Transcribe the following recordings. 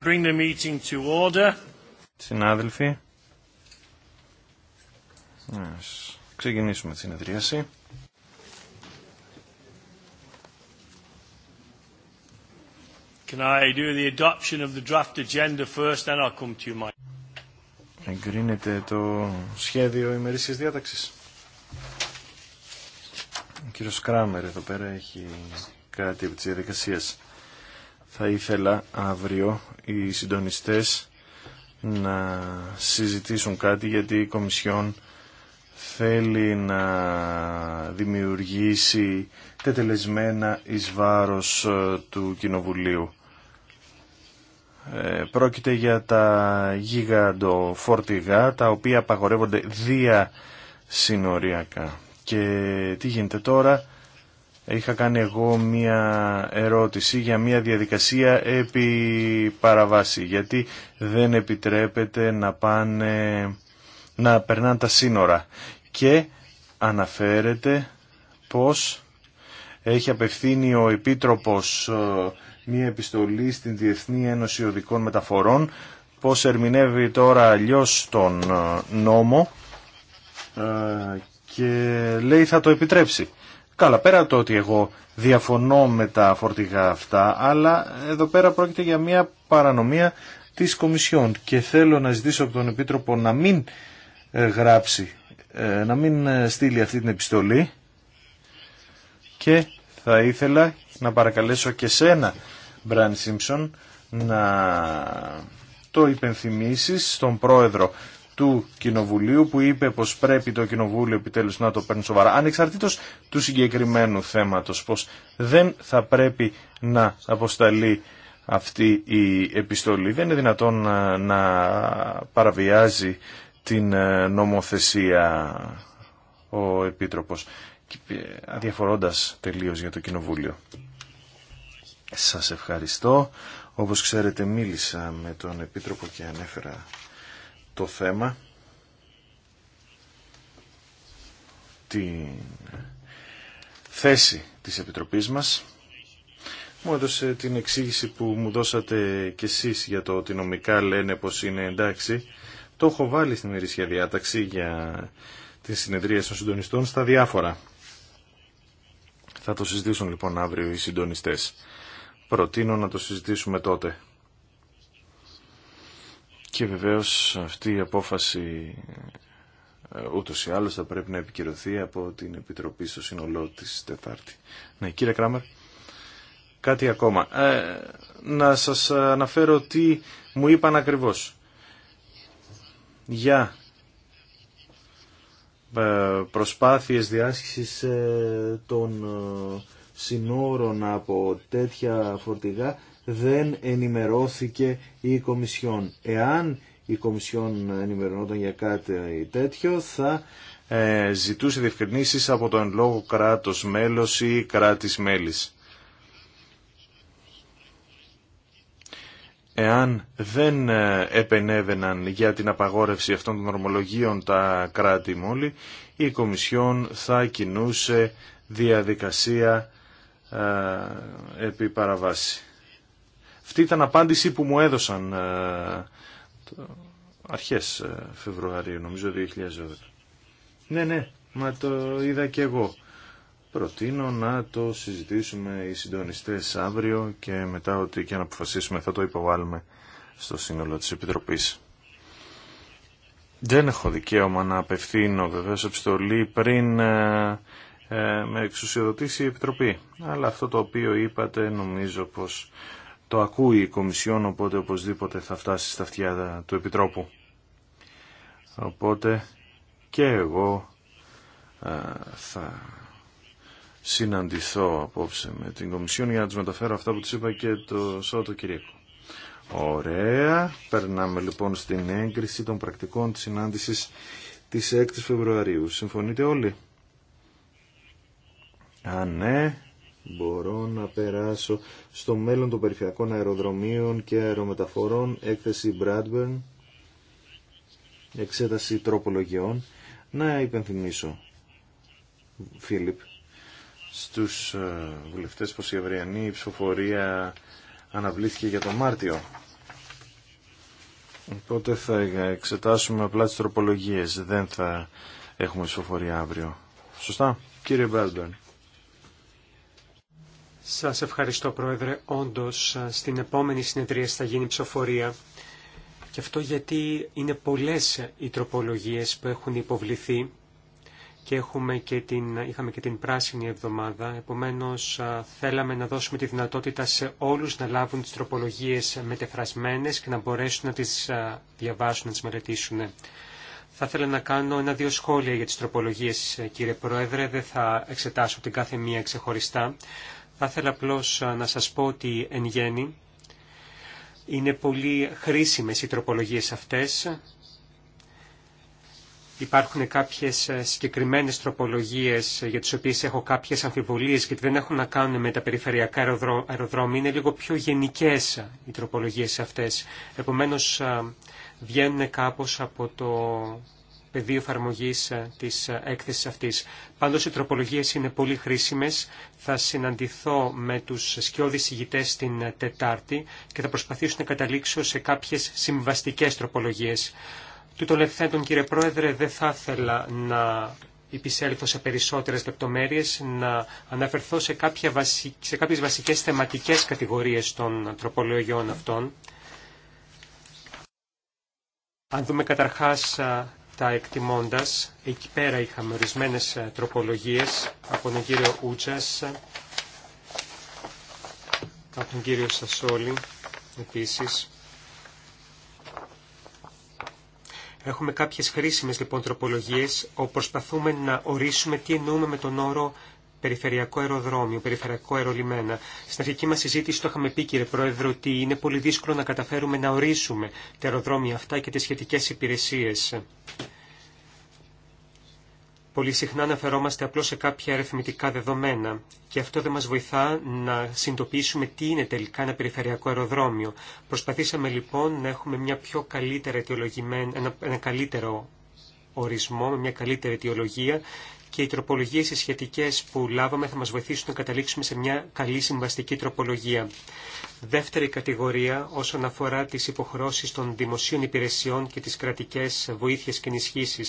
Bring the meeting to order. Συνάδελφοι, ας ξεκινήσουμε τη συνεδρίαση. Can I do the adoption of the draft agenda first, then I'll come to you, Mike. Εγκρίνεται το σχέδιο ημερήσιας διάταξης. Ο κύριος Κράμερ εδώ πέρα έχει κάτι από τις διαδικασίες. Θα ήθελα αύριο οι συντονιστές να συζητήσουν κάτι γιατί η Κομισιόν θέλει να δημιουργήσει τετελεσμένα εις βάρος ε, του Κοινοβουλίου. Ε, πρόκειται για τα γίγαντο φορτηγά τα οποία απαγορεύονται δια συνοριακά. Και τι γίνεται τώρα, είχα κάνει εγώ μία ερώτηση για μία διαδικασία επί παραβάση. Γιατί δεν επιτρέπεται να πάνε, να περνάνε τα σύνορα. Και αναφέρεται πως έχει απευθύνει ο Επίτροπος ε, μία επιστολή στην Διεθνή Ένωση Οδικών Μεταφορών πως ερμηνεύει τώρα αλλιώ τον ε, νόμο ε, και λέει θα το επιτρέψει. Καλά, πέρα το ότι εγώ διαφωνώ με τα φορτηγά αυτά, αλλά εδώ πέρα πρόκειται για μια παρανομία της Κομισιόν και θέλω να ζητήσω από τον Επίτροπο να μην ε, γράψει, ε, να μην ε, στείλει αυτή την επιστολή και θα ήθελα να παρακαλέσω και σένα, Μπραν Σίμψον, να το υπενθυμίσεις στον πρόεδρο του Κοινοβουλίου που είπε πως πρέπει το Κοινοβούλιο επιτέλους να το παίρνει σοβαρά ανεξαρτήτως του συγκεκριμένου θέματος πως δεν θα πρέπει να αποσταλεί αυτή η επιστολή δεν είναι δυνατόν να παραβιάζει την ε, νομοθεσία ο Επίτροπος ε, αδιαφορώντας τελείως για το Κοινοβούλιο Σας ευχαριστώ όπως ξέρετε μίλησα με τον Επίτροπο και ανέφερα το θέμα τη θέση της Επιτροπής μας μου έδωσε την εξήγηση που μου δώσατε κι εσείς για το ότι νομικά λένε πως είναι εντάξει το έχω βάλει στην ημερήσια διάταξη για τη συνεδρία των συντονιστών στα διάφορα θα το συζητήσουν λοιπόν αύριο οι συντονιστές προτείνω να το συζητήσουμε τότε και βεβαίως αυτή η απόφαση ε, ούτως ή άλλως θα πρέπει να επικυρωθεί από την Επιτροπή στο σύνολό της Τετάρτη. Ναι, κύριε Κράμερ, κάτι ακόμα. Ε, να σας αναφέρω τι μου είπαν ακριβώς. Για ε, προσπάθειες διάσκησης των συνόρων από τέτοια φορτηγά δεν ενημερώθηκε η Κομισιόν. Εάν η Κομισιόν ενημερωνόταν για κάτι τέτοιο θα ε, ζητούσε διευκρινήσεις από το εν λόγω κράτος μέλος ή κράτης μέλης. Εάν δεν ε, επενέβαιναν για την απαγόρευση αυτών των ορμολογίων τα κράτη μόλι, η Κομισιόν θα κινούσε διαδικασία ε, επί παραβάση. Αυτή ήταν απάντηση που μου έδωσαν ε, αρχές ε, Φεβρουαρίου, νομίζω 2012. Ναι, ναι, μα το είδα και εγώ. Προτείνω να το συζητήσουμε οι συντονιστές αύριο και μετά ότι και να αποφασίσουμε θα το υποβάλουμε στο σύνολο της Επιτροπής. Δεν έχω δικαίωμα να απευθύνω βεβαίως επιστολή πριν ε, με εξουσιοδοτήσει η Επιτροπή. Αλλά αυτό το οποίο είπατε νομίζω πως το ακούει η Κομισιόν, οπότε οπωσδήποτε θα φτάσει στα αυτιά του Επιτρόπου. Οπότε και εγώ ε, θα συναντηθώ απόψε με την Κομισιόν για να τους μεταφέρω αυτά που τους είπα και το Σώτο Κυριακό. Ωραία. Περνάμε λοιπόν στην έγκριση των πρακτικών της συνάντησης της 6 Φεβρουαρίου. Συμφωνείτε όλοι? Α, ναι μπορώ να περάσω στο μέλλον των περιφερειακών αεροδρομίων και αερομεταφορών, έκθεση Bradburn, εξέταση τροπολογιών. Να υπενθυμίσω, Φίλιπ, στους ε, βουλευτές πως η ευριανή ψηφοφορία αναβλήθηκε για τον Μάρτιο. Οπότε θα εξετάσουμε απλά τις τροπολογίες. Δεν θα έχουμε ψηφοφορία αύριο. Σωστά, κύριε Μπράντον. Σας ευχαριστώ Πρόεδρε. Όντως στην επόμενη συνεδρία θα γίνει ψηφοφορία. Και αυτό γιατί είναι πολλές οι τροπολογίες που έχουν υποβληθεί και, έχουμε και την, είχαμε και την πράσινη εβδομάδα. Επομένως, θέλαμε να δώσουμε τη δυνατότητα σε όλους να λάβουν τις τροπολογίες μετεφρασμένες και να μπορέσουν να τις διαβάσουν, να τις μελετήσουν. Θα ήθελα να κάνω ένα-δύο σχόλια για τις τροπολογίες, ε, κύριε Πρόεδρε. Δεν θα εξετάσω την κάθε μία ξεχωριστά. Θα ήθελα απλώ να σας πω ότι εν γέννη είναι πολύ χρήσιμες οι τροπολογίες αυτές. Υπάρχουν κάποιες ε, συγκεκριμένες τροπολογίες ε, για τις οποίες έχω κάποιες αμφιβολίες γιατί δεν έχουν να κάνουν με τα περιφερειακά αεροδρόμια. Είναι λίγο πιο γενικές ε, οι τροπολογίες αυτές. Επομένως βγαίνουν κάπως από το πεδίο εφαρμογή ε, τη ε, έκθεση αυτή. Πάντω οι τροπολογίε είναι πολύ χρήσιμε. Θα συναντηθώ με του σκιώδει ηγητέ την ε, Τετάρτη και θα προσπαθήσω να καταλήξω σε κάποιε συμβαστικέ τροπολογίε. Του των ευθέτων, κύριε Πρόεδρε, δεν θα ήθελα να επισέλθω σε περισσότερες λεπτομέρειες, να αναφερθώ σε, κάποια βασι... σε κάποιες βασικές θεματικές κατηγορίες των τροπολογιών αυτών. Αν δούμε καταρχάς τα εκτιμώντας. Εκεί πέρα είχαμε ορισμένε ε, τροπολογίες από τον κύριο Ούτζας, ε, από τον κύριο Σασόλη επίσης. Έχουμε κάποιες χρήσιμες λοιπόν τροπολογίες όπου προσπαθούμε να ορίσουμε τι εννοούμε με τον όρο περιφερειακό αεροδρόμιο, περιφερειακό αερολιμένα. Στην αρχική μα συζήτηση το είχαμε πει, κύριε Πρόεδρο, ότι είναι πολύ δύσκολο να καταφέρουμε να ορίσουμε τα αεροδρόμια αυτά και τι σχετικέ υπηρεσίε. Πολύ συχνά αναφερόμαστε απλώ σε κάποια αριθμητικά δεδομένα και αυτό δεν μα βοηθά να συνειδητοποιήσουμε τι είναι τελικά ένα περιφερειακό αεροδρόμιο. Προσπαθήσαμε λοιπόν να έχουμε μια πιο ένα, καλύτερο ορισμό, μια καλύτερη αιτιολογία και οι τροπολογίε οι σχετικές που λάβαμε θα μα βοηθήσουν να καταλήξουμε σε μια καλή συμβαστική τροπολογία. Δεύτερη κατηγορία όσον αφορά τι υποχρώσεις των δημοσίων υπηρεσιών και τι κρατικέ βοήθειε και ενισχύσει.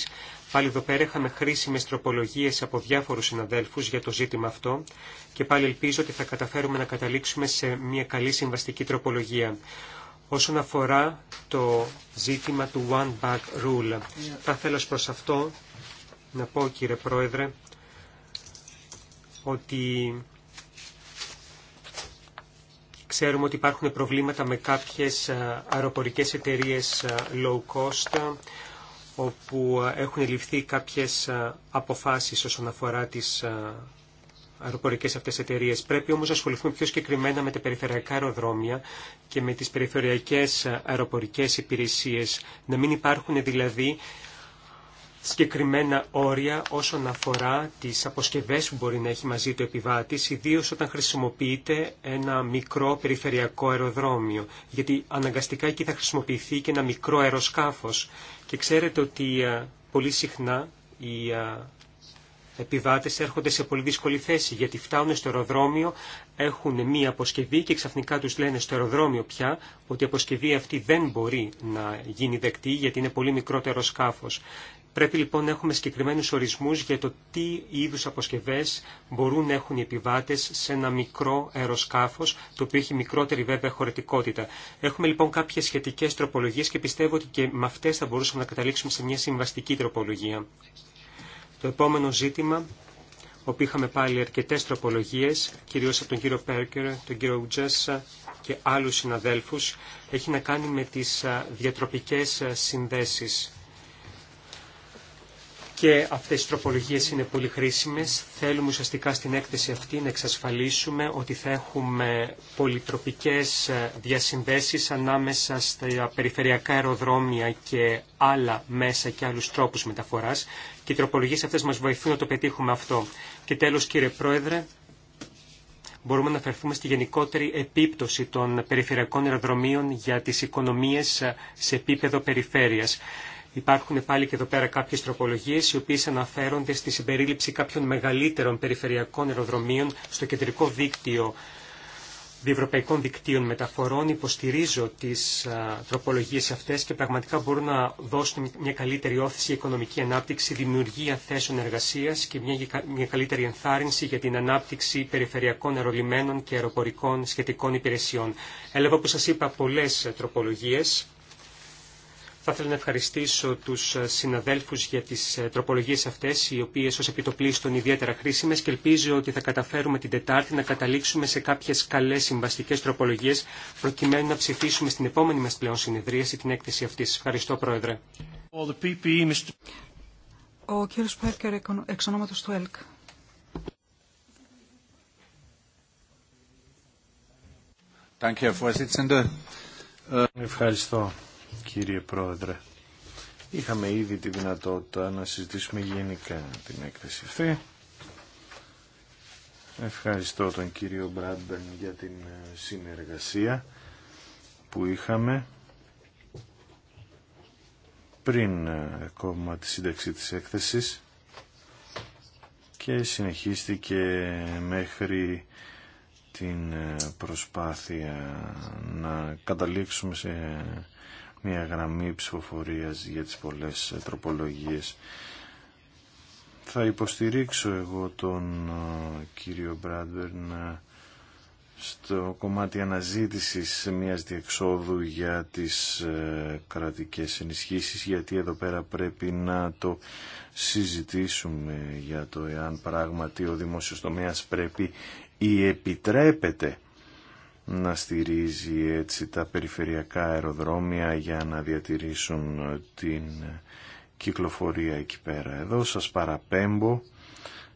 Πάλι εδώ πέρα είχαμε χρήσιμε τροπολογίε από διάφορου συναδέλφου για το ζήτημα αυτό και πάλι ελπίζω ότι θα καταφέρουμε να καταλήξουμε σε μια καλή συμβαστική τροπολογία όσον αφορά το ζήτημα του One Bag Rule. Θα θέλω προς αυτό να πω κύριε Πρόεδρε ότι ξέρουμε ότι υπάρχουν προβλήματα με κάποιες ε, αεροπορικές εταιρείες ε, low cost όπου ε, έχουν ληφθεί κάποιες αποφάσεις όσον αφορά τις αεροπορικές αυτές εταιρείε. Πρέπει όμως να ασχοληθούμε πιο συγκεκριμένα με τα περιφερειακά αεροδρόμια και με τις περιφερειακές αεροπορικές υπηρεσίες. Να μην υπάρχουν δηλαδή συγκεκριμένα όρια όσον αφορά τις αποσκευές που μπορεί να έχει μαζί το επιβάτης, ιδίως όταν χρησιμοποιείται ένα μικρό περιφερειακό αεροδρόμιο, γιατί αναγκαστικά εκεί θα χρησιμοποιηθεί και ένα μικρό αεροσκάφος. Και ξέρετε ότι πολύ συχνά οι επιβάτες έρχονται σε πολύ δύσκολη θέση, γιατί φτάνουν στο αεροδρόμιο, έχουν μία αποσκευή και ξαφνικά τους λένε στο αεροδρόμιο πια ότι η αποσκευή αυτή δεν μπορεί να γίνει δεκτή, γιατί είναι πολύ μικρότερο σκάφος. Πρέπει λοιπόν να έχουμε συγκεκριμένους ορισμούς για το τι είδους αποσκευές μπορούν να έχουν οι επιβάτες σε ένα μικρό αεροσκάφος, το οποίο έχει μικρότερη βέβαια χωρητικότητα. Έχουμε λοιπόν κάποιες σχετικές τροπολογίες και πιστεύω ότι και με αυτές θα μπορούσαμε να καταλήξουμε σε μια συμβαστική τροπολογία. Το επόμενο ζήτημα όπου είχαμε πάλι αρκετές τροπολογίες, κυρίως από τον κύριο Πέρκερ, τον κύριο Ουτζέσσα και άλλους συναδέλφους, έχει να κάνει με τις διατροπικέ συνδέσει και αυτές οι τροπολογίες είναι πολύ χρήσιμες. Θέλουμε ουσιαστικά στην έκθεση αυτή να εξασφαλίσουμε ότι θα έχουμε πολυτροπικές ε, διασυνδέσεις ανάμεσα στα περιφερειακά αεροδρόμια και άλλα μέσα και άλλους τρόπους μεταφοράς και οι τροπολογίες αυτές μας βοηθούν να το πετύχουμε αυτό. Και τέλος κύριε Πρόεδρε, μπορούμε να αφαιρθούμε στη γενικότερη επίπτωση των περιφερειακών αεροδρομίων για τις οικονομίες ε, σε επίπεδο περιφέρειας. Υπάρχουν πάλι και εδώ πέρα κάποιες τροπολογίες οι οποίες αναφέρονται στη συμπερίληψη κάποιων μεγαλύτερων περιφερειακών αεροδρομίων στο κεντρικό δίκτυο διευρωπαϊκών δικτύων μεταφορών. Υποστηρίζω τις α, τροπολογίες αυτές και πραγματικά μπορούν να δώσουν μια καλύτερη όθηση οικονομική ανάπτυξη, δημιουργία θέσεων εργασίας και μια, μια καλύτερη ενθάρρυνση για την ανάπτυξη περιφερειακών αερολιμένων και αεροπορικών σχετικών υπηρεσιών. Έλαβα, όπως σας είπα, πολλές τροπολογίες θα ήθελα να ευχαριστήσω τους ε, συναδέλφους για τις ε, τροπολογίες αυτές, οι οποίες ως επιτοπλίστων ιδιαίτερα χρήσιμε. και ελπίζω ότι θα καταφέρουμε την Τετάρτη να καταλήξουμε σε κάποιες καλές συμβαστικές τροπολογίες, προκειμένου να ψηφίσουμε στην επόμενη μα πλέον συνεδρίαση την έκθεση αυτή. Ευχαριστώ, Πρόεδρε. E, Ο Πέρκερ, εξ του ΕΛΚ. Äh, ευχαριστώ, κύριε Πρόεδρε. Είχαμε ήδη τη δυνατότητα να συζητήσουμε γενικά την έκθεση αυτή. Ευχαριστώ τον κύριο Μπράντμπεν για την ε, συνεργασία που είχαμε πριν ε, ακόμα τη σύνταξη της έκθεσης και συνεχίστηκε μέχρι την ε, προσπάθεια να καταλήξουμε σε μια γραμμή ψηφοφορίας για τις πολλές ε, τροπολογίες. Θα υποστηρίξω εγώ τον ε, κύριο Μπράντμπερν ε, στο κομμάτι αναζήτησης μιας διεξόδου για τις κρατικές ενισχύσεις γιατί εδώ πέρα πρέπει να το συζητήσουμε για το εάν πράγματι ο δημόσιος τομέας πρέπει ή επιτρέπεται να στηρίζει έτσι τα περιφερειακά αεροδρόμια για να διατηρήσουν την κυκλοφορία εκεί πέρα. Εδώ σας παραπέμπω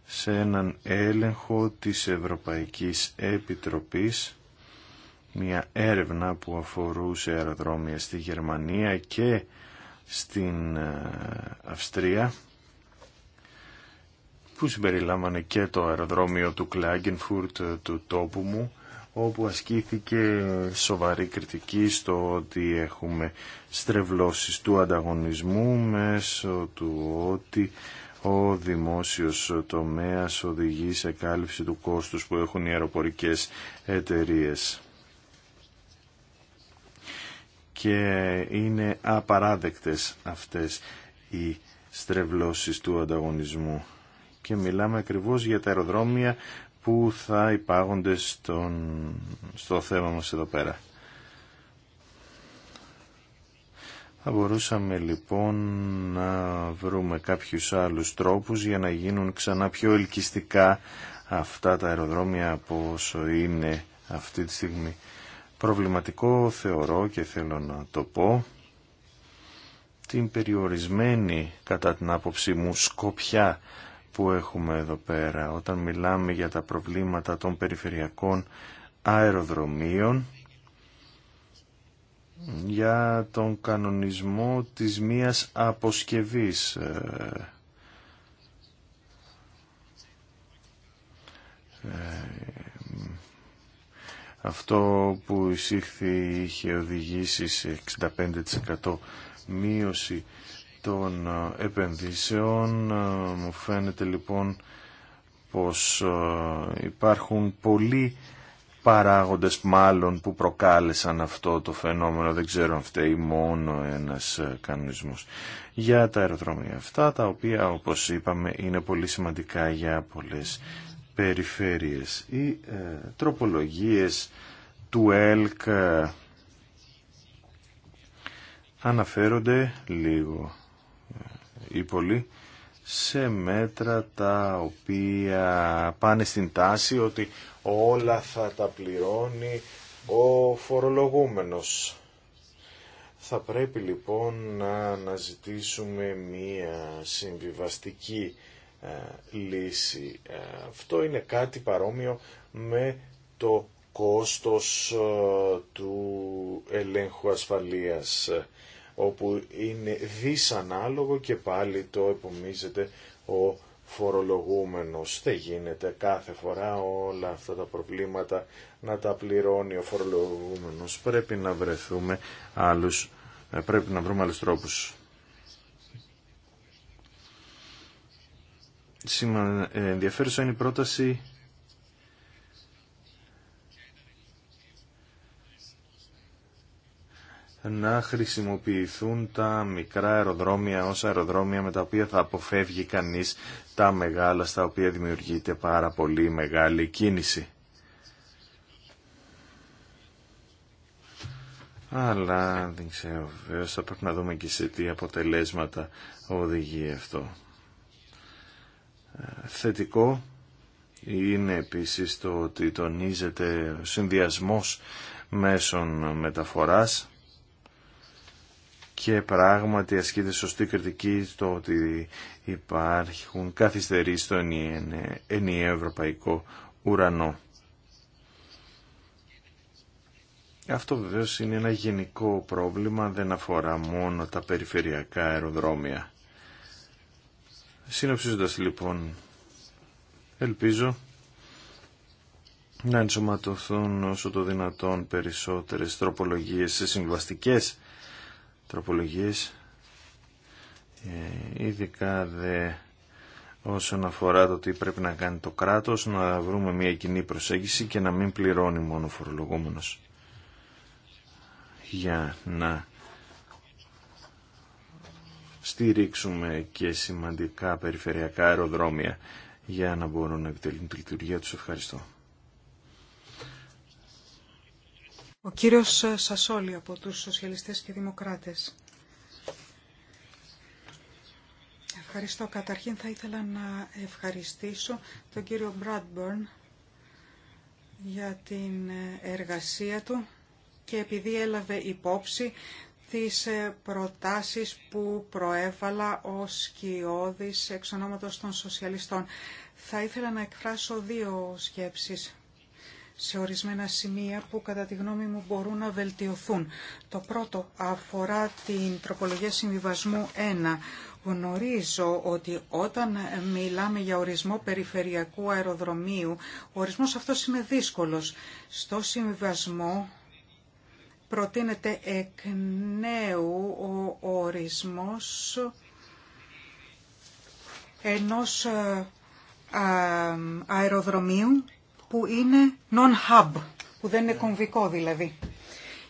σε έναν έλεγχο της Ευρωπαϊκής Επιτροπής μια έρευνα που αφορούσε αεροδρόμια στη Γερμανία και στην ε, Αυστρία που συμπεριλάμβανε και το αεροδρόμιο του Κλάγκενφουρτ του τόπου μου όπου ασκήθηκε σοβαρή κριτική στο ότι έχουμε στρεβλώσεις του ανταγωνισμού μέσω του ότι ο δημόσιος τομέας οδηγεί σε κάλυψη του κόστους που έχουν οι αεροπορικές εταιρείες. Και είναι απαράδεκτες αυτές οι στρεβλώσεις του ανταγωνισμού. Και μιλάμε ακριβώς για τα αεροδρόμια που θα υπάγονται στον, στο θέμα μας εδώ πέρα. Θα μπορούσαμε λοιπόν να βρούμε κάποιους άλλους τρόπους για να γίνουν ξανά πιο ελκυστικά αυτά τα αεροδρόμια από όσο είναι αυτή τη στιγμή. Προβληματικό θεωρώ και θέλω να το πω την περιορισμένη κατά την άποψή μου σκοπιά που έχουμε εδώ πέρα. Όταν μιλάμε για τα προβλήματα των περιφερειακών αεροδρομίων, για τον κανονισμό της μίας αποσκευής. Ε, ε, αυτό που εισήχθη είχε οδηγήσει σε 65% μείωση των ε, επενδύσεων. Ε, μου φαίνεται λοιπόν πως ε, υπάρχουν πολλοί παράγοντες μάλλον που προκάλεσαν αυτό το φαινόμενο. Δεν ξέρω αν φταίει μόνο ένας κανονισμός. Για τα αεροδρόμια αυτά, τα οποία όπως είπαμε είναι πολύ σημαντικά για πολλές περιφέρειες. Οι ε, τροπολογίες του ΕΛΚ αναφέρονται λίγο ή σε μέτρα τα οποία πάνε στην τάση ότι όλα θα τα πληρώνει ο φορολογούμενος. Θα πρέπει λοιπόν να αναζητήσουμε μία συμβιβαστική ε, λύση. Ε, αυτό είναι κάτι παρόμοιο με το κόστος ε, του ελέγχου ασφαλείας όπου είναι δυσανάλογο και πάλι το επομίζεται ο φορολογούμενος. Δεν γίνεται κάθε φορά όλα αυτά τα προβλήματα να τα πληρώνει ο φορολογούμενος. Πρέπει να βρεθούμε άλλους, ε, πρέπει να βρούμε άλλους τρόπους. Ε, ενδιαφέρουσα είναι η πρόταση να χρησιμοποιηθούν τα μικρά αεροδρόμια ως αεροδρόμια με τα οποία θα αποφεύγει κανείς τα μεγάλα στα οποία δημιουργείται πάρα πολύ μεγάλη κίνηση. Αλλά δεν ξέρω βέβαια θα πρέπει να δούμε και σε τι αποτελέσματα οδηγεί αυτό. Ε, θετικό είναι επίσης το ότι τονίζεται ο συνδυασμός μέσων μεταφοράς και πράγματι ασκείται σωστή κριτική στο ότι υπάρχουν καθυστερεί στο ενιαίο ευρωπαϊκό ουρανό. Αυτό βεβαίω είναι ένα γενικό πρόβλημα, δεν αφορά μόνο τα περιφερειακά αεροδρόμια. Συνοψίζοντας λοιπόν, ελπίζω να ενσωματωθούν όσο το δυνατόν περισσότερες τροπολογίες σε συμβαστικές τροπολογίες ε, ειδικά δε όσον αφορά το τι πρέπει να κάνει το κράτος να βρούμε μια κοινή προσέγγιση και να μην πληρώνει μόνο φορολογούμενος για να στηρίξουμε και σημαντικά περιφερειακά αεροδρόμια για να μπορούν να επιτελούν τη λειτουργία τους. Ευχαριστώ. Ο κύριος ε, Σασόλη από τους Σοσιαλιστές και Δημοκράτες. Ευχαριστώ. Καταρχήν θα ήθελα να ευχαριστήσω τον κύριο Μπράντμπορν για την ε, εργασία του και επειδή έλαβε υπόψη τις ε, προτάσεις που προέβαλα ως κοιόδης εξ των σοσιαλιστών. Θα ήθελα να εκφράσω δύο σκέψεις σε ορισμένα σημεία που κατά τη γνώμη μου μπορούν να βελτιωθούν. Το πρώτο αφορά την τροπολογία συμβιβασμού 1. Γνωρίζω ότι όταν μιλάμε για ορισμό περιφερειακού αεροδρομίου, ο ορισμός αυτός είναι δύσκολος. Στο συμβιβασμό προτείνεται εκ νέου ο ορισμός ενός ε, αεροδρομίου που είναι non-hub, που δεν είναι κομβικό δηλαδή.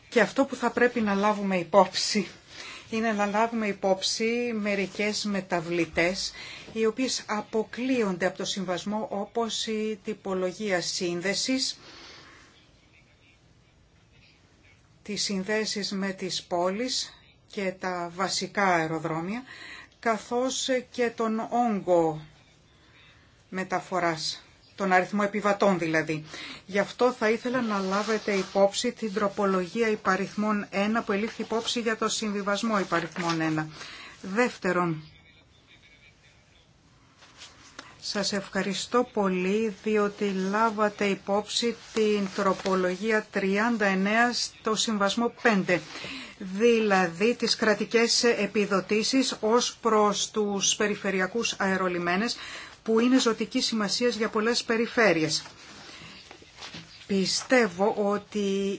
Και αυτό που θα πρέπει να λάβουμε υπόψη είναι να λάβουμε υπόψη μερικές μεταβλητές οι οποίες αποκλείονται από το συμβασμό όπως η τυπολογία σύνδεσης, τις συνδέσεις με τις πόλεις και τα βασικά αεροδρόμια, καθώς και τον όγκο μεταφοράς τον αριθμό επιβατών δηλαδή. Γι' αυτό θα ήθελα να λάβετε υπόψη την τροπολογία υπαριθμών 1 που ελήφθη υπόψη για το συμβιβασμό υπαριθμών 1. Δεύτερον, σας ευχαριστώ πολύ διότι λάβατε υπόψη την τροπολογία 39 στο Συμβασμό 5, δηλαδή τις κρατικές επιδοτήσεις ως προς τους περιφερειακούς αερολιμένες που είναι ζωτική σημασία για πολλές περιφέρειες. Πιστεύω ότι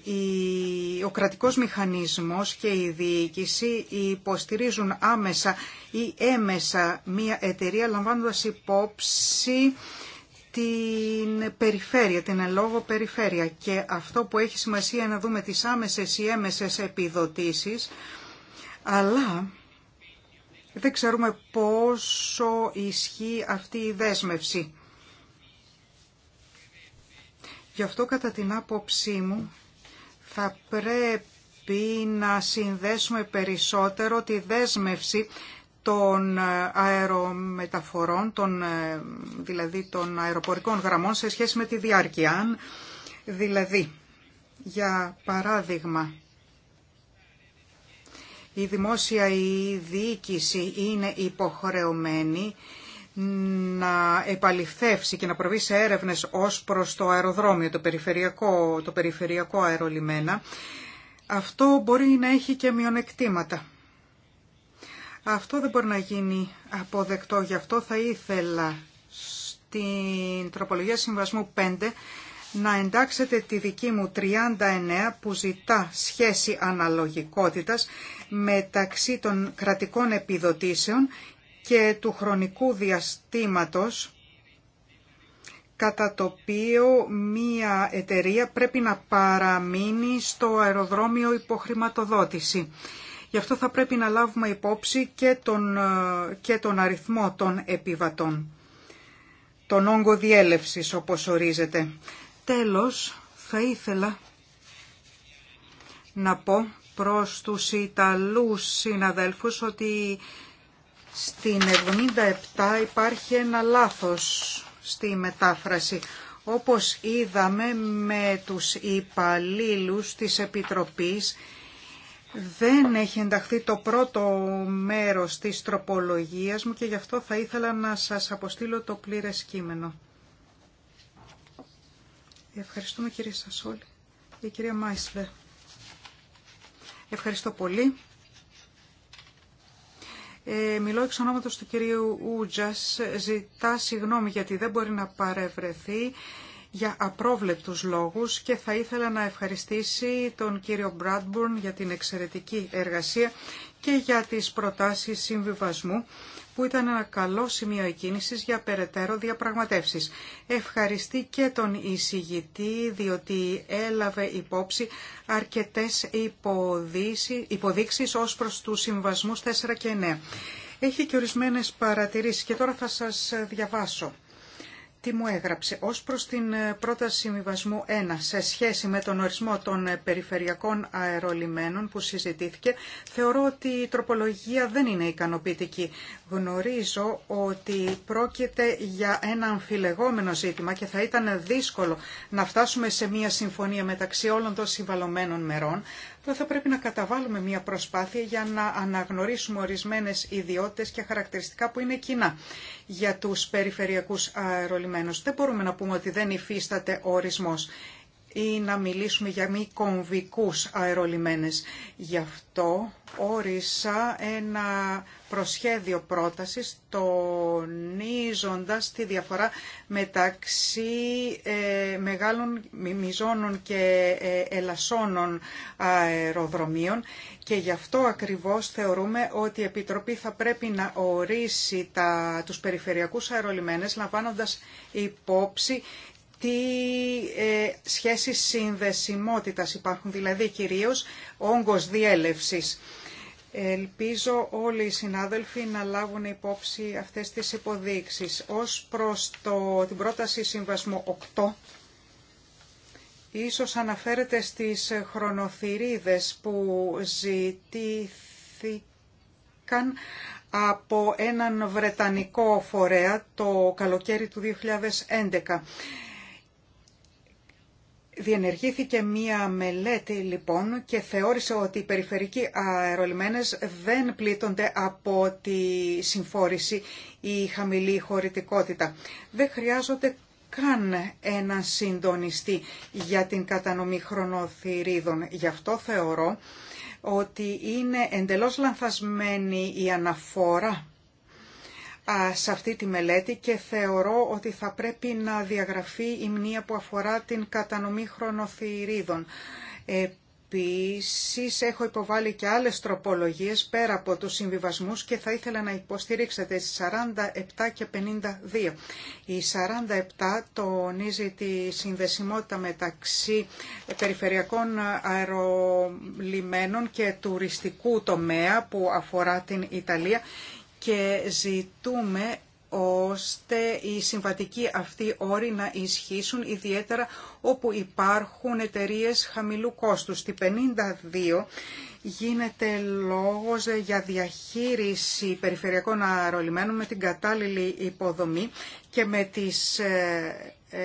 ο κρατικός μηχανισμός και η διοίκηση υποστηρίζουν άμεσα ή έμεσα μία εταιρεία λαμβάνοντας υπόψη την περιφέρεια, την ελόγω περιφέρεια. Και αυτό που έχει σημασία είναι να δούμε τις άμεσες ή έμεσες επιδοτήσεις, αλλά δεν ξέρουμε πόσο ισχύει αυτή η δέσμευση. Γι' αυτό κατά την άποψή μου θα πρέπει να συνδέσουμε περισσότερο τη δέσμευση των ε, αερομεταφορών, των, ε, δηλαδή των αεροπορικών γραμμών σε σχέση με τη διάρκεια. Δηλαδή, για παράδειγμα, η δημόσια η διοίκηση είναι υποχρεωμένη να επαληθεύσει και να προβεί σε έρευνες ως προς το αεροδρόμιο, το περιφερειακό, το περιφερειακό αερολιμένα, αυτό μπορεί να έχει και μειονεκτήματα. Αυτό δεν μπορεί να γίνει αποδεκτό, γι' αυτό θα ήθελα στην τροπολογία συμβασμού 5 να εντάξετε τη δική μου 39 που ζητά σχέση αναλογικότητας μεταξύ των κρατικών επιδοτήσεων και του χρονικού διαστήματος κατά το οποίο μία εταιρεία πρέπει να παραμείνει στο αεροδρόμιο υποχρηματοδότηση. Γι' αυτό θα πρέπει να λάβουμε υπόψη και τον, ε, και τον αριθμό των επιβατών, τον όγκο διέλευσης όπως ορίζεται. Τέλος, θα ήθελα να πω προς τους Ιταλούς συναδέλφους ότι στην 77 υπάρχει ένα λάθος στη μετάφραση. Όπως είδαμε με τους υπαλλήλους της Επιτροπής, δεν έχει ενταχθεί το πρώτο μέρος της τροπολογίας μου και γι' αυτό θα ήθελα να σας αποστείλω το πλήρες κείμενο. Ευχαριστούμε κύριε Σασόλη και κυρία Μάισλε. Ευχαριστώ πολύ. Ε, μιλώ εξ ονόματος του κυρίου Ούτζας. Ζητά συγγνώμη γιατί δεν μπορεί να παρευρεθεί για απρόβλεπτους λόγους και θα ήθελα να ευχαριστήσει τον κύριο Μπράντμπουρν για την εξαιρετική εργασία και για τις προτάσεις συμβιβασμού που ήταν ένα καλό σημείο εκκίνησης για περαιτέρω διαπραγματεύσεις. Ευχαριστεί και τον εισηγητή, διότι έλαβε υπόψη αρκετές υποδείξει ως προς τους συμβασμούς 4 και 9. Έχει και ορισμένε παρατηρήσεις και τώρα θα σας διαβάσω τι μου έγραψε. Ως προς την ε, πρόταση συμβιβασμού 1, σε σχέση με τον ορισμό των ε, περιφερειακών αερολιμένων που συζητήθηκε, θεωρώ ότι η τροπολογία δεν είναι ικανοποιητική. Γνωρίζω ότι πρόκειται για ένα αμφιλεγόμενο ζήτημα και θα ήταν δύσκολο να φτάσουμε σε μια συμφωνία μεταξύ όλων των συμβαλωμένων μερών, τότε θα πρέπει να καταβάλουμε μια προσπάθεια για να αναγνωρίσουμε ορισμένες ιδιότητες και χαρακτηριστικά που είναι κοινά για τους περιφερειακούς αερολιμένους. Δεν μπορούμε να πούμε ότι δεν υφίσταται ο ορισμός ή να μιλήσουμε για μη κομβικούς αερολιμένες. Γι' αυτό όρισα ένα προσχέδιο πρότασης τονίζοντας τη διαφορά μεταξύ ε, μεγάλων μιζώνων και ε, ελασσόνων αεροδρομίων και γι' αυτό ακριβώς θεωρούμε ότι η Επιτροπή θα πρέπει να ορίσει τα, τους περιφερειακούς αερολιμένες λαμβάνοντας υπόψη τι ε, σχέσεις συνδεσιμότητας υπάρχουν, δηλαδή κυρίως όγκος διέλευσης. Ελπίζω όλοι οι συνάδελφοι να λάβουν υπόψη αυτές τις υποδείξεις. Ως προς το, την πρόταση Συμβασμού 8, ίσως αναφέρεται στις χρονοθυρίδες που ζητήθηκαν από έναν Βρετανικό φορέα το καλοκαίρι του 2011. Διενεργήθηκε μία μελέτη λοιπόν και θεώρησε ότι οι περιφερικοί αερολιμένες δεν πλήττονται από τη συμφόρηση ή χαμηλή χωρητικότητα. Δεν χρειάζονται καν έναν συντονιστή για την κατανομή χρονοθυρίδων. Γι' αυτό θεωρώ ότι είναι εντελώς λανθασμένη η αναφορά σε αυτή τη μελέτη και θεωρώ ότι θα πρέπει να διαγραφεί η μνήμα που αφορά την κατανομή χρονοθυρίδων. Επίσης έχω υποβάλει και άλλες τροπολογίες πέρα από τους συμβιβασμούς και θα ήθελα να υποστηρίξετε στις 47 και 52. Η 47 τονίζει τη συνδεσιμότητα μεταξύ περιφερειακών αερολιμένων και τουριστικού τομέα που αφορά την Ιταλία και ζητούμε ώστε οι συμβατικοί αυτοί όροι να ισχύσουν ιδιαίτερα όπου υπάρχουν εταιρείε χαμηλού κόστου. Στη 52 γίνεται λόγος για διαχείριση περιφερειακών αερολιμένων με την κατάλληλη υποδομή και με τις ε, ε,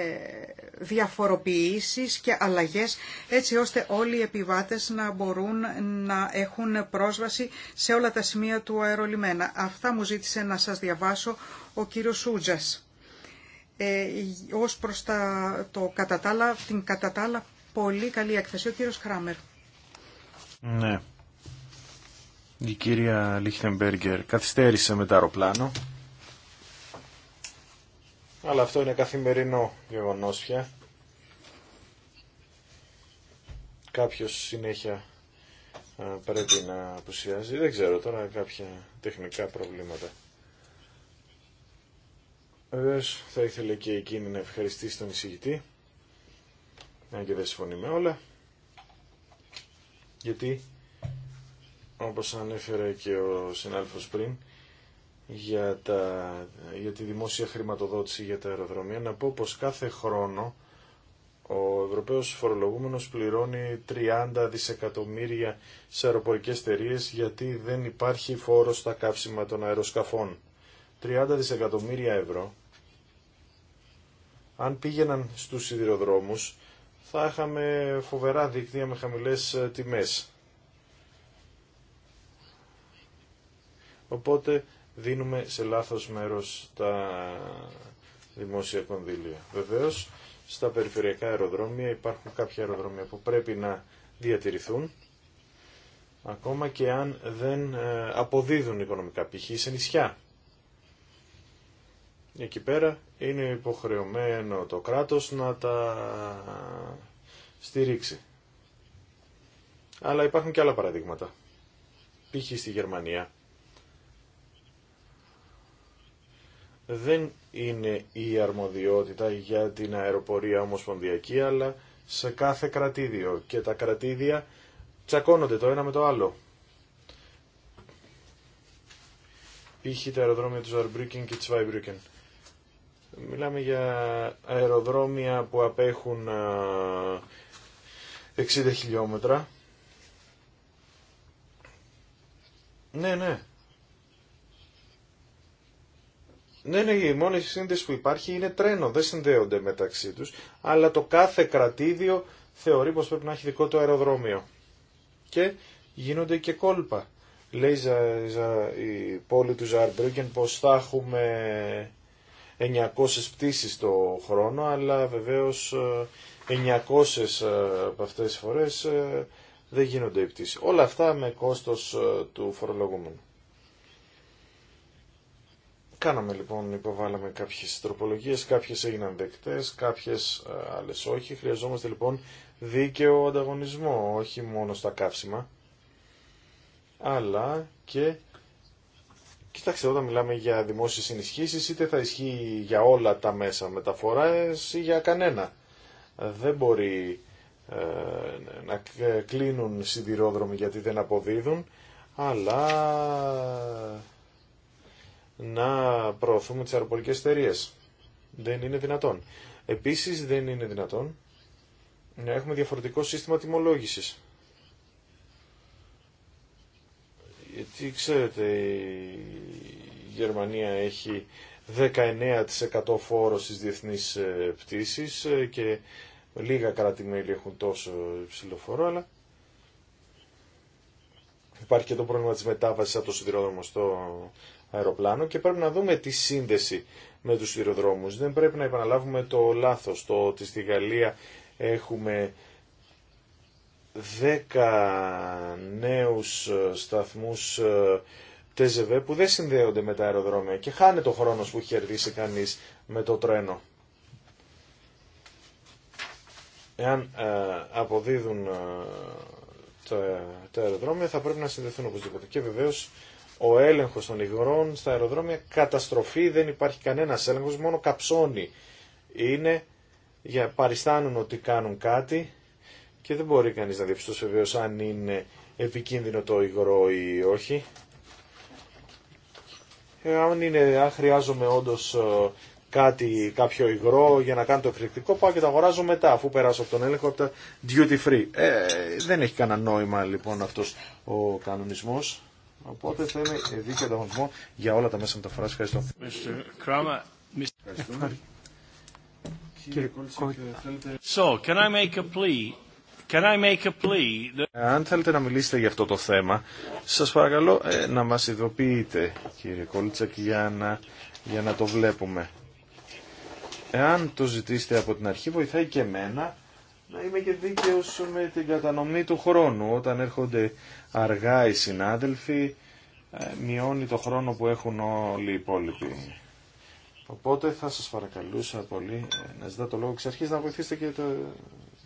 διαφοροποιήσεις και αλλαγές έτσι ώστε όλοι οι επιβάτες να μπορούν να έχουν πρόσβαση σε όλα τα σημεία του αερολιμένα. Αυτά μου ζήτησε να σας διαβάσω ο κύριος Σούτζας. Ε, ως προς τα, το κατατάλα, την κατά πολύ καλή έκθεση, ο κύριος Κράμερ. Ναι. Η κυρία Λίχτεμπεργκερ καθυστέρησε με το αεροπλάνο αλλά αυτό είναι καθημερινό γεγονός πια. Κάποιος συνέχεια ε, πρέπει να απουσιάζει. Δεν ξέρω τώρα κάποια τεχνικά προβλήματα. Βεβαίω θα ήθελε και εκείνη να ευχαριστήσει τον εισηγητή, αν και δεν συμφωνεί με όλα, γιατί όπως ανέφερε και ο συνάδελφος πριν, για, τα, για τη δημόσια χρηματοδότηση για τα αεροδρομία να πω πως κάθε χρόνο ο Ευρωπαίος φορολογούμενος πληρώνει 30 δισεκατομμύρια σε αεροπορικές εταιρείε γιατί δεν υπάρχει φόρο στα καύσιμα των αεροσκαφών. 30 δισεκατομμύρια ευρώ αν πήγαιναν στους σιδηροδρόμους θα είχαμε φοβερά δίκτυα με χαμηλές ε, τιμές. Οπότε δίνουμε σε λάθος μέρος τα δημόσια κονδύλια. Βεβαίως, στα περιφερειακά αεροδρόμια υπάρχουν κάποια αεροδρόμια που πρέπει να διατηρηθούν, ακόμα και αν δεν ε, αποδίδουν οικονομικά, π.χ. σε νησιά. Εκεί πέρα είναι υποχρεωμένο το κράτος να τα στηρίξει. Αλλά υπάρχουν και άλλα παραδείγματα. Π.χ. στη Γερμανία δεν είναι η αρμοδιότητα για την αεροπορία ομοσπονδιακή, αλλά σε κάθε κρατήδιο. Και τα κρατήδια τσακώνονται το ένα με το άλλο. Π.χ. τα αεροδρόμια του Ζαρμπρίκεν και του Βαϊμπρίκεν. Μιλάμε για αεροδρόμια που απέχουν 60 χιλιόμετρα. Ναι, ναι. Ναι, ναι, η μόνη σύνδεση που υπάρχει είναι τρένο, δεν συνδέονται μεταξύ τους, αλλά το κάθε κρατήδιο θεωρεί πως πρέπει να έχει δικό του αεροδρόμιο. Και γίνονται και κόλπα. Λέει η πόλη του Ζαρμπρούγκεν πως θα έχουμε 900 πτήσεις το χρόνο, αλλά βεβαίως 900 ε, ε, από αυτές τις φορές ε, δεν γίνονται οι πτήσεις. Όλα αυτά με κόστος του φορολογούμενου. Κάναμε λοιπόν, υποβάλαμε κάποιες τροπολογίες, κάποιες έγιναν δεκτές, κάποιες ε, άλλες όχι. Χρειαζόμαστε λοιπόν δίκαιο ανταγωνισμό, όχι μόνο στα κάψιμα, αλλά και... Κοιτάξτε, όταν μιλάμε για δημόσιες ενισχύσει. είτε θα ισχύει για όλα τα μέσα μεταφοράς ή για κανένα. Δεν μπορεί ε, να κλείνουν σιδηρόδρομοι γιατί δεν αποδίδουν, αλλά να προωθούμε τις αεροπορικές εταιρείε. Δεν είναι δυνατόν. Επίσης δεν είναι δυνατόν να έχουμε διαφορετικό σύστημα τιμολόγησης. Γιατί ξέρετε η Γερμανία έχει 19% φόρο στις διεθνείς ε, πτήσεις ε, και λίγα κράτη-μέλη έχουν τόσο υψηλό φόρο, αλλά υπάρχει και το πρόβλημα της μετάβασης από το σιδηρόδρομο στο αεροπλάνο και πρέπει να δούμε τη σύνδεση με τους σιδηροδρόμους. Δεν πρέπει να επαναλάβουμε το λάθος, το ότι στη Γαλλία έχουμε 10 νέους ε, σταθμούς ΤΖΒ ε, που δεν συνδέονται με τα αεροδρόμια και χάνει το χρόνο που έχει κερδίσει κανείς με το τρένο. Εάν ε, αποδίδουν τα, αεροδρόμια θα πρέπει να συνδεθούν οπωσδήποτε. Και βεβαίως ο έλεγχος των υγρών στα αεροδρόμια καταστροφή, δεν υπάρχει κανένας έλεγχος, μόνο καψώνει. Είναι, για, παριστάνουν ότι κάνουν κάτι και δεν μπορεί κανείς να διαπιστώσει βεβαίως αν είναι επικίνδυνο το υγρό ή όχι. Ε, αν είναι, αν χρειάζομαι όντως ε, κάτι, κάποιο υγρό για να κάνω το εκρηκτικό, πάω και το αγοράζω μετά, αφού περάσω από τον έλεγχο από τα duty free. Ε, δεν έχει κανένα νόημα λοιπόν αυτός ο κανονισμός. Οπότε θα είναι δίκαιο ανταγωνισμό για όλα τα μέσα μεταφορά. Ευχαριστώ. Αν θέλετε να μιλήσετε για αυτό το θέμα, σας παρακαλώ ε, να μας ειδοποιείτε, κύριε Κόλτσακ, για να, για να το βλέπουμε. Εάν το ζητήσετε από την αρχή, βοηθάει και εμένα να είμαι και δίκαιος με την κατανομή του χρόνου. Όταν έρχονται αργά οι συνάδελφοι, ε, μειώνει το χρόνο που έχουν όλοι οι υπόλοιποι. Οπότε θα σας παρακαλούσα πολύ ε, να ζητά το λόγο εξ να βοηθήσετε και το,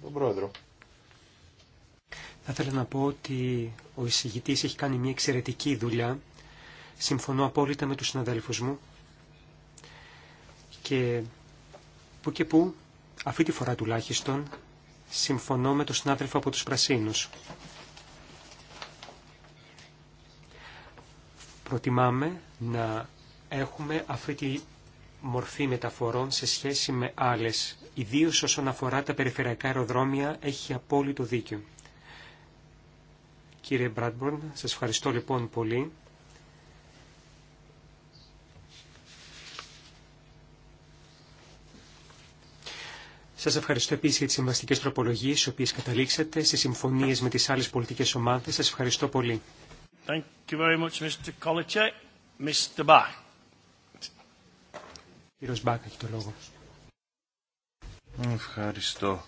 τον πρόεδρο. Θα ήθελα να πω ότι ο εισηγητής έχει κάνει μια εξαιρετική δουλειά. Συμφωνώ απόλυτα με τους συναδέλφους μου. Και που και που, αυτή τη φορά τουλάχιστον, συμφωνώ με τον συνάδελφο από τους Πρασίνους. Προτιμάμε να έχουμε αυτή τη μορφή μεταφορών σε σχέση με άλλες, ιδίως όσον αφορά τα περιφερειακά αεροδρόμια, έχει απόλυτο δίκιο. Κύριε Μπράτμπορν, σας ευχαριστώ λοιπόν πολύ. Σας ευχαριστώ επίσης για τι συμβαστικέ τροπολογίες, τι οποίε καταλήξατε, στι συμφωνίες με τις άλλες πολιτικές ομάδες. Σας ευχαριστώ πολύ. Thank το λόγο. Ευχαριστώ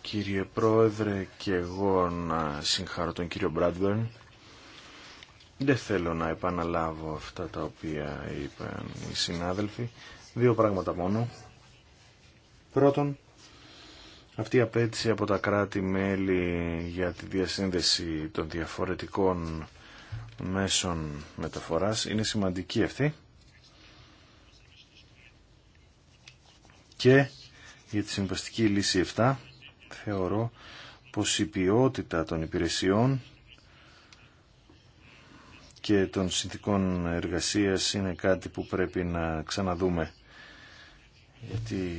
κύριε Πρόεδρε και εγώ να συγχαρώ τον κύριο Μπράντβερν. Δεν θέλω να επαναλάβω αυτά τα οποία είπαν οι συνάδελφοι. Δύο πράγματα μόνο. Πρώτον, αυτή η απέτηση από τα κράτη-μέλη για τη διασύνδεση των διαφορετικών μέσων μεταφοράς είναι σημαντική αυτή και για τη συμβαστική λύση 7 θεωρώ πως η ποιότητα των υπηρεσιών και των συνθήκων εργασίας είναι κάτι που πρέπει να ξαναδούμε γιατί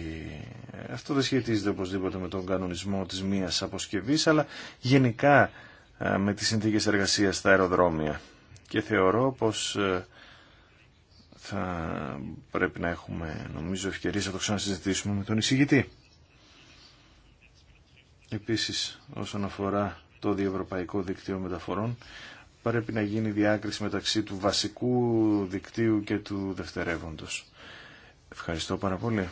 αυτό δεν σχετίζεται οπωσδήποτε με τον κανονισμό της μίας αποσκευής, αλλά γενικά ε, με τις συνθήκες εργασίας στα αεροδρόμια. Και θεωρώ πως ε, θα πρέπει να έχουμε, νομίζω, ευκαιρίες να το ξανασυζητήσουμε με τον εισηγητή. Επίσης, όσον αφορά το διευρωπαϊκό δίκτυο μεταφορών, πρέπει να γίνει διάκριση μεταξύ του βασικού δικτύου και του δευτερεύοντος. Ευχαριστώ πάρα πολύ.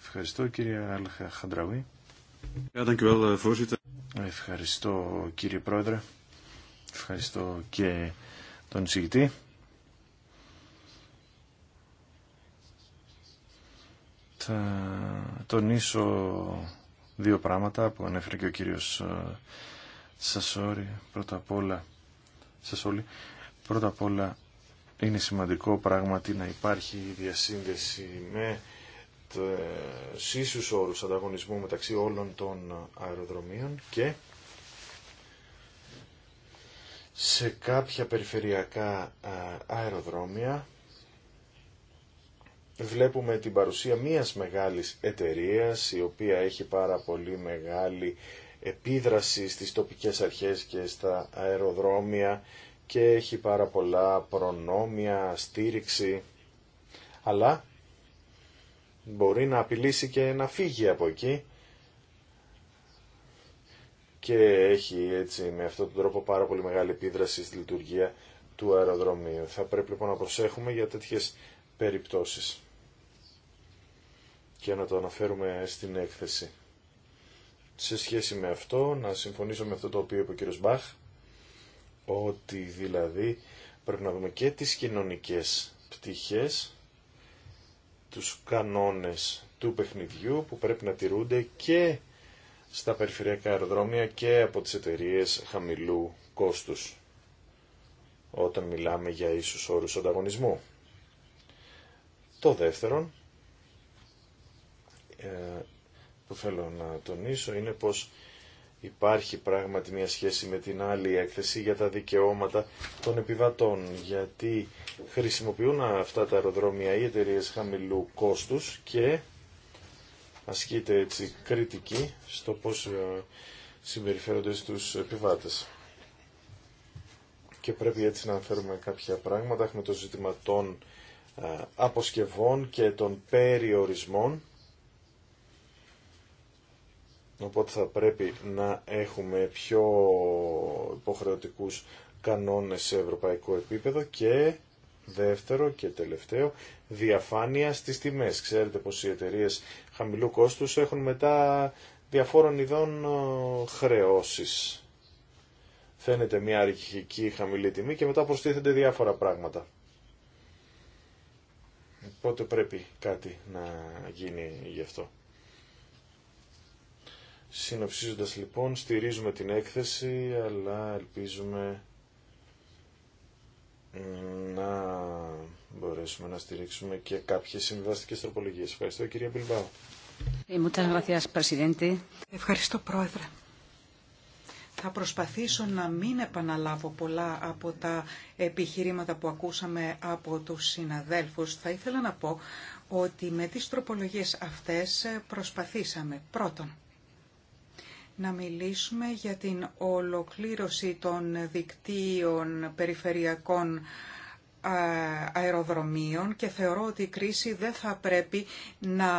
Ευχαριστώ κύριε Αλχα Χαντραβή. Uh, Ευχαριστώ κύριε Πρόεδρε. Ευχαριστώ και τον εισηγητή. Θα τονίσω δύο πράγματα που ανέφερε και ο κύριος ε, Σασόρη. Πρώτα απ' όλα, Σασόλη. Πρώτα απ' όλα είναι σημαντικό πράγματι να υπάρχει διασύνδεση με ίσους όρους ανταγωνισμού μεταξύ όλων των αεροδρομίων και σε κάποια περιφερειακά αεροδρόμια βλέπουμε την παρουσία μιας μεγάλης εταιρείας η οποία έχει πάρα πολύ μεγάλη επίδραση στις τοπικές αρχές και στα αεροδρόμια και έχει πάρα πολλά προνόμια, στήριξη, αλλά μπορεί να απειλήσει και να φύγει από εκεί και έχει έτσι με αυτόν τον τρόπο πάρα πολύ μεγάλη επίδραση στη λειτουργία του αεροδρομίου. Θα πρέπει λοιπόν να προσέχουμε για τέτοιες περιπτώσεις και να το αναφέρουμε στην έκθεση. Σε σχέση με αυτό, να συμφωνήσω με αυτό το οποίο είπε ο κύριος Μπαχ, ότι δηλαδή πρέπει να δούμε και τις κοινωνικές πτυχές, τους κανόνες του παιχνιδιού που πρέπει να τηρούνται και στα περιφερειακά αεροδρόμια και από τις εταιρείε χαμηλού κόστους όταν μιλάμε για ίσους όρους ανταγωνισμού. Το δεύτερον ε, που θέλω να τονίσω είναι πως υπάρχει πράγματι μια σχέση με την άλλη έκθεση για τα δικαιώματα των επιβατών, γιατί χρησιμοποιούν αυτά τα αεροδρόμια οι εταιρείε χαμηλού κόστους και ασκείται έτσι κριτική στο πώς ε, συμπεριφέρονται στους επιβάτες. Και πρέπει έτσι να αναφέρουμε κάποια πράγματα. Έχουμε το ζήτημα των ε, αποσκευών και των περιορισμών Οπότε θα πρέπει να έχουμε πιο υποχρεωτικούς κανόνες σε ευρωπαϊκό επίπεδο και δεύτερο και τελευταίο διαφάνεια στις τιμές. Ξέρετε πως οι εταιρείε χαμηλού κόστους έχουν μετά διαφόρων ειδών ε, χρεώσεις. Φαίνεται μια αρχική χαμηλή τιμή και μετά προστίθενται διάφορα πράγματα. Οπότε πρέπει κάτι να γίνει γι' αυτό. Συνοψίζοντας λοιπόν, στηρίζουμε την έκθεση, αλλά ελπίζουμε να μπορέσουμε να στηρίξουμε και κάποιες συμβαστικές τροπολογίες. Ευχαριστώ κυρία Μπιλμπάου. Ε, Ευχαριστώ πρόεδρε. Θα προσπαθήσω να μην επαναλάβω πολλά από τα επιχειρήματα που ακούσαμε από τους συναδέλφους. Θα ήθελα να πω ότι με τις τροπολογίες αυτές προσπαθήσαμε πρώτον να μιλήσουμε για την ολοκλήρωση των δικτύων περιφερειακών αεροδρομίων και θεωρώ ότι η κρίση δεν θα πρέπει να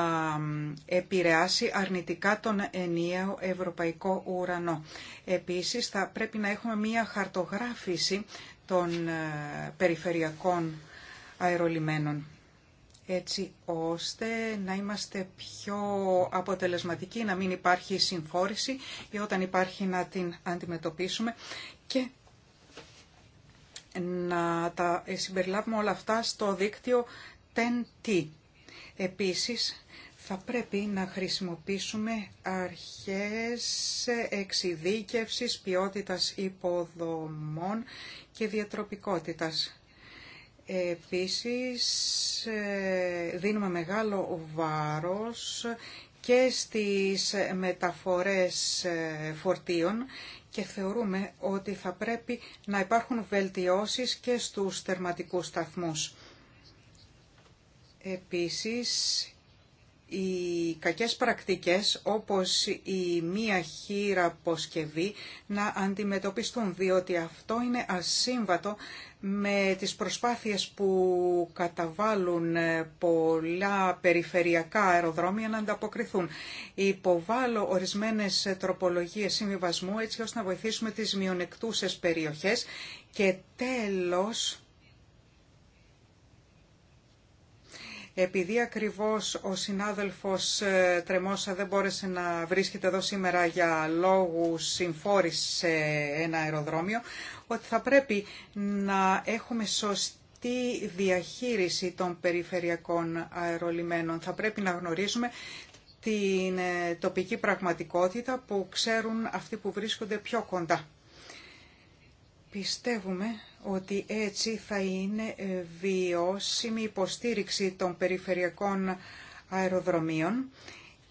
επηρεάσει αρνητικά τον ενιαίο ευρωπαϊκό ουρανό. Επίσης θα πρέπει να έχουμε μία χαρτογράφηση των ε, περιφερειακών αερολιμένων έτσι ώστε να είμαστε πιο αποτελεσματικοί, να μην υπάρχει συμφόρηση ή όταν υπάρχει να την αντιμετωπίσουμε και να τα συμπεριλάβουμε όλα αυτά στο δίκτυο TEN-T. Επίσης, θα πρέπει να χρησιμοποιήσουμε αρχές εξειδίκευσης, ποιότητας υποδομών και διατροπικότητας Επίσης ε, δίνουμε μεγάλο βάρος και στις μεταφορές ε, φορτίων και θεωρούμε ότι θα πρέπει να υπάρχουν βελτιώσεις και στους θερματικούς σταθμούς. Επίσης οι κακές πρακτικές όπως η μία χείρα αποσκευή να αντιμετωπιστούν διότι αυτό είναι ασύμβατο με τις προσπάθειες που καταβάλουν πολλά περιφερειακά αεροδρόμια να ανταποκριθούν. Υποβάλλω ορισμένες τροπολογίες συμβιβασμού έτσι ώστε να βοηθήσουμε τις μειονεκτούσες περιοχές και τέλος Επειδή ακριβώς ο συνάδελφος ε, Τρεμόσα δεν μπόρεσε να βρίσκεται εδώ σήμερα για λόγους συμφόρης σε ένα αεροδρόμιο, ότι θα πρέπει να έχουμε σωστή διαχείριση των περιφερειακών αερολιμένων. Θα πρέπει να γνωρίζουμε την ε, τοπική πραγματικότητα που ξέρουν αυτοί που βρίσκονται πιο κοντά Πιστεύουμε ότι έτσι θα είναι ε, βιώσιμη υποστήριξη των περιφερειακών αεροδρομίων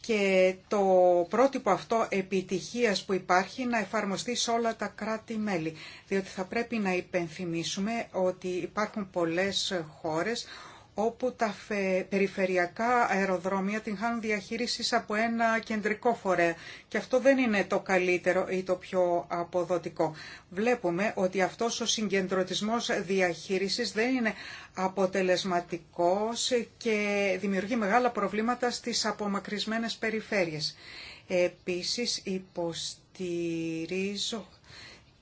και το πρότυπο αυτό επιτυχίας που υπάρχει να εφαρμοστεί σε όλα τα κράτη-μέλη. Διότι θα πρέπει να υπενθυμίσουμε ότι υπάρχουν πολλές χώρες όπου τα περιφερειακά αεροδρόμια την χάνουν διαχείριση από ένα κεντρικό φορέα. Και αυτό δεν είναι το καλύτερο ή το πιο αποδοτικό. Βλέπουμε ότι αυτός ο συγκεντρωτισμός διαχείρισης δεν είναι αποτελεσματικός και δημιουργεί μεγάλα προβλήματα στις απομακρυσμένες περιφέρειες. Επίσης υποστηρίζω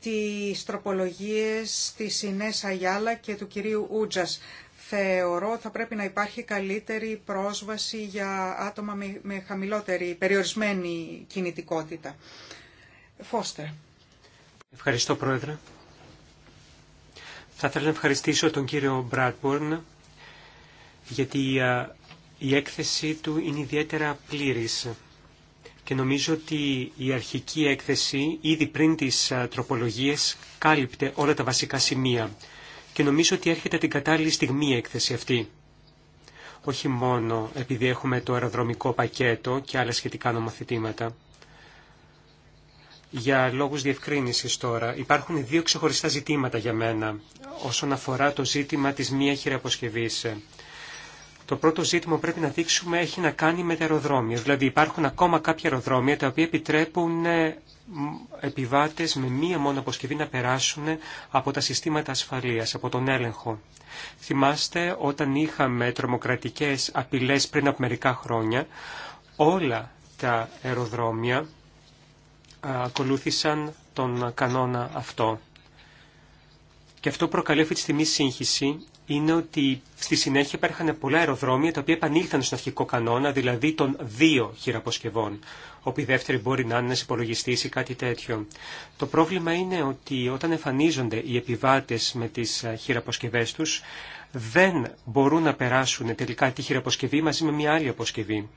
τις τροπολογίες της Ινέσα Γιάλα και του κυρίου Ούτζας θεωρώ θα πρέπει να υπάρχει καλύτερη πρόσβαση για άτομα με χαμηλότερη, περιορισμένη κινητικότητα. Φώστερ. Ευχαριστώ, Πρόεδρε. Θα ήθελα να ευχαριστήσω τον κύριο Μπράτμπορν, γιατί η έκθεση του είναι ιδιαίτερα πλήρης. Και νομίζω ότι η αρχική έκθεση, ήδη πριν τις τροπολογίες, κάλυπτε όλα τα βασικά σημεία και νομίζω ότι έρχεται την κατάλληλη στιγμή η έκθεση αυτή. Όχι μόνο επειδή έχουμε το αεροδρομικό πακέτο και άλλα σχετικά νομοθετήματα. Για λόγους διευκρίνησης τώρα, υπάρχουν δύο ξεχωριστά ζητήματα για μένα όσον αφορά το ζήτημα της μία χειραποσκευής. Το πρώτο ζήτημα που πρέπει να δείξουμε έχει να κάνει με τα αεροδρόμια. Δηλαδή υπάρχουν ακόμα κάποια αεροδρόμια τα οποία επιτρέπουν ε, επιβάτες με μία μόνο αποσκευή να περάσουν από τα συστήματα ασφαλείας, από τον έλεγχο. Θυμάστε όταν είχαμε τρομοκρατικές απειλές πριν από μερικά χρόνια, όλα τα αεροδρόμια ακολούθησαν τον κανόνα αυτό. Και αυτό προκαλεί αυτή τη στιγμή σύγχυση είναι ότι στη συνέχεια υπέρχαν πολλά αεροδρόμια τα οποία επανήλθαν στον αρχικό κανόνα, δηλαδή των δύο χειραποσκευών, όπου η δεύτερη μπορεί να είναι ένα υπολογιστή ή κάτι τέτοιο. Το πρόβλημα είναι ότι όταν εμφανίζονται οι επιβάτε με τι ε, χειραποσκευέ του, δεν μπορούν να περάσουν τελικά τη χειραποσκευή μαζί με μια άλλη αποσκευή.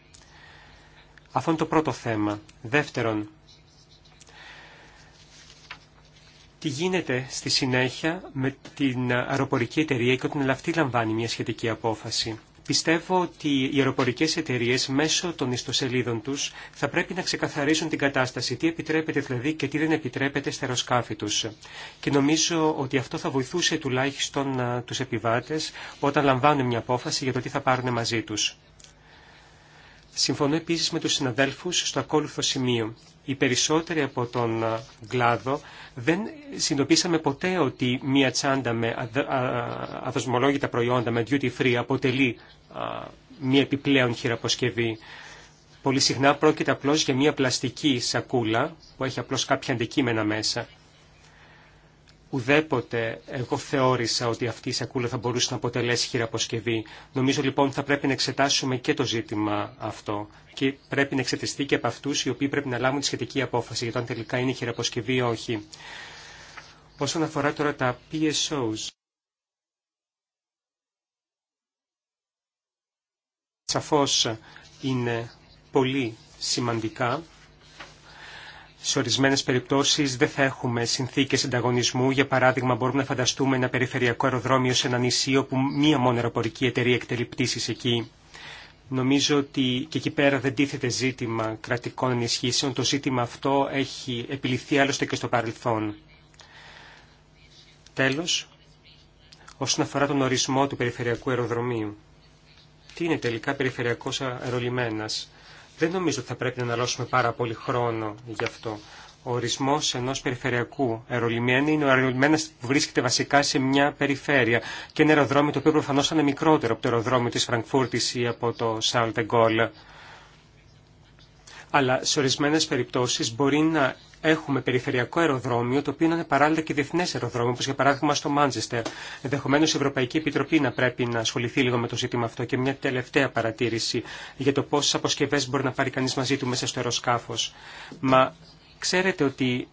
Αυτό είναι το πρώτο θέμα. Δεύτερον, τι γίνεται στη συνέχεια με την αεροπορική εταιρεία και όταν αυτή λαμβάνει μια σχετική απόφαση. Πιστεύω ότι οι αεροπορικέ εταιρείε μέσω των ιστοσελίδων του θα πρέπει να ξεκαθαρίσουν την κατάσταση, τι επιτρέπεται δηλαδή και τι δεν επιτρέπεται στα αεροσκάφη του. Και νομίζω ότι αυτό θα βοηθούσε τουλάχιστον του επιβάτε όταν λαμβάνουν μια απόφαση για το τι θα πάρουν μαζί του. Συμφωνώ επίση με του συναδέλφου στο ακόλουθο σημείο οι περισσότεροι από τον κλάδο δεν συνειδητοποίησαμε ποτέ ότι μία τσάντα με αδοσμολόγητα προϊόντα, με duty free, αποτελεί μία επιπλέον χειραποσκευή. Πολύ συχνά πρόκειται απλώς για μία πλαστική σακούλα που έχει απλώς κάποια αντικείμενα μέσα. Ουδέποτε εγώ θεώρησα ότι αυτή η σακούλα θα μπορούσε να αποτελέσει χειραποσκευή. Νομίζω λοιπόν ότι θα πρέπει να εξετάσουμε και το ζήτημα αυτό και πρέπει να εξετιστεί και από αυτού οι οποίοι πρέπει να λάβουν τη σχετική απόφαση για το αν τελικά είναι χειραποσκευή ή όχι. Όσον αφορά τώρα τα PSOs. Σαφώς είναι πολύ σημαντικά σε ορισμένε περιπτώσει δεν θα έχουμε συνθήκε ανταγωνισμού. Για παράδειγμα, μπορούμε να φανταστούμε ένα περιφερειακό αεροδρόμιο σε ένα νησί όπου μία μόνο αεροπορική εταιρεία εκτελεί πτήσει εκεί. Νομίζω ότι και εκεί πέρα δεν τίθεται ζήτημα κρατικών ενισχύσεων. Το ζήτημα αυτό έχει επιληθεί άλλωστε και στο παρελθόν. Τέλο, όσον αφορά τον ορισμό του περιφερειακού αεροδρομίου. Τι είναι τελικά περιφερειακό αερολιμένας. Δεν νομίζω ότι θα πρέπει να αναλώσουμε πάρα πολύ χρόνο γι' αυτό. Ο ορισμό ενό περιφερειακού αερολιμένου είναι ο αερολιμένα που βρίσκεται βασικά σε μια περιφέρεια και ένα αεροδρόμιο το οποίο προφανώ είναι μικρότερο από το αεροδρόμιο τη Φραγκφούρτη ή από το Σαλτεγκόλ αλλά σε ορισμένε περιπτώσει μπορεί να έχουμε περιφερειακό αεροδρόμιο, το οποίο να είναι παράλληλα και διεθνέ αεροδρόμιο, όπω για παράδειγμα στο Μάντζεστερ. Ενδεχομένω η Ευρωπαϊκή Επιτροπή να πρέπει να ασχοληθεί λίγο με το ζήτημα αυτό. Και μια τελευταία παρατήρηση για το πόσε αποσκευέ μπορεί να πάρει κανεί μαζί του μέσα στο αεροσκάφο. Μα ξέρετε ότι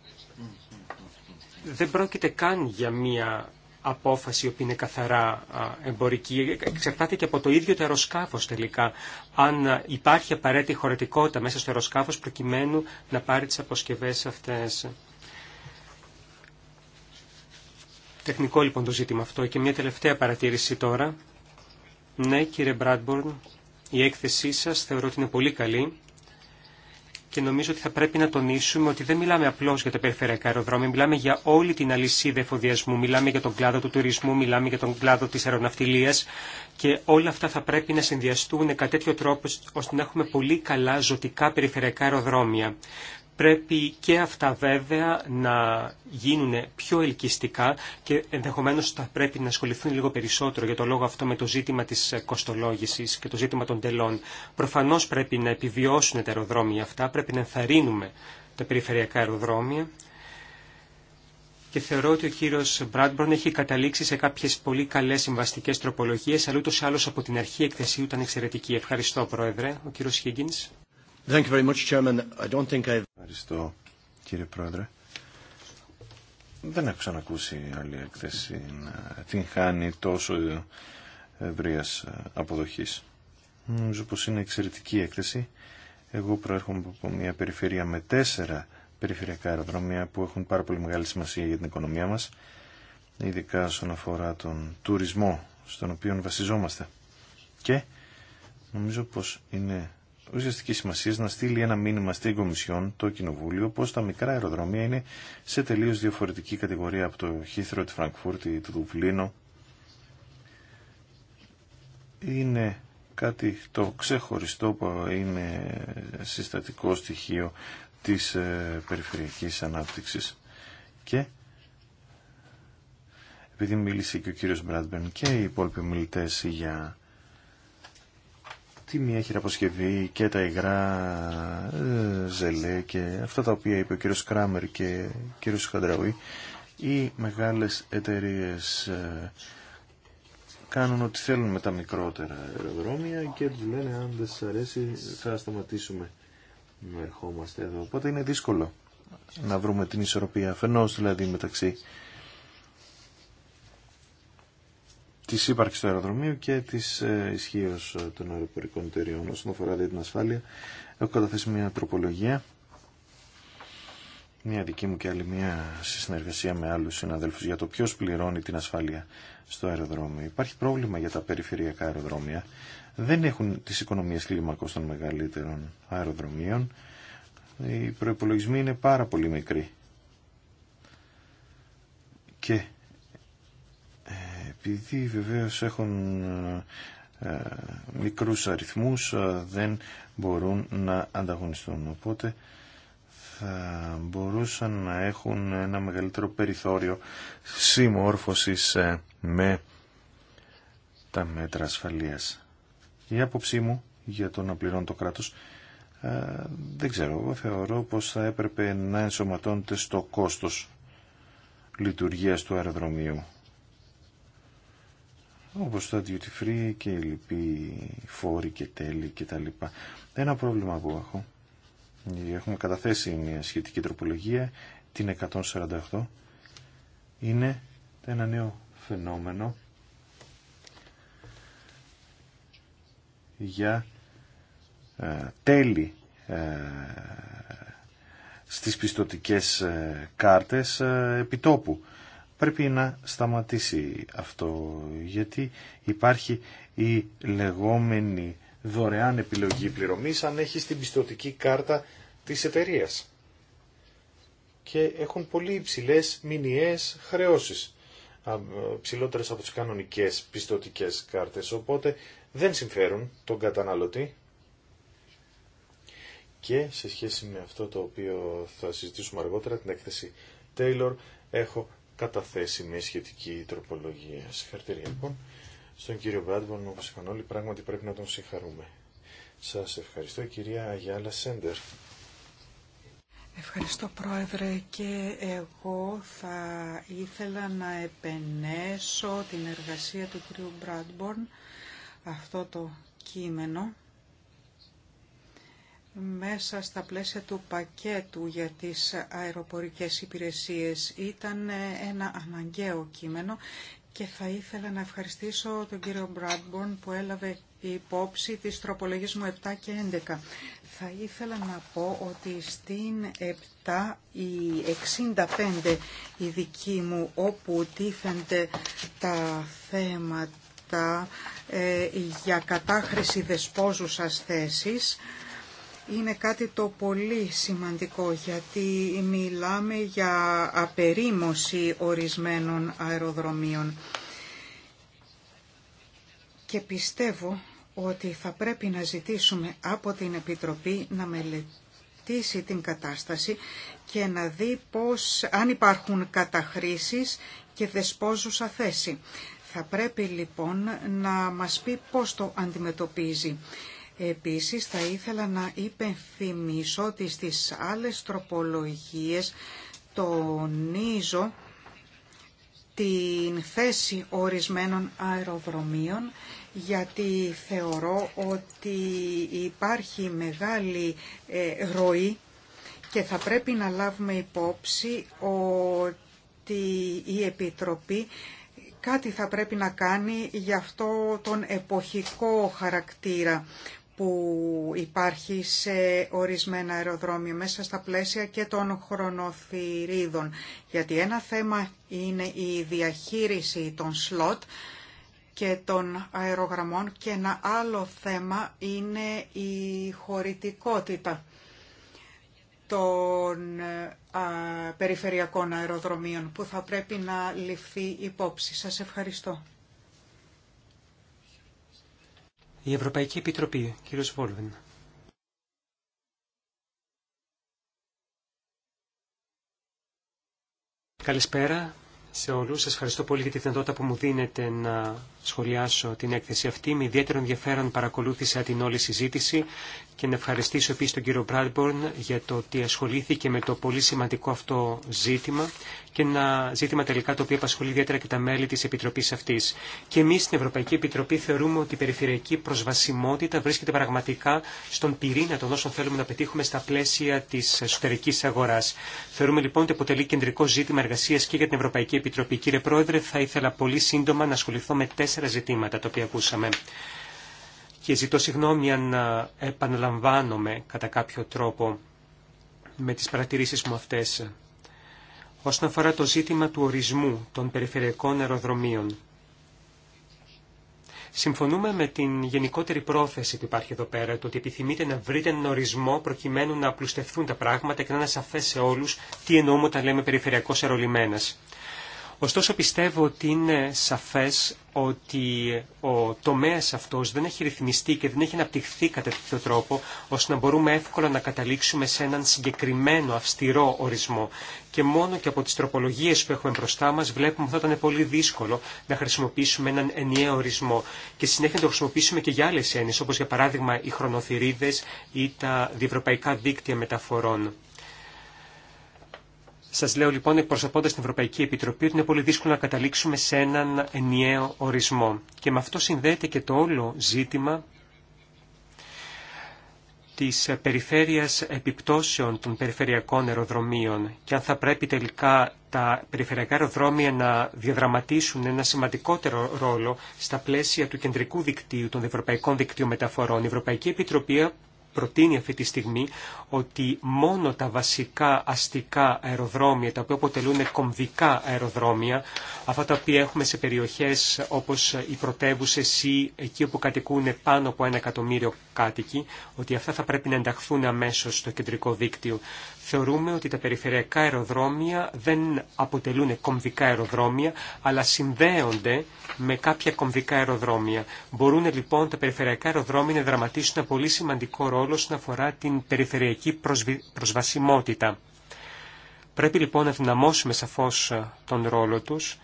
δεν πρόκειται καν για μια απόφαση η οποία είναι καθαρά εμπορική. Εξαρτάται και από το ίδιο το αεροσκάφος τελικά. Αν υπάρχει απαραίτητη χωρητικότητα μέσα στο αεροσκάφος προκειμένου να πάρει τις αποσκευές αυτές. Τεχνικό λοιπόν το ζήτημα αυτό. Και μια τελευταία παρατήρηση τώρα. Ναι κύριε Μπράντμπορν, η έκθεσή σας θεωρώ ότι είναι πολύ καλή και νομίζω ότι θα πρέπει να τονίσουμε ότι δεν μιλάμε απλώ για τα περιφερειακά αεροδρόμια, μιλάμε για όλη την αλυσίδα εφοδιασμού, μιλάμε για τον κλάδο του τουρισμού, μιλάμε για τον κλάδο τη αεροναυτιλία και όλα αυτά θα πρέπει να συνδυαστούν κατά τέτοιο τρόπο ώστε να έχουμε πολύ καλά ζωτικά περιφερειακά αεροδρόμια. Πρέπει και αυτά βέβαια να γίνουν πιο ελκυστικά και ενδεχομένως θα πρέπει να ασχοληθούν λίγο περισσότερο για το λόγο αυτό με το ζήτημα της κοστολόγησης και το ζήτημα των τελών. Προφανώς πρέπει να επιβιώσουν τα αεροδρόμια αυτά, πρέπει να ενθαρρύνουμε τα περιφερειακά αεροδρόμια και θεωρώ ότι ο κύριο Μπράντμπρον έχει καταλήξει σε κάποιε πολύ καλέ συμβαστικέ τροπολογίε, αλλά ούτω ή άλλω από την αρχή η απο ήταν εξαιρετική. Ευχαριστώ, Πρόεδρε. Ο κύριο Χίγκιν. Ευχαριστώ, κύριε Πρόεδρε. Δεν έχω ξανακούσει άλλη εκθέση να την χάνει τόσο ευρεία αποδοχή. Νομίζω πω είναι εξαιρετική έκθεση. Εγώ προέρχομαι από μια περιφέρεια με τέσσερα περιφερειακά αεροδρόμια που έχουν πάρα πολύ μεγάλη σημασία για την οικονομία μα, ειδικά όσον αφορά τον τουρισμό στον οποίο βασιζόμαστε. Και νομίζω πω είναι ουσιαστική σημασία να στείλει ένα μήνυμα στην Κομισιόν, το Κοινοβούλιο, πω τα μικρά αεροδρομία είναι σε τελείω διαφορετική κατηγορία από το Χίθρο, τη Φραγκφούρτη, του Δουβλίνο. Είναι κάτι το ξεχωριστό που είναι συστατικό στοιχείο της ε, περιφερειακής ανάπτυξης. Και επειδή μίλησε και ο κύριος Μπράντμπεν και οι υπόλοιποι μιλητές για τι μία χειραποσκευή και τα υγρά ε, ζελέ και αυτά τα οποία είπε ο κύριος Κράμερ και ο κύριος Χαντραουή οι μεγάλες εταιρείες ε, κάνουν ό,τι θέλουν με τα μικρότερα αεροδρόμια και τους λένε αν δεν σας αρέσει θα σταματήσουμε να ερχόμαστε εδώ. Οπότε είναι δύσκολο να βρούμε την ισορροπία αφενός δηλαδή μεταξύ Τη ύπαρξη του αεροδρομίου και τη ε, ισχύω ε, των αεροπορικών εταιριών όσον αφορά την ασφάλεια. Έχω καταθέσει μια τροπολογία, μια δική μου και άλλη μια συνεργασία με άλλους συναδέλφους για το ποιο πληρώνει την ασφάλεια στο αεροδρόμιο. Υπάρχει πρόβλημα για τα περιφερειακά αεροδρόμια. Δεν έχουν τι οικονομίε κλιμακό των μεγαλύτερων αεροδρομίων. Οι προπολογισμοί είναι πάρα πολύ μικροί. Και επειδή βεβαίως έχουν ε, μικρούς αριθμούς ε, δεν μπορούν να ανταγωνιστούν. Οπότε θα μπορούσαν να έχουν ένα μεγαλύτερο περιθώριο συμμόρφωσης ε, με τα μέτρα ασφαλείας. Η άποψή μου για το να πληρώνει το κράτος δεν ξέρω, εγώ θεωρώ πως θα έπρεπε να ενσωματώνεται στο κόστος λειτουργίας του αεροδρομίου όπως το duty free και οι λοιποί φόροι και τέλη και τα λοιπά. Ένα πρόβλημα που έχω, έχουμε καταθέσει μια σχετική τροπολογία, την 148, είναι ένα νέο φαινόμενο για ε, τέλη ε, στις πιστοτικές ε, κάρτες ε, επιτόπου πρέπει να σταματήσει αυτό γιατί υπάρχει η λεγόμενη δωρεάν επιλογή πληρωμής αν έχει την πιστοτική κάρτα της εταιρείας και έχουν πολύ υψηλές μηνιαίες χρεώσεις ψηλότερες από τις κανονικές πιστωτικές κάρτες οπότε δεν συμφέρουν τον καταναλωτή και σε σχέση με αυτό το οποίο θα συζητήσουμε αργότερα την έκθεση Taylor έχω καταθέσει μια σχετική τροπολογία. Συγχαρητήρια λοιπόν στον κύριο Μπράντμπον, όπω είπαν όλοι, πράγματι πρέπει να τον συγχαρούμε. Σα ευχαριστώ, κυρία Αγιάλα Σέντερ. Ευχαριστώ Πρόεδρε και εγώ θα ήθελα να επενέσω την εργασία του κυρίου Μπράντμπορν αυτό το κείμενο μέσα στα πλαίσια του πακέτου για τις αεροπορικές υπηρεσίες. Ήταν ένα αναγκαίο κείμενο και θα ήθελα να ευχαριστήσω τον κύριο Μπράντμπορν που έλαβε υπόψη της τροπολογής μου 7 και 11. Θα ήθελα να πω ότι στην 7 η 65 η δική μου όπου τίθενται τα θέματα ε, για κατάχρηση δεσπόζουσας θέσης είναι κάτι το πολύ σημαντικό γιατί μιλάμε για απερίμωση ορισμένων αεροδρομίων. Και πιστεύω ότι θα πρέπει να ζητήσουμε από την Επιτροπή να μελετήσει την κατάσταση και να δει πώς, αν υπάρχουν καταχρήσεις και δεσπόζουσα θέση. Θα πρέπει λοιπόν να μας πει πώς το αντιμετωπίζει. Επίσης θα ήθελα να υπενθυμίσω ότι στις άλλες τροπολογίες τονίζω την θέση ορισμένων αεροδρομίων γιατί θεωρώ ότι υπάρχει μεγάλη ε, ροή και θα πρέπει να λάβουμε υπόψη ότι η Επιτροπή κάτι θα πρέπει να κάνει για αυτό τον εποχικό χαρακτήρα που υπάρχει σε ορισμένα αεροδρόμια μέσα στα πλαίσια και των χρονοθυρίδων. Γιατί ένα θέμα είναι η διαχείριση των σλότ και των αερογραμμών και ένα άλλο θέμα είναι η χωρητικότητα των περιφερειακών αεροδρομίων που θα πρέπει να ληφθεί υπόψη. Σας ευχαριστώ. Η Ευρωπαϊκή Επιτροπή, κύριος Βόλβεν. Καλησπέρα σε όλους. Σας ευχαριστώ πολύ για τη δυνατότητα που μου δίνετε να σχολιάσω την έκθεση αυτή. Με ιδιαίτερο ενδιαφέρον παρακολούθησα την όλη συζήτηση και να ευχαριστήσω επίσης τον κύριο Μπράντμπορν για το ότι ασχολήθηκε με το πολύ σημαντικό αυτό ζήτημα και ένα ζήτημα τελικά το οποίο απασχολεί ιδιαίτερα και τα μέλη της Επιτροπής αυτής. Και εμείς στην Ευρωπαϊκή Επιτροπή θεωρούμε ότι η περιφερειακή προσβασιμότητα βρίσκεται πραγματικά στον πυρήνα των όσων θέλουμε να πετύχουμε στα πλαίσια τη εσωτερική αγορά. Θεωρούμε λοιπόν ότι αποτελεί κεντρικό ζήτημα εργασίας και για την Ευρωπαϊκή Επιτροπή. Κύριε Πρόεδρε, θα ήθελα πολύ σύντομα να ασχοληθώ με τέσσερα ζητήματα τα οποία ακούσαμε. Και ζητώ συγγνώμη αν επαναλαμβάνομαι κατά κάποιο τρόπο με τις παρατηρήσεις μου αυτές. Όσον αφορά το ζήτημα του ορισμού των περιφερειακών αεροδρομίων, Συμφωνούμε με την γενικότερη πρόθεση που υπάρχει εδώ πέρα, το ότι επιθυμείτε να βρείτε έναν ορισμό προκειμένου να απλουστευτούν τα πράγματα και να είναι σαφές σε όλους τι εννοούμε όταν λέμε «περιφερειακός αερολιμένας». Ωστόσο πιστεύω ότι είναι σαφές ότι ο τομέας αυτός δεν έχει ρυθμιστεί και δεν έχει αναπτυχθεί κατά τέτοιο τρόπο, ώστε να μπορούμε εύκολα να καταλήξουμε σε έναν συγκεκριμένο αυστηρό ορισμό. Και μόνο και από τις τροπολογίες που έχουμε μπροστά μας βλέπουμε ότι θα ήταν πολύ δύσκολο να χρησιμοποιήσουμε έναν ενιαίο ορισμό. Και συνέχεια να το χρησιμοποιήσουμε και για άλλες έννοιες, όπως για παράδειγμα οι χρονοθυρίδες ή τα διευρωπαϊκά δίκτυα μεταφορών. Σας λέω λοιπόν εκπροσωπώντας την Ευρωπαϊκή Επιτροπή ότι είναι πολύ δύσκολο να καταλήξουμε σε έναν ενιαίο ορισμό. Και με αυτό συνδέεται και το όλο ζήτημα της περιφέρειας επιπτώσεων των περιφερειακών αεροδρομίων και αν θα πρέπει τελικά τα περιφερειακά αεροδρόμια να διαδραματίσουν ένα σημαντικότερο ρόλο στα πλαίσια του κεντρικού δικτύου των ευρωπαϊκών δικτύων μεταφορών. Η Ευρωπαϊκή Επιτροπή προτείνει αυτή τη στιγμή ότι μόνο τα βασικά αστικά αεροδρόμια, τα οποία αποτελούν κομβικά αεροδρόμια, αυτά τα οποία έχουμε σε περιοχές όπως οι πρωτεύουσε ή εκεί όπου κατοικούν πάνω από ένα εκατομμύριο κάτοικοι, ότι αυτά θα πρέπει να ενταχθούν αμέσως στο κεντρικό δίκτυο θεωρούμε ότι τα περιφερειακά αεροδρόμια δεν αποτελούν κομβικά αεροδρόμια, αλλά συνδέονται με κάποια κομβικά αεροδρόμια. Μπορούν λοιπόν τα περιφερειακά αεροδρόμια να δραματίσουν ένα πολύ σημαντικό ρόλο όσον αφορά την περιφερειακή προσβασιμότητα. Πρέπει λοιπόν να δυναμώσουμε σαφώς ε, τον ρόλο τους,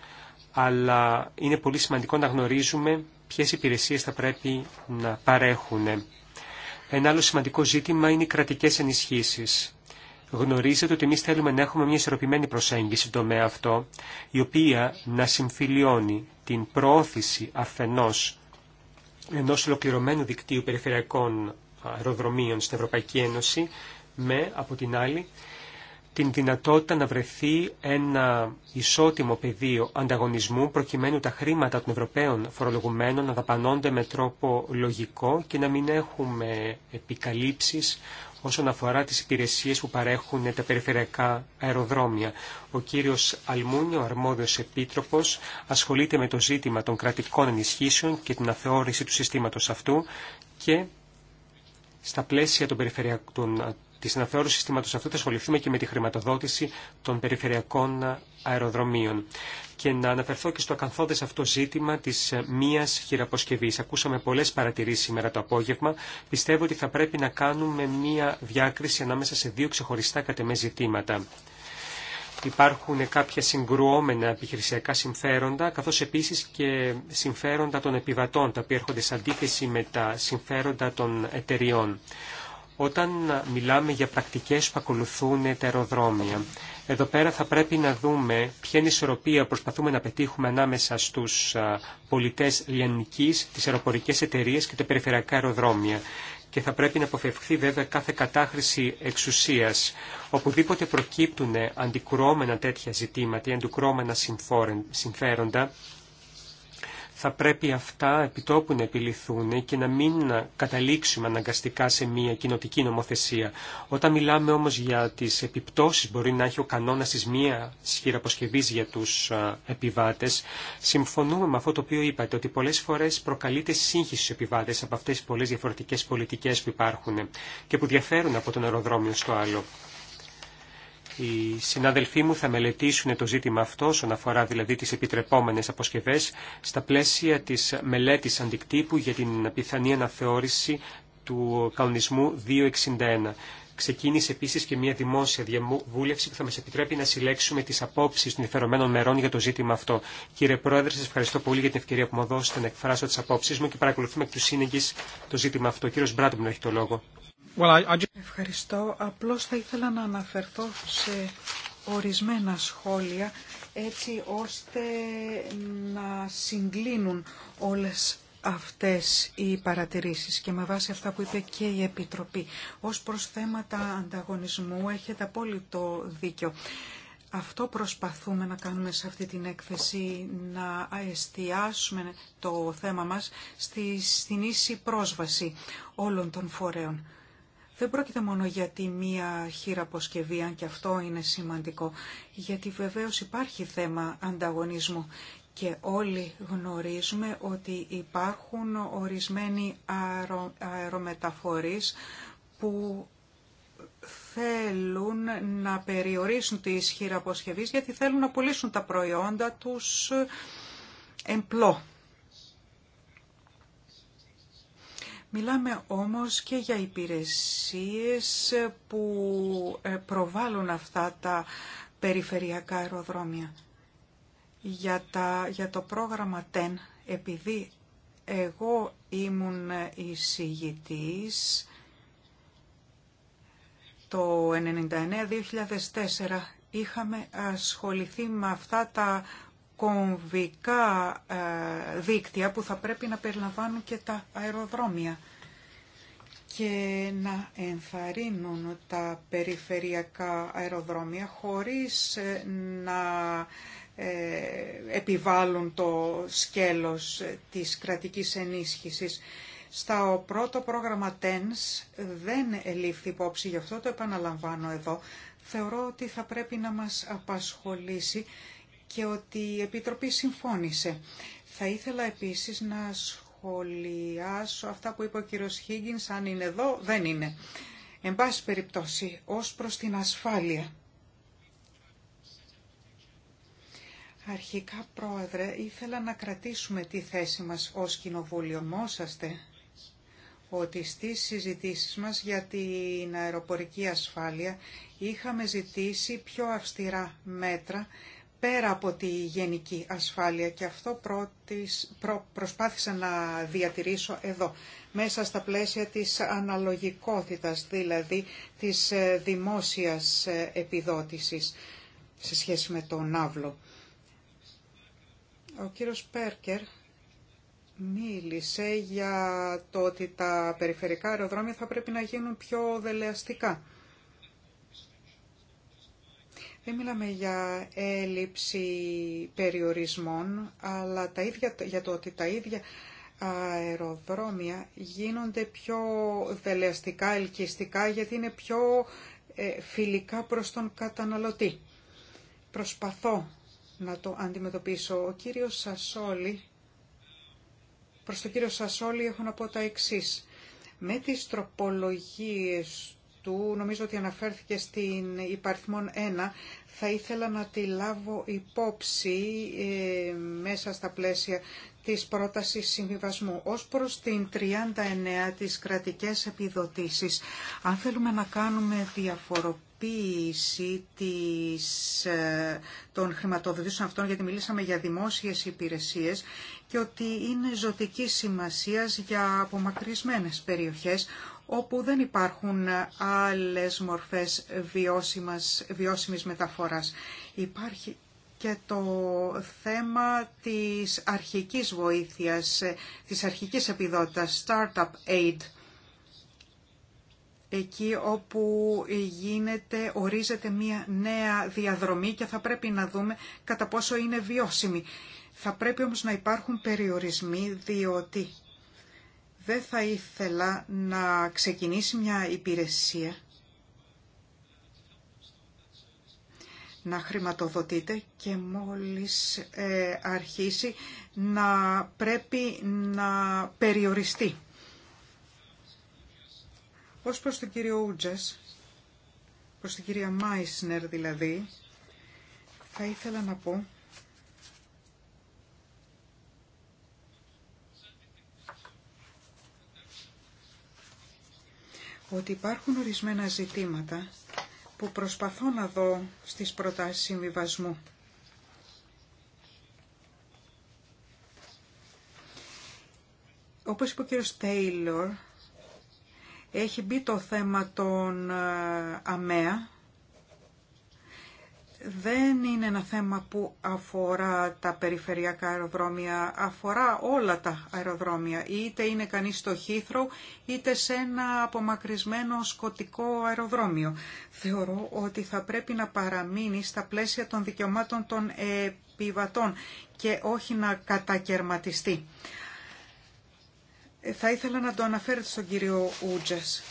αλλά είναι πολύ σημαντικό να γνωρίζουμε ποιες υπηρεσίες θα πρέπει να παρέχουν. Ένα άλλο σημαντικό ζήτημα είναι οι κρατικές ενισχύσεις γνωρίζετε ότι εμεί θέλουμε να έχουμε μια ισορροπημένη προσέγγιση στον τομέα αυτό, η οποία να συμφιλιώνει την προώθηση αφενός ενός ολοκληρωμένου δικτύου περιφερειακών αεροδρομίων στην Ευρωπαϊκή Ένωση, με, από την άλλη, την δυνατότητα να βρεθεί ένα ισότιμο πεδίο ανταγωνισμού προκειμένου τα χρήματα των Ευρωπαίων φορολογουμένων να δαπανώνται με τρόπο λογικό και να μην έχουμε επικαλύψεις όσον αφορά τις υπηρεσίες που παρέχουν τα περιφερειακά αεροδρόμια. Ο κύριος Αλμούνιο, αρμόδιος επίτροπος, ασχολείται με το ζήτημα των κρατικών ενισχύσεων και την αθεώρηση του συστήματος αυτού και στα πλαίσια των περιφερειακών, της αναθεώρησης συστήματος αυτού θα ασχοληθούμε και με τη χρηματοδότηση των περιφερειακών αεροδρομίων και να αναφερθώ και στο ακαθόδε αυτό ζήτημα της ε, μίας χειραποσκευής. Ακούσαμε πολλές παρατηρήσεις σήμερα το απόγευμα. Πιστεύω ότι θα πρέπει να κάνουμε μία διάκριση ανάμεσα σε δύο ξεχωριστά κατεμέ ζητήματα. Υπάρχουν κάποια συγκρουόμενα επιχειρησιακά συμφέροντα, καθώς επίσης και συμφέροντα των επιβατών, τα οποία έρχονται σε αντίθεση με τα συμφέροντα των εταιριών. Όταν μιλάμε για πρακτικές που ακολουθούν τα αεροδρόμια, εδώ πέρα θα πρέπει να δούμε ποια είναι η ισορροπία προσπαθούμε να πετύχουμε ανάμεσα στους πολιτές λιανικής, τις αεροπορικές εταιρείες και τα περιφερειακά αεροδρόμια. Και θα πρέπει να αποφευχθεί βέβαια κάθε κατάχρηση εξουσίας. Οπουδήποτε προκύπτουν αντικρουόμενα τέτοια ζητήματα ή αντικρουόμενα συμφέροντα, θα πρέπει αυτά επιτόπου να επιληθούν και να μην καταλήξουμε αναγκαστικά σε μια κοινοτική νομοθεσία. Όταν μιλάμε όμως για τις επιπτώσεις μπορεί να έχει ο κανόνας της μία χειραποσκευής για τους επιβάτες, συμφωνούμε με αυτό το οποίο είπατε, ότι πολλές φορές προκαλείται σύγχυση στους επιβάτες από αυτές τις πολλές διαφορετικές πολιτικές που υπάρχουν και που διαφέρουν από τον αεροδρόμιο στο άλλο. Οι συνάδελφοί μου θα μελετήσουν το ζήτημα αυτό, όσον αφορά δηλαδή τις επιτρεπόμενες αποσκευές, στα πλαίσια της μελέτης αντικτύπου για την πιθανή αναθεώρηση του κανονισμού 261. Ξεκίνησε επίση και μια δημόσια διαβούλευση που θα μα επιτρέπει να συλλέξουμε τι απόψει των ενδιαφερομένων μερών για το ζήτημα αυτό. Κύριε Πρόεδρε, σα ευχαριστώ πολύ για την ευκαιρία που μου δώσετε να εκφράσω τι απόψει μου και παρακολουθούμε εκ του σύνεγγυ το ζήτημα αυτό. Κύριο Μπράτμουν έχει το λόγο. Ευχαριστώ. Απλώς θα ήθελα να αναφερθώ σε ορισμένα σχόλια έτσι ώστε να συγκλίνουν όλες αυτές οι παρατηρήσεις και με βάση αυτά που είπε και η Επιτροπή. Ως προς θέματα ανταγωνισμού έχετε απόλυτο δίκιο. Αυτό προσπαθούμε να κάνουμε σε αυτή την έκθεση, να εστιάσουμε το θέμα μας στη, στην ίση πρόσβαση όλων των φορέων δεν πρόκειται μόνο για τη μία χειραποσκευή, αν και αυτό είναι σημαντικό, γιατί βεβαίως υπάρχει θέμα ανταγωνισμού και όλοι γνωρίζουμε ότι υπάρχουν ορισμένοι αερο, αερομεταφορείς που θέλουν να περιορίσουν τις αποσκευής γιατί θέλουν να πουλήσουν τα προϊόντα τους εμπλό. Μιλάμε όμως και για υπηρεσίες που ε, προβάλλουν αυτά τα περιφερειακά αεροδρόμια. Για, τα, για το πρόγραμμα TEN, επειδή εγώ ήμουν εισηγητής το 1999 2004 είχαμε ασχοληθεί με αυτά τα κομβικά ε, δίκτυα που θα πρέπει να περιλαμβάνουν και τα αεροδρόμια και να ενθαρρύνουν τα περιφερειακά αεροδρόμια χωρίς ε, να ε, επιβάλλουν το σκέλος της κρατικής ενίσχυσης. Στα πρώτο πρόγραμμα TENS δεν ελήφθη υπόψη, γι' αυτό το επαναλαμβάνω εδώ. Θεωρώ ότι θα πρέπει να μας απασχολήσει και ότι η Επιτροπή συμφώνησε. Θα ήθελα επίσης να σχολιάσω αυτά που είπε ο κύριος Χίγγινς, αν είναι εδώ, δεν είναι. Εν πάση περιπτώσει, ως προς την ασφάλεια. Αρχικά, Πρόεδρε, ήθελα να κρατήσουμε τη θέση μας ως Κοινοβούλιο. Μόσαστε ότι στις συζητήσεις μας για την αεροπορική ασφάλεια είχαμε ζητήσει πιο αυστηρά μέτρα πέρα από τη γενική ασφάλεια και αυτό προ, προσπάθησα να διατηρήσω εδώ, μέσα στα πλαίσια της αναλογικότητας, δηλαδή της ε, δημόσιας ε, επιδότησης σε σχέση με τον ναύλο. Ο κύριος Πέρκερ μίλησε για το ότι τα περιφερικά αεροδρόμια θα πρέπει να γίνουν πιο δελεαστικά. Δεν μιλάμε για έλλειψη περιορισμών, αλλά τα ίδια, για το ότι τα ίδια αεροδρόμια γίνονται πιο δελεαστικά, ελκυστικά, γιατί είναι πιο ε, φιλικά προς τον καταναλωτή. Προσπαθώ να το αντιμετωπίσω. Ο κύριος Σασόλη, προς τον κύριο Σασόλη έχω να πω τα εξής. Με τις τροπολογίες αυτού, νομίζω ότι αναφέρθηκε στην υπαριθμόν 1, θα ήθελα να τη λάβω υπόψη ε, μέσα στα πλαίσια της πρότασης συμβιβασμού. Ως προς την 39 της κρατικές επιδοτήσεις, αν θέλουμε να κάνουμε διαφοροποίηση της, ε, των χρηματοδοτήσεων αυτών, γιατί μιλήσαμε για δημόσιες υπηρεσίες και ότι είναι ζωτική σημασίας για απομακρυσμένες περιοχές, όπου δεν υπάρχουν άλλες μορφές βιώσιμης μεταφοράς. Υπάρχει και το θέμα της αρχικής βοήθειας, της αρχικής επιδότητας, Startup Aid, εκεί όπου γίνεται, ορίζεται μία νέα διαδρομή και θα πρέπει να δούμε κατά πόσο είναι βιώσιμη. Θα πρέπει όμως να υπάρχουν περιορισμοί, διότι δεν θα ήθελα να ξεκινήσει μια υπηρεσία να χρηματοδοτείται και μόλις ε, αρχίσει να πρέπει να περιοριστεί. Ως προς τον κύριο Ούτζες, προς την κυρία Μάισνερ δηλαδή, θα ήθελα να πω ότι υπάρχουν ορισμένα ζητήματα που προσπαθώ να δω στις προτάσεις συμβιβασμού. Όπως είπε ο κ. Τέιλορ, έχει μπει το θέμα των ε, ΑΜΕΑ δεν είναι ένα θέμα που αφορά τα περιφερειακά αεροδρόμια, αφορά όλα τα αεροδρόμια. Είτε είναι κανείς στο Χήθρο, είτε σε ένα απομακρυσμένο σκοτικό αεροδρόμιο. Θεωρώ ότι θα πρέπει να παραμείνει στα πλαίσια των δικαιωμάτων των επιβατών και όχι να κατακαιρματιστεί. Θα ήθελα να το αναφέρετε στον κύριο Ούτζες.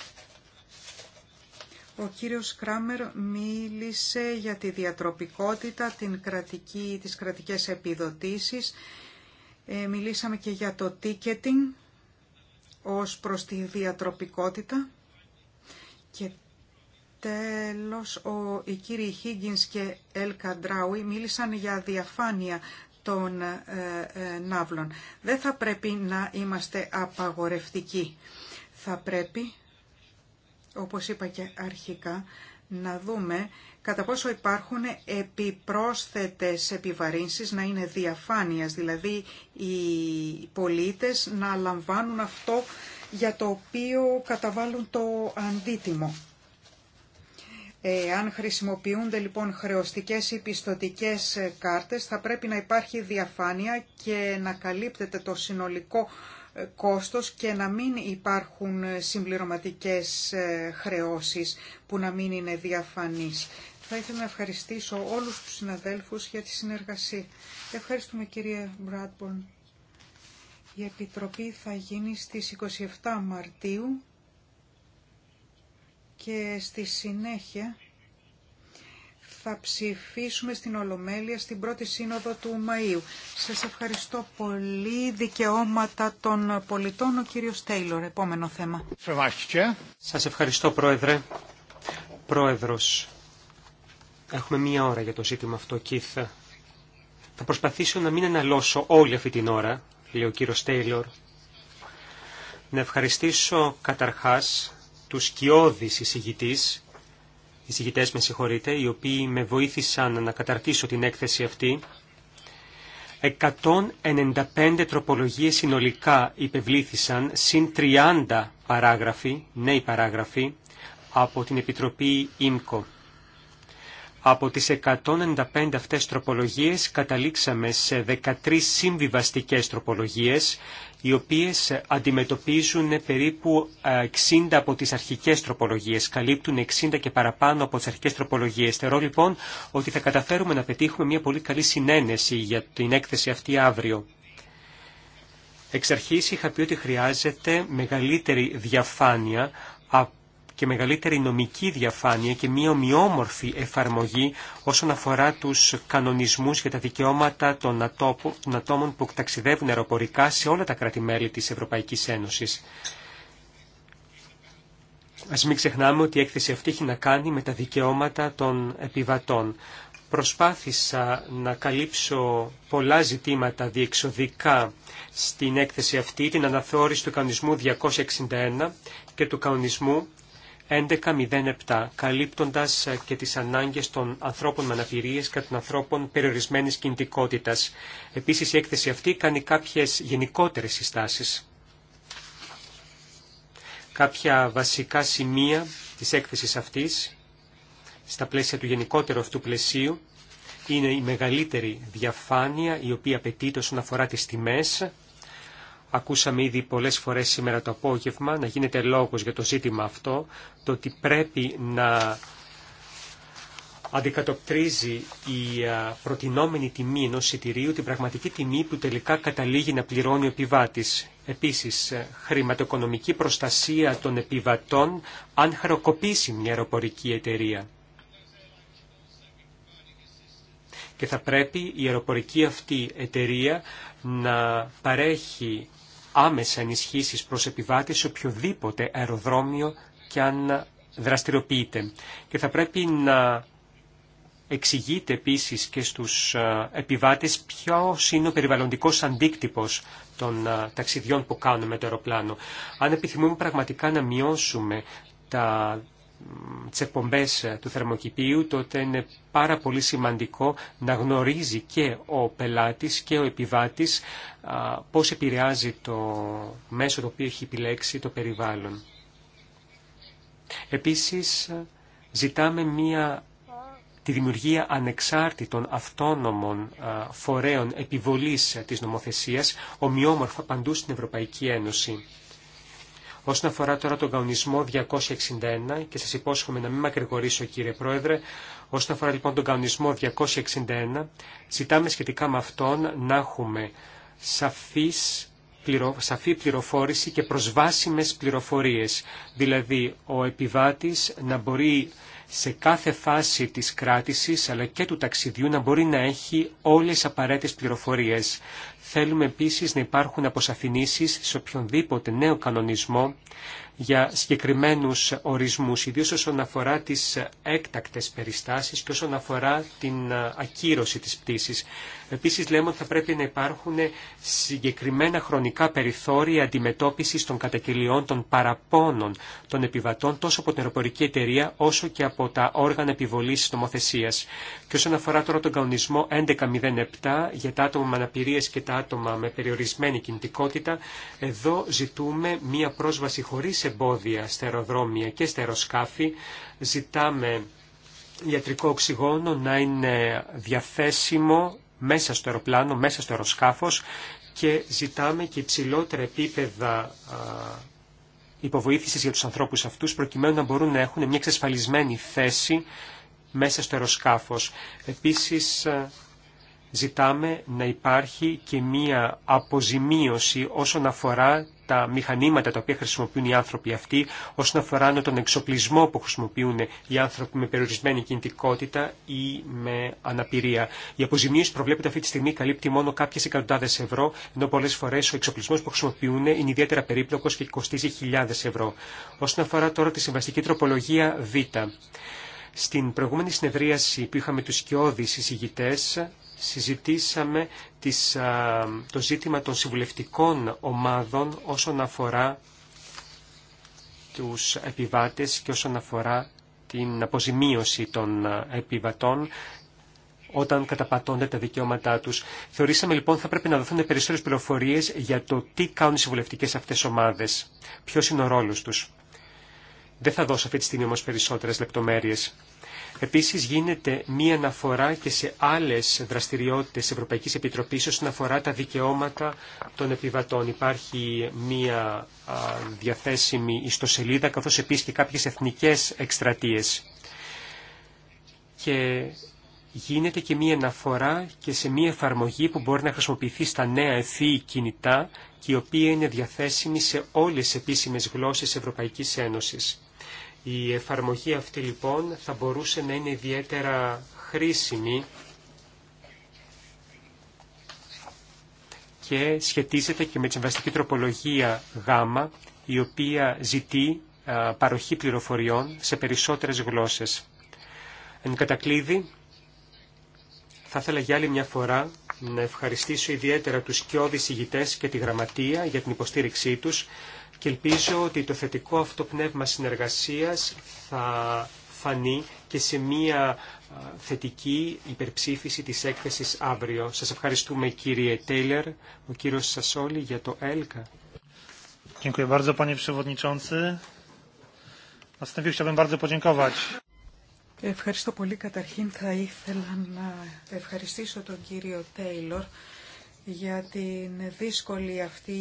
Ο κύριος Κράμερ μίλησε για τη διατροπικότητα, την κρατική, τις κρατικές επιδοτήσεις. Ε, μιλήσαμε και για το ticketing ως προς τη διατροπικότητα. Και τέλος, ο, οι κύριοι Higgins και Ελ Καντράουι μίλησαν για διαφάνεια των ε, ε, ναύλων. Δεν θα πρέπει να είμαστε απαγορευτικοί. Θα πρέπει όπως είπα και αρχικά, να δούμε κατά πόσο υπάρχουν επιπρόσθετες επιβαρύνσεις να είναι διαφάνειας, δηλαδή οι πολίτες να λαμβάνουν αυτό για το οποίο καταβάλουν το αντίτιμο. Ε, αν χρησιμοποιούνται λοιπόν χρεωστικές ή πιστοτικές κάρτες θα πρέπει να υπάρχει διαφάνεια και να καλύπτεται το συνολικό κόστος και να μην υπάρχουν συμπληρωματικές ε, χρεώσεις που να μην είναι διαφανείς. Θα ήθελα να ευχαριστήσω όλους τους συναδέλφους για τη συνεργασία. Ευχαριστούμε κυρία Μπράτμπορν. Η Επιτροπή θα γίνει στις 27 Μαρτίου και στη συνέχεια θα ψηφίσουμε στην Ολομέλεια στην πρώτη σύνοδο του Μαΐου. Σας ευχαριστώ πολύ. Δικαιώματα των πολιτών, ο κύριος Τέιλορ. Επόμενο θέμα. Σας ευχαριστώ, Πρόεδρε. Πρόεδρος, έχουμε μία ώρα για το ζήτημα αυτό, Κίθα. Θα προσπαθήσω να μην αναλώσω όλη αυτή την ώρα, λέει ο κύριος Τέιλορ. Να ευχαριστήσω καταρχάς του σκιώδης εισηγητής εισηγητές με συγχωρείτε, οι οποίοι με βοήθησαν να καταρτήσω την έκθεση αυτή. 195 τροπολογίες συνολικά υπευλήθησαν, συν 30 παράγραφοι, νέοι παράγραφοι, από την Επιτροπή ΙΜΚΟ. Από τις 195 αυτές τροπολογίες καταλήξαμε σε 13 συμβιβαστικές τροπολογίες, οι οποίες αντιμετωπίζουν περίπου 60 ε, από τις αρχικές τροπολογίες, καλύπτουν 60 και παραπάνω από τις αρχικές τροπολογίες. Θεωρώ λοιπόν ότι θα καταφέρουμε να πετύχουμε μια πολύ καλή συνένεση για την έκθεση αυτή αύριο. Εξ αρχής είχα πει ότι χρειάζεται μεγαλύτερη διαφάνεια και μεγαλύτερη νομική διαφάνεια και μία ομοιόμορφη εφαρμογή όσον αφορά τους κανονισμούς για τα δικαιώματα των, ατόμων που ταξιδεύουν αεροπορικά σε όλα τα κράτη-μέλη της Ευρωπαϊκής Ένωσης. Ας μην ξεχνάμε ότι η έκθεση αυτή έχει να κάνει με τα δικαιώματα των επιβατών. Προσπάθησα να καλύψω πολλά ζητήματα διεξοδικά στην έκθεση αυτή, την αναθεώρηση του κανονισμού 261 και του κανονισμού 11.07 καλύπτοντας ε, και τις ανάγκες των ανθρώπων με αναπηρίες και των ανθρώπων περιορισμένης κινητικότητας. Επίσης η έκθεση αυτή κάνει κάποιες γενικότερες συστάσεις. Κάποια βασικά σημεία της έκθεσης αυτής στα πλαίσια του γενικότερου αυτού πλαισίου είναι η μεγαλύτερη διαφάνεια η οποία απαιτείται όσον αφορά τις τιμές Ακούσαμε ήδη πολλές φορές σήμερα το απόγευμα να γίνεται λόγος για το ζήτημα αυτό, το ότι πρέπει να αντικατοπτρίζει η προτινόμενη τιμή ενό εισιτηρίου την πραγματική τιμή που τελικά καταλήγει να πληρώνει ο επιβάτης. Επίσης, ε, χρηματοοικονομική προστασία των επιβατών αν χαροκοπήσει μια αεροπορική εταιρεία. Και θα πρέπει η αεροπορική αυτή εταιρεία να παρέχει άμεσα ενισχύσεις προς επιβάτες σε οποιοδήποτε αεροδρόμιο και αν δραστηριοποιείται. Και θα πρέπει να εξηγείται επίσης και στους ε, επιβάτες ποιο είναι ο περιβαλλοντικό αντίκτυπος των ε, ταξιδιών που κάνουμε με το αεροπλάνο. Αν επιθυμούμε πραγματικά να μειώσουμε τα τις εκπομπές ε, του θερμοκηπίου, τότε είναι πάρα πολύ σημαντικό να γνωρίζει και ο πελάτης και ο επιβάτης πώς επηρεάζει το μέσο το οποίο έχει επιλέξει το περιβάλλον. Επίσης, ε, ζητάμε μία τη δημιουργία ανεξάρτητων αυτόνομων φορέων επιβολής ε, της νομοθεσίας, ομοιόμορφα παντού στην Ευρωπαϊκή Ένωση. Όσον αφορά τώρα τον κανονισμό 261 και σας υπόσχομαι να μην μακρηγορήσω κύριε Πρόεδρε, όσον αφορά λοιπόν τον κανονισμό 261 ζητάμε σχετικά με αυτόν να έχουμε σαφή πληροφόρηση και προσβάσιμες πληροφορίες. Δηλαδή, ο επιβάτης να μπορεί σε κάθε φάση της κράτησης αλλά και του ταξιδιού να μπορεί να έχει όλες τις απαραίτητες πληροφορίες. Θέλουμε επίσης να υπάρχουν αποσαφηνήσεις σε οποιονδήποτε νέο κανονισμό για συγκεκριμένους ορισμούς, ιδίως όσον αφορά τις έκτακτες περιστάσεις και όσον αφορά την ακύρωση της πτήσης. Επίσης λέμε ότι θα πρέπει να υπάρχουν συγκεκριμένα χρονικά περιθώρια αντιμετώπισης των κατακυλιών των παραπώνων των επιβατών τόσο από την αεροπορική εταιρεία όσο και από τα όργανα επιβολής νομοθεσίας. Και όσον αφορά τώρα τον κανονισμό 1107 για τα άτομα με αναπηρίες και τα άτομα με περιορισμένη κινητικότητα, εδώ ζητούμε μία πρόσβαση χωρίς εμπόδια στα αεροδρόμια και στα αεροσκάφη. Ζητάμε ιατρικό οξυγόνο να είναι διαθέσιμο μέσα στο αεροπλάνο, μέσα στο αεροσκάφος και ζητάμε και υψηλότερα επίπεδα υποβοήθησης για τους ανθρώπους αυτούς προκειμένου να μπορούν να έχουν μια εξασφαλισμένη θέση μέσα στο αεροσκάφος. Επίσης ζητάμε να υπάρχει και μία αποζημίωση όσον αφορά τα μηχανήματα τα οποία χρησιμοποιούν οι άνθρωποι αυτοί όσον αφορά τον εξοπλισμό που χρησιμοποιούν οι άνθρωποι με περιορισμένη κινητικότητα ή με αναπηρία. Η αποζημίωση προβλέπεται αυτή τη στιγμή καλύπτει μόνο κάποιε εκατοντάδε ευρώ, ενώ πολλέ φορέ ο εξοπλισμό που χρησιμοποιούν είναι ιδιαίτερα περίπλοκο και κοστίζει χιλιάδε ευρώ. Όσον αφορά τώρα τη συμβαστική τροπολογία Β. Στην προηγούμενη συνεδρίαση που είχαμε του σκιώδεις συζητητέ συζητήσαμε τις, το ζήτημα των συμβουλευτικών ομάδων όσον αφορά τους επιβάτες και όσον αφορά την αποζημίωση των επιβατών όταν καταπατώνται τα δικαιώματά τους. Θεωρήσαμε λοιπόν θα πρέπει να δοθούν περισσότερες πληροφορίες για το τι κάνουν οι συμβουλευτικές αυτές ομάδες, ποιος είναι ο ρόλος τους. Δεν θα δώσω αυτή τη στιγμή όμως περισσότερες λεπτομέρειες. Επίσης γίνεται μία αναφορά και σε άλλες δραστηριότητες Ευρωπαϊκής Επιτροπής όσον αφορά τα δικαιώματα των επιβατών. Υπάρχει μία διαθέσιμη ιστοσελίδα καθώς επίσης και κάποιες εθνικές εκστρατείες. Και γίνεται και μία αναφορά και σε μία εφαρμογή που μπορεί να χρησιμοποιηθεί στα νέα ευθύ κινητά και η οποία είναι διαθέσιμη σε όλες τις επίσημες γλώσσες Ευρωπαϊκής Ένωσης. Η εφαρμογή αυτή λοιπόν θα μπορούσε να είναι ιδιαίτερα χρήσιμη και σχετίζεται και με τη συμβαστική τροπολογία Γ, η οποία ζητεί παροχή πληροφοριών σε περισσότερες γλώσσες. Εν κατακλείδη, θα ήθελα για άλλη μια φορά να ευχαριστήσω ιδιαίτερα τους κοιόδης ηγητές και τη γραμματεία για την υποστήριξή τους και ελπίζω ότι το θετικό αυτό πνεύμα συνεργασίας θα φανεί και σε μία θετική υπερψήφιση της έκθεσης αύριο. Σας ευχαριστούμε κύριε Τέιλερ, ο κύριος Σασόλη για το ΕΛΚΑ. Ευχαριστώ πολύ. Καταρχήν θα ήθελα να ευχαριστήσω τον κύριο Τέιλορ για την δύσκολη αυτή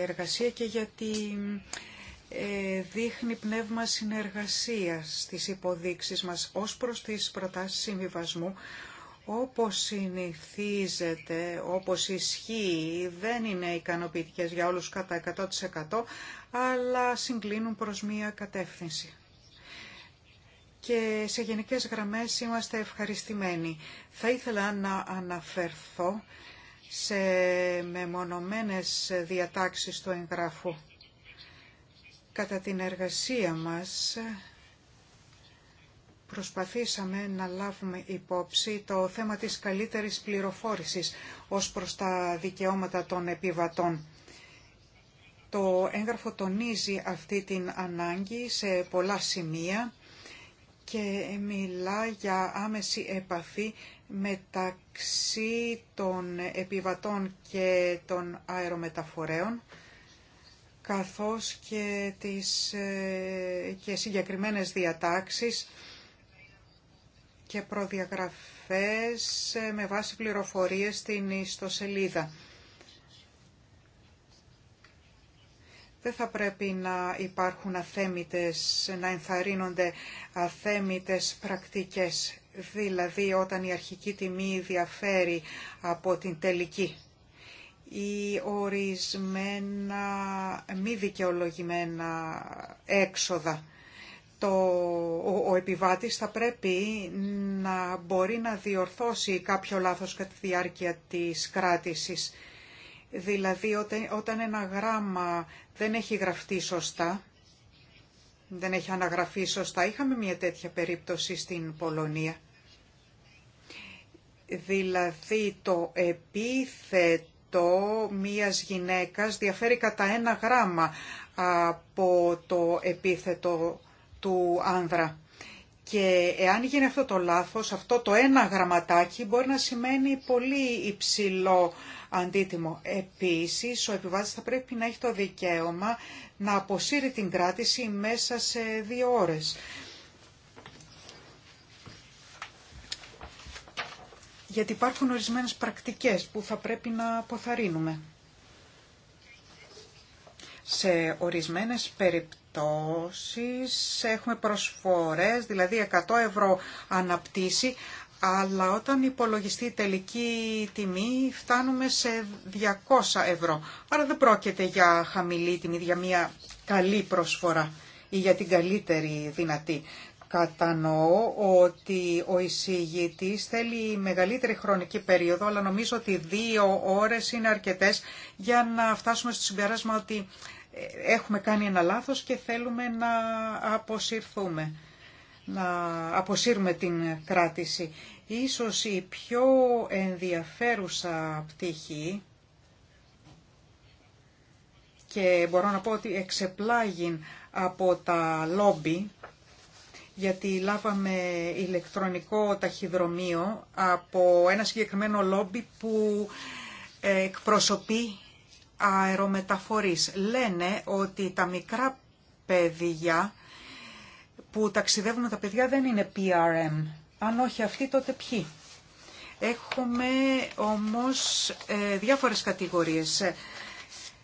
εργασία και γιατί ε, δείχνει πνεύμα συνεργασίας στις υποδείξεις μας ως προς τις προτάσεις συμβιβασμού όπως συνηθίζεται, όπως ισχύει, δεν είναι ικανοποιητικές για όλους κατά 100% αλλά συγκλίνουν προς μία κατεύθυνση. Και σε γενικές γραμμές είμαστε ευχαριστημένοι. Θα ήθελα να αναφερθώ σε μεμονωμένες διατάξεις του εγγράφου. Κατά την εργασία μας προσπαθήσαμε να λάβουμε υπόψη το θέμα της καλύτερης πληροφόρησης ως προς τα δικαιώματα των επιβατών. Το έγγραφο τονίζει αυτή την ανάγκη σε πολλά σημεία και μιλά για άμεση επαφή μεταξύ των επιβατών και των αερομεταφορέων καθώς και, τις, ε, και συγκεκριμένες διατάξεις και προδιαγραφές ε, με βάση πληροφορίες στην ιστοσελίδα. Δεν θα πρέπει να υπάρχουν αθέμητες, να ενθαρρύνονται αθέμητες πρακτικές δηλαδή όταν η αρχική τιμή διαφέρει από την τελική ή ορισμένα μη δικαιολογημένα έξοδα. Το, ο, ο επιβάτης θα πρέπει να μπορεί να διορθώσει κάποιο λάθος κατά τη διάρκεια της κράτησης. Δηλαδή όταν ένα γράμμα δεν έχει γραφτεί σωστά, δεν έχει αναγραφεί σωστά. Είχαμε μια τέτοια περίπτωση στην Πολωνία. Δηλαδή το επίθετο μιας γυναίκας διαφέρει κατά ένα γράμμα από το επίθετο του άνδρα. Και εάν γίνει αυτό το λάθος, αυτό το ένα γραμματάκι μπορεί να σημαίνει πολύ υψηλό αντίτιμο. Επίσης, ο επιβάτης θα πρέπει να έχει το δικαίωμα να αποσύρει την κράτηση μέσα σε δύο ώρες. Γιατί υπάρχουν ορισμένες πρακτικές που θα πρέπει να αποθαρρύνουμε. Σε ορισμένες περιπτώσεις έχουμε προσφορές, δηλαδή 100 ευρώ αναπτύσσει, αλλά όταν υπολογιστεί η τελική τιμή φτάνουμε σε 200 ευρώ. Άρα δεν πρόκειται για χαμηλή τιμή, για μια καλή προσφορά ή για την καλύτερη δυνατή. Κατανοώ ότι ο εισηγητής θέλει μεγαλύτερη χρονική περίοδο, αλλά νομίζω ότι δύο ώρες είναι αρκετές για να φτάσουμε στο συμπεράσμα ότι ε, έχουμε κάνει ένα λάθος και θέλουμε να αποσυρθούμε να αποσύρουμε την κράτηση. Ίσως η πιο ενδιαφέρουσα πτυχή και μπορώ να πω ότι εξεπλάγει από τα λόμπι γιατί λάβαμε ηλεκτρονικό ταχυδρομείο από ένα συγκεκριμένο λόμπι που εκπροσωπεί αερομεταφορείς. Λένε ότι τα μικρά παιδιά που ταξιδεύουν τα παιδιά δεν είναι PRM. Αν όχι αυτοί, τότε ποιοι. Έχουμε όμως ε, διάφορες κατηγορίες.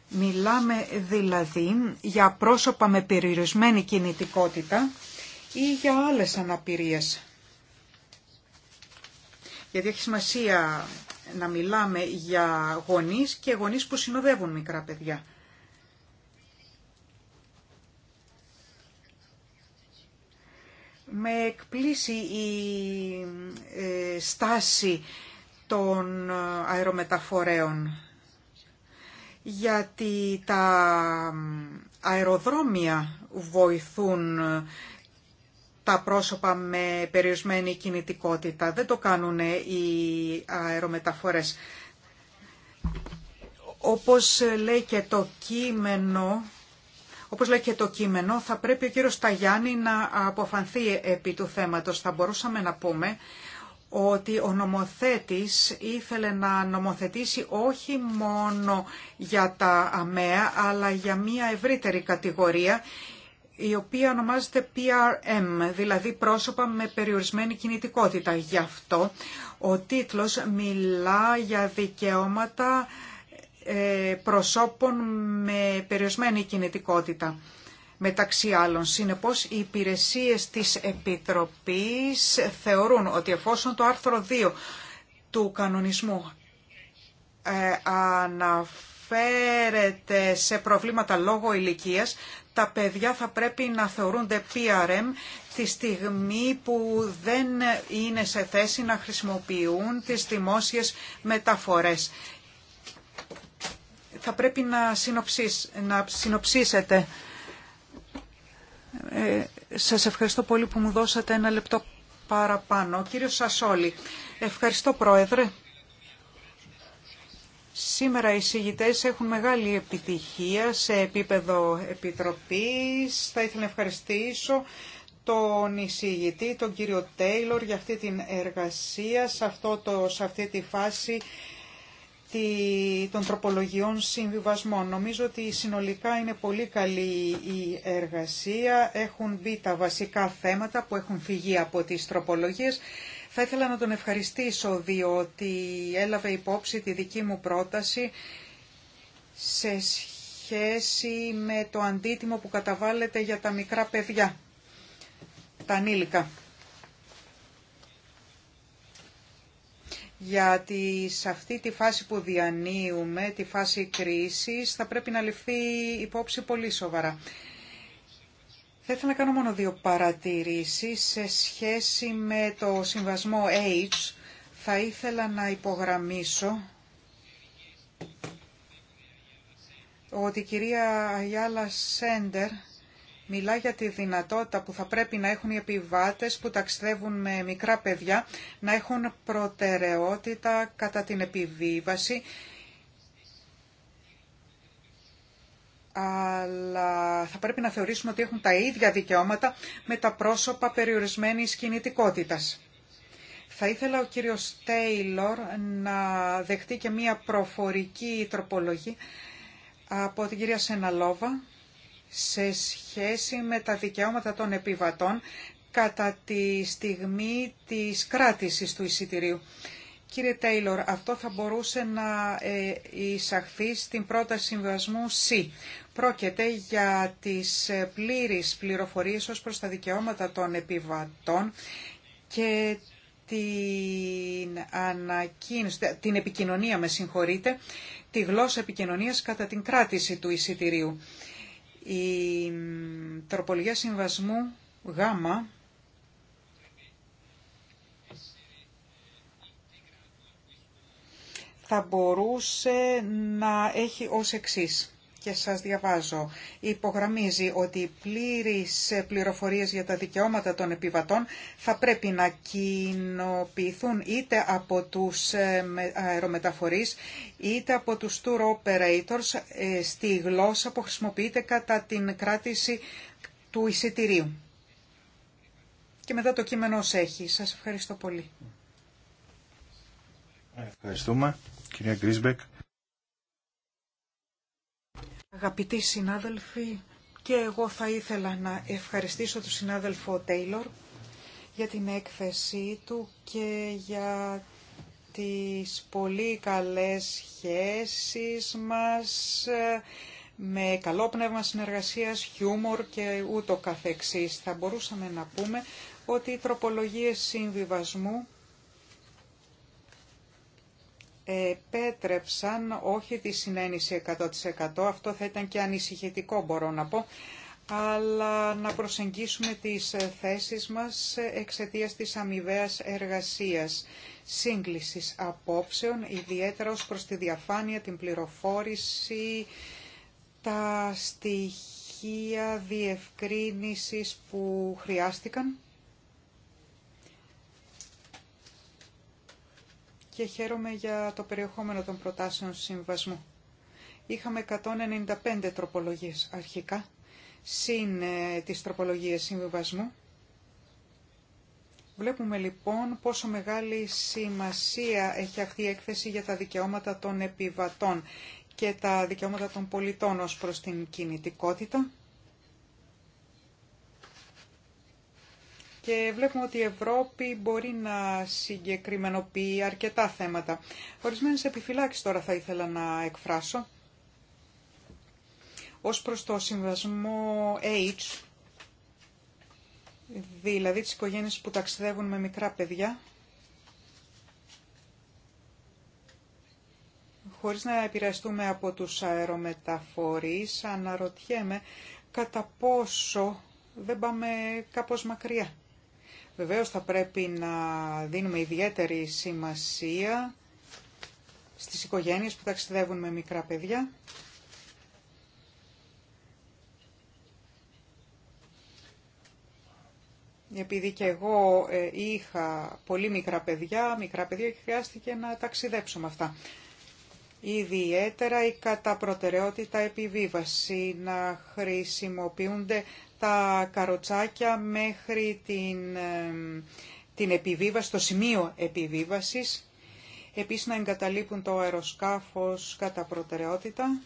Μιλάμε δηλαδή για πρόσωπα με περιορισμένη κινητικότητα ή για άλλες αναπηρίες. Γιατί έχει σημασία να μιλάμε για γονείς και γονείς που συνοδεύουν μικρά παιδιά. Με εκπλήσει η ε, στάση των αερομεταφορέων γιατί τα αεροδρόμια βοηθούν τα πρόσωπα με περιορισμένη κινητικότητα. Δεν το κάνουν οι αερομεταφορές. Όπως λέει και το κείμενο όπως λέει και το κείμενο, θα πρέπει ο κύριος Σταγιάννη να αποφανθεί επί του θέματος. Θα μπορούσαμε να πούμε ότι ο νομοθέτης ήθελε να νομοθετήσει όχι μόνο για τα αμαία, αλλά για μια ευρύτερη κατηγορία, η οποία ονομάζεται PRM, δηλαδή πρόσωπα με περιορισμένη κινητικότητα. Γι' αυτό ο τίτλος μιλά για δικαιώματα προσώπων με περιορισμένη κινητικότητα μεταξύ άλλων. Συνεπώς, οι υπηρεσίες της Επιτροπής θεωρούν ότι εφόσον το άρθρο 2 του κανονισμού ε, αναφέρεται σε προβλήματα λόγω ηλικίας, τα παιδιά θα πρέπει να θεωρούνται PRM τη στιγμή που δεν είναι σε θέση να χρησιμοποιούν τις δημόσιες μεταφορές θα πρέπει να, συνοψίσ, να συνοψίσετε. Ε, σας ευχαριστώ πολύ που μου δώσατε ένα λεπτό παραπάνω. Κύριο Σασόλη, ευχαριστώ Πρόεδρε. Σήμερα οι συγητές έχουν μεγάλη επιτυχία σε επίπεδο επιτροπής. Θα ήθελα να ευχαριστήσω τον εισηγητή, τον κύριο Τέιλορ, για αυτή την εργασία σε, αυτό το, σε αυτή τη φάση των τροπολογιών συμβιβασμών. Νομίζω ότι συνολικά είναι πολύ καλή η εργασία. Έχουν μπει τα βασικά θέματα που έχουν φυγεί από τις τροπολογίες. Θα ήθελα να τον ευχαριστήσω διότι έλαβε υπόψη τη δική μου πρόταση σε σχέση με το αντίτιμο που καταβάλλεται για τα μικρά παιδιά, τα ανήλικα. γιατί σε αυτή τη φάση που διανύουμε, τη φάση κρίσης, θα πρέπει να ληφθεί υπόψη πολύ σοβαρά. Θα ήθελα να κάνω μόνο δύο παρατηρήσεις σε σχέση με το συμβασμό H. Θα ήθελα να υπογραμμίσω ότι η κυρία Αγιάλα Σέντερ Μιλά για τη δυνατότητα που θα πρέπει να έχουν οι επιβάτες που ταξιδεύουν με μικρά παιδιά να έχουν προτεραιότητα κατά την επιβίβαση αλλά θα πρέπει να θεωρήσουμε ότι έχουν τα ίδια δικαιώματα με τα πρόσωπα περιορισμένης κινητικότητας. Θα ήθελα ο κύριος Τέιλορ να δεχτεί και μία προφορική τροπολογή από την κυρία Σεναλόβα σε σχέση με τα δικαιώματα των επιβατών κατά τη στιγμή της κράτησης του εισιτηρίου. Κύριε Τέιλορ, αυτό θα μπορούσε να ε, εισαχθεί στην πρόταση συμβασμού C. Πρόκειται για τις ε, πλήρεις πληροφορίες ως προς τα δικαιώματα των επιβατών και την, την επικοινωνία, με συγχωρείτε, τη γλώσσα επικοινωνίας κατά την κράτηση του εισιτηρίου. Η τροπολογία συμβασμού Γ θα μπορούσε να έχει ως εξής και σας διαβάζω. Υπογραμμίζει ότι οι πλήρεις πληροφορίες για τα δικαιώματα των επιβατών θα πρέπει να κοινοποιηθούν είτε από τους ε, αερομεταφορείς είτε από τους tour operators ε, στη γλώσσα που χρησιμοποιείται κατά την κράτηση του εισιτηρίου. Και μετά το κείμενο ως έχει. Σας ευχαριστώ πολύ. Ευχαριστούμε. Κυρία Γκρίσμπεκ. Αγαπητοί συνάδελφοι, και εγώ θα ήθελα να ευχαριστήσω τον συνάδελφο Τέιλορ για την έκθεσή του και για τις πολύ καλές σχέσεις μας ε, με καλό πνεύμα συνεργασίας, χιούμορ και ούτω καθεξής. Θα μπορούσαμε να πούμε ότι οι τροπολογίες συμβιβασμού επέτρεψαν όχι τη συνένεση 100%, αυτό θα ήταν και ανησυχητικό μπορώ να πω, αλλά να προσεγγίσουμε τις θέσεις μας εξαιτίας της αμοιβαία εργασίας, σύγκλησης απόψεων, ιδιαίτερα ως προς τη διαφάνεια, την πληροφόρηση, τα στοιχεία διευκρίνησης που χρειάστηκαν και χαίρομαι για το περιεχόμενο των προτάσεων συμβασμού. Είχαμε 195 τροπολογίες αρχικά, συν ε, τις τροπολογίες συμβιβασμού. Βλέπουμε λοιπόν πόσο μεγάλη σημασία έχει αυτή η έκθεση για τα δικαιώματα των επιβατών και τα δικαιώματα των πολιτών ως προς την κινητικότητα και βλέπουμε ότι η Ευρώπη μπορεί να συγκεκριμενοποιεί αρκετά θέματα. Ορισμένες επιφυλάξεις τώρα θα ήθελα να εκφράσω. Ως προς το συμβασμό H, δηλαδή τις οικογένειες που ταξιδεύουν με μικρά παιδιά, χωρίς να επηρεαστούμε από τους αερομεταφορείς, αναρωτιέμαι κατά πόσο δεν πάμε κάπως μακριά. Βεβαίως θα πρέπει να δίνουμε ιδιαίτερη σημασία στις οικογένειες που ταξιδεύουν με μικρά παιδιά. Επειδή και εγώ ε, είχα πολύ μικρά παιδιά, μικρά παιδιά και χρειάστηκε να ταξιδέψω με αυτά. Ιδιαίτερα η κατά προτεραιότητα επιβίβαση να χρησιμοποιούνται τα καροτσάκια μέχρι την, την επιβίβαση, το σημείο επιβίβασης. Επίσης να εγκαταλείπουν το αεροσκάφος κατά προτεραιότητα.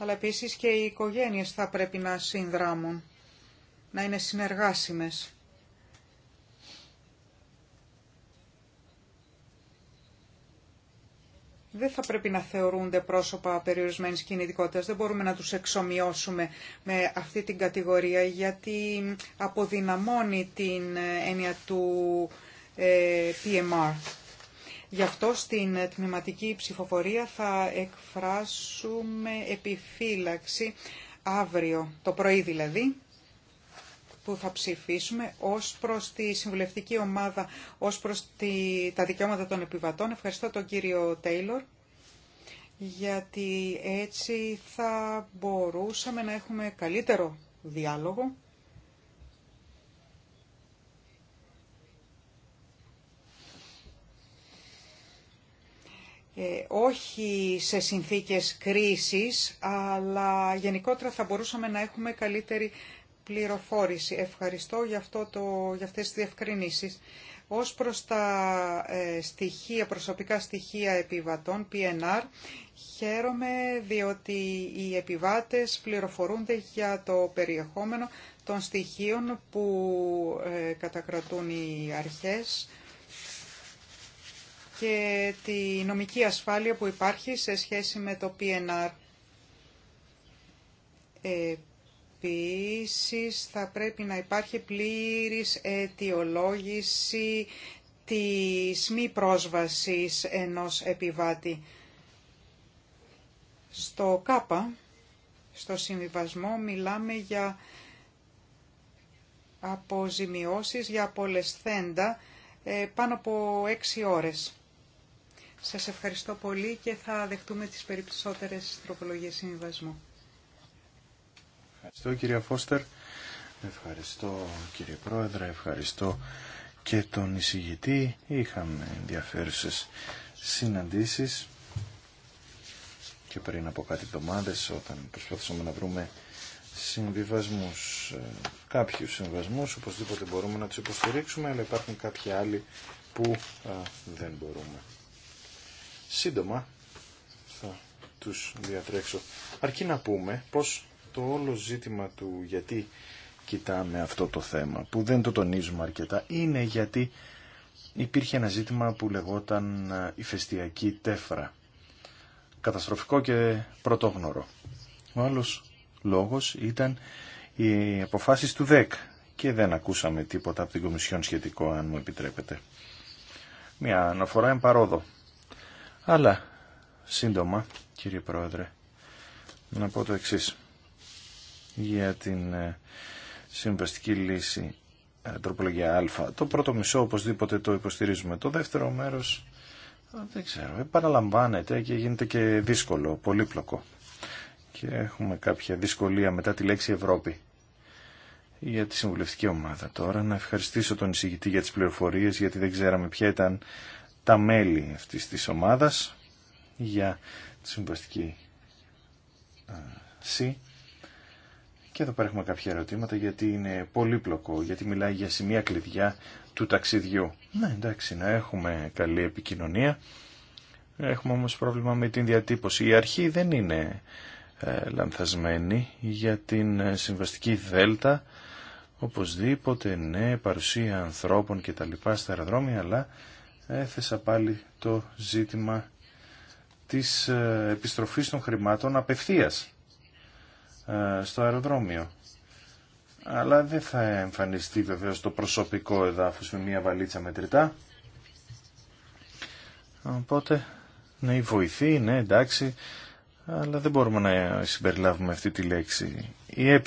αλλά επίσης και οι οικογένειες θα πρέπει να συνδράμουν, να είναι συνεργάσιμες. δεν θα πρέπει να θεωρούνται πρόσωπα περιορισμένης κινητικότητας. Δεν μπορούμε να τους εξομοιώσουμε με αυτή την κατηγορία γιατί αποδυναμώνει την ε, έννοια του ε, PMR. Γι' αυτό στην τμηματική ψηφοφορία θα εκφράσουμε επιφύλαξη αύριο, το πρωί δηλαδή, που θα ψηφίσουμε ως προς τη συμβουλευτική ομάδα, ως προς τη, τα δικαιώματα των επιβατών. Ευχαριστώ τον κύριο Τέιλορ γιατί έτσι θα μπορούσαμε να έχουμε καλύτερο διάλογο. Ε, όχι σε συνθήκες κρίσης, αλλά γενικότερα θα μπορούσαμε να έχουμε καλύτερη πληροφόρηση. Ευχαριστώ για, αυτό το, για αυτές τις διευκρινήσεις. Ως προς τα ε, στοιχεία, προσωπικά στοιχεία επιβατών, PNR, χαίρομαι διότι οι επιβάτες πληροφορούνται για το περιεχόμενο των στοιχείων που ε, κατακρατούν οι αρχές και τη νομική ασφάλεια που υπάρχει σε σχέση με το PNR. Ε, Επίσης θα πρέπει να υπάρχει πλήρης αιτιολόγηση της μη πρόσβασης ενός επιβάτη. Στο ΚΑΠΑ, στο συμβιβασμό, μιλάμε για αποζημιώσεις για απολεσθέντα ε, πάνω από 6 ώρες. Σας ευχαριστώ πολύ και θα δεχτούμε τις περισσότερες τροπολογίες συμβιβασμού. Ευχαριστώ κύριε Φώστερ. Ευχαριστώ κύριε Πρόεδρε, ευχαριστώ και τον εισηγητή. Είχαμε ενδιαφέρουσες συναντήσεις και πριν από κάτι εβδομάδε όταν προσπαθήσαμε να βρούμε συμβιβασμούς, ε, κάποιους συμβιβασμούς, οπωσδήποτε μπορούμε να τους υποστηρίξουμε, αλλά υπάρχουν κάποιοι άλλοι που ε, δεν μπορούμε. Σύντομα θα τους διατρέξω. Αρκεί να πούμε πως το όλο ζήτημα του γιατί κοιτάμε αυτό το θέμα, που δεν το τονίζουμε αρκετά, είναι γιατί υπήρχε ένα ζήτημα που λεγόταν ε, φεστιακή τέφρα. Καταστροφικό και πρωτόγνωρο. Ο άλλος λόγος ήταν οι αποφάσεις του ΔΕΚ και δεν ακούσαμε τίποτα από την Κομισιόν σχετικό, αν μου επιτρέπετε. Μια αναφορά παρόδο. Αλλά, σύντομα, κύριε Πρόεδρε, να πω το εξής για την ε, συμβαστική λύση ε, τροπολογία Α. Το πρώτο μισό οπωσδήποτε το υποστηρίζουμε. Το δεύτερο μέρος ε, δεν ξέρω, επαναλαμβάνεται και γίνεται και δύσκολο, πολύπλοκο. Και έχουμε κάποια δυσκολία μετά τη λέξη Ευρώπη για τη συμβουλευτική ομάδα τώρα. Να ευχαριστήσω τον εισηγητή για τις πληροφορίες γιατί δεν ξέραμε ποια ήταν τα μέλη αυτής της ομάδας για τη συμβαστική ΣΥ και εδώ παρέχουμε κάποια ερωτήματα γιατί είναι πολύπλοκο, γιατί μιλάει για σημεία κλειδιά του ταξιδιού. Ναι, εντάξει, να έχουμε καλή επικοινωνία. Έχουμε όμως πρόβλημα με την διατύπωση. Η αρχή δεν είναι ε, λανθασμένη για την ε, συμβαστική δέλτα. Οπωσδήποτε, ναι, παρουσία ανθρώπων και τα λοιπά στα αεροδρόμια, αλλά έθεσα πάλι το ζήτημα της ε, επιστροφής των χρημάτων απευθείας. Ε, στο αεροδρόμιο. Αλλά δεν θα εμφανιστεί βεβαίω το προσωπικό εδάφος με μια βαλίτσα μετρητά. Οπότε, ναι, βοηθή, ναι, εντάξει, αλλά δεν μπορούμε να συμπεριλάβουμε αυτή τη λέξη. Η ε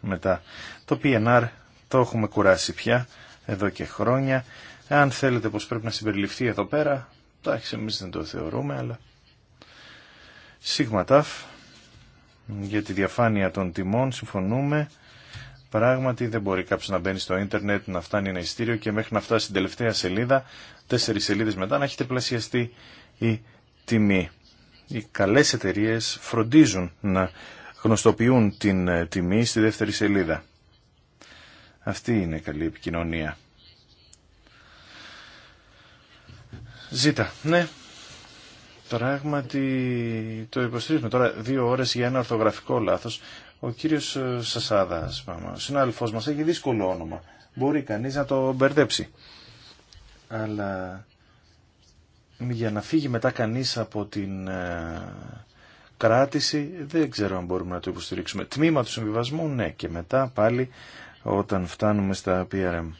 μετά. Το PNR το έχουμε κουράσει πια εδώ και χρόνια. Αν θέλετε πως πρέπει να συμπεριληφθεί εδώ πέρα, εντάξει, εμείς δεν το θεωρούμε, αλλά... Σίγμα ταφ, για τη διαφάνεια των τιμών συμφωνούμε. Πράγματι δεν μπορεί κάποιο να μπαίνει στο ίντερνετ, να φτάνει ένα ειστήριο και μέχρι να φτάσει στην τελευταία σελίδα, τέσσερι σελίδε μετά, να έχει τριπλασιαστεί η τιμή. Οι καλέ εταιρείε φροντίζουν να γνωστοποιούν την ε, τιμή στη δεύτερη σελίδα. Αυτή είναι καλή επικοινωνία. Ζήτα. Ναι, Πράγματι το υποστηρίζουμε. Τώρα δύο ώρες για ένα ορθογραφικό λάθος. Ο κύριος ε, Σασάδας, πάμε, ο συνάδελφός μας, έχει δύσκολο όνομα. Μπορεί κανείς να το μπερδέψει. Αλλά για να φύγει μετά κανείς από την ε, κράτηση δεν ξέρω αν μπορούμε να το υποστηρίξουμε. Τμήμα του συμβιβασμού ναι και μετά πάλι όταν φτάνουμε στα PRM.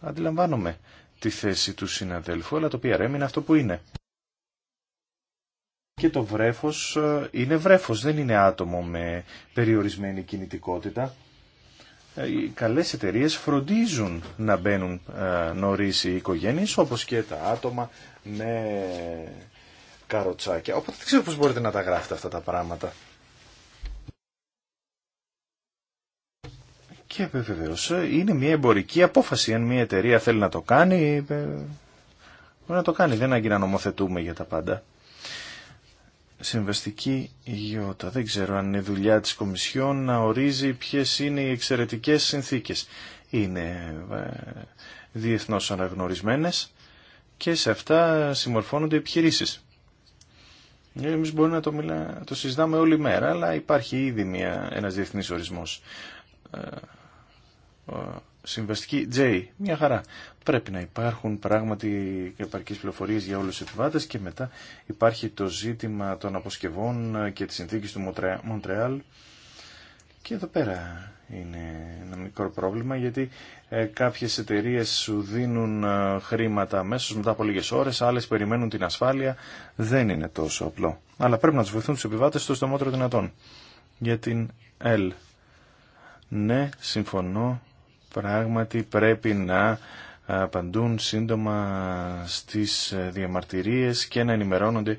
Αντιλαμβάνομαι τη θέση του συναδέλφου αλλά το PRM είναι αυτό που είναι και το βρέφος ε, είναι βρέφος, δεν είναι άτομο με περιορισμένη κινητικότητα. Ε, οι καλές εταιρείε φροντίζουν να μπαίνουν ε, νωρίς οι οικογένειες όπως και τα άτομα με καροτσάκια. Οπότε δεν ξέρω πώς μπορείτε να τα γράφετε αυτά τα πράγματα. Και βεβαίω είναι μια εμπορική απόφαση. Αν μια εταιρεία θέλει να το κάνει, μπορεί να το κάνει. Δεν αγκεί να νομοθετούμε για τα πάντα. Συμβαστική ΙΟΤΑ. Δεν ξέρω αν είναι δουλειά της Κομισιόν να ορίζει ποιες είναι οι εξαιρετικές συνθήκες. Είναι ε, διεθνώς αναγνωρισμένες και σε αυτά συμμορφώνονται επιχειρήσεις. Εμείς μπορούμε να το, μιλά, το συζητάμε όλη μέρα, αλλά υπάρχει ήδη μια, ένας διεθνής ορισμός. Ε, συμβαστική J, μια χαρά. Πρέπει να υπάρχουν πράγματι επαρκείς πληροφορίες για όλους τους επιβάτες και μετά υπάρχει το ζήτημα των αποσκευών και της συνθήκης του Μοντρεάλ. Και εδώ πέρα είναι ένα μικρό πρόβλημα γιατί ε, κάποιες εταιρείες σου δίνουν ε, χρήματα αμέσω μετά από λίγες ώρες, άλλες περιμένουν την ασφάλεια. Δεν είναι τόσο απλό. Αλλά πρέπει να τους βοηθούν τους επιβάτες στο στομότερο δυνατόν. Για την ΕΛ. Ναι, συμφωνώ. Πράγματι πρέπει να απαντούν σύντομα στις ε, διαμαρτυρίες και να ενημερώνονται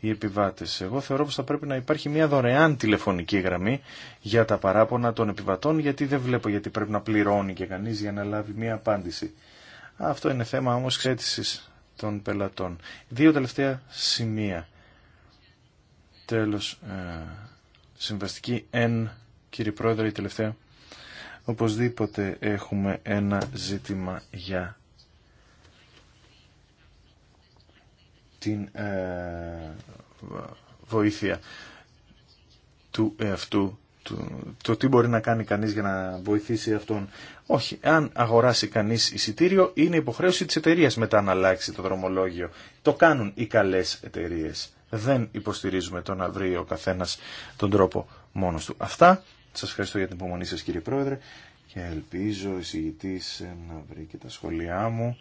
οι επιβάτες. Εγώ θεωρώ πως θα πρέπει να υπάρχει μια δωρεάν τηλεφωνική γραμμή για τα παράπονα των επιβατών γιατί δεν βλέπω γιατί πρέπει να πληρώνει και κανείς για να λάβει μια απάντηση. Αυτό είναι θέμα όμως ξέτησης των πελατών. Δύο τελευταία σημεία. Τέλος, ε, συμβαστική εν, κύριε Πρόεδρε, η τελευταία οπωσδήποτε έχουμε ένα ζήτημα για την ε, βοήθεια του εαυτού του, το τι μπορεί να κάνει κανείς για να βοηθήσει αυτόν. Όχι, αν αγοράσει κανείς εισιτήριο είναι υποχρέωση της εταιρεία μετά να αλλάξει το δρομολόγιο. Το κάνουν οι καλές εταιρείε. Δεν υποστηρίζουμε το να βρει ο καθένας τον τρόπο μόνος του. Αυτά σας ευχαριστώ για την υπομονή σας κύριε Πρόεδρε και ελπίζω ο εισηγητής να βρει και τα σχόλιά μου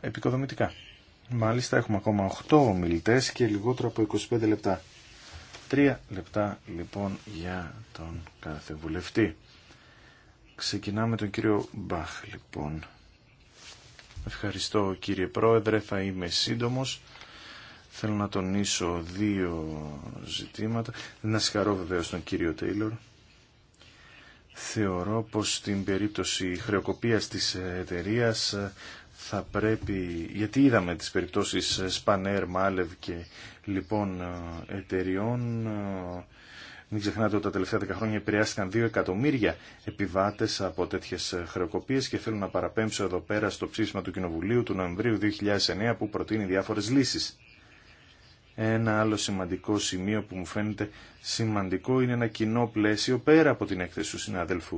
επικοδομητικά. Μάλιστα έχουμε ακόμα 8 ομιλητές και λιγότερο από 25 λεπτά. Τρία λεπτά λοιπόν για τον κάθε βουλευτή. Ξεκινάμε τον κύριο Μπαχ λοιπόν. Ευχαριστώ κύριε Πρόεδρε, θα είμαι σύντομος. Θέλω να τονίσω δύο ζητήματα. Να συγχαρώ βεβαίω τον κύριο Τέιλορ. Θεωρώ πως στην περίπτωση χρεοκοπίας της εταιρεία θα πρέπει, γιατί είδαμε τις περιπτώσεις Spanair, Malev και λοιπόν ε, εταιριών, ε, μην ξεχνάτε ότι τα τελευταία 10 χρόνια επηρεάστηκαν 2 εκατομμύρια επιβάτες από τέτοιες χρεοκοπίες και θέλω να παραπέμψω εδώ πέρα στο ψήφισμα του Κοινοβουλίου του Νοεμβρίου 2009 που προτείνει διάφορες λύσει. Ένα άλλο σημαντικό σημείο που μου φαίνεται σημαντικό είναι ένα κοινό πλαίσιο πέρα από την έκθεση του συνάδελφου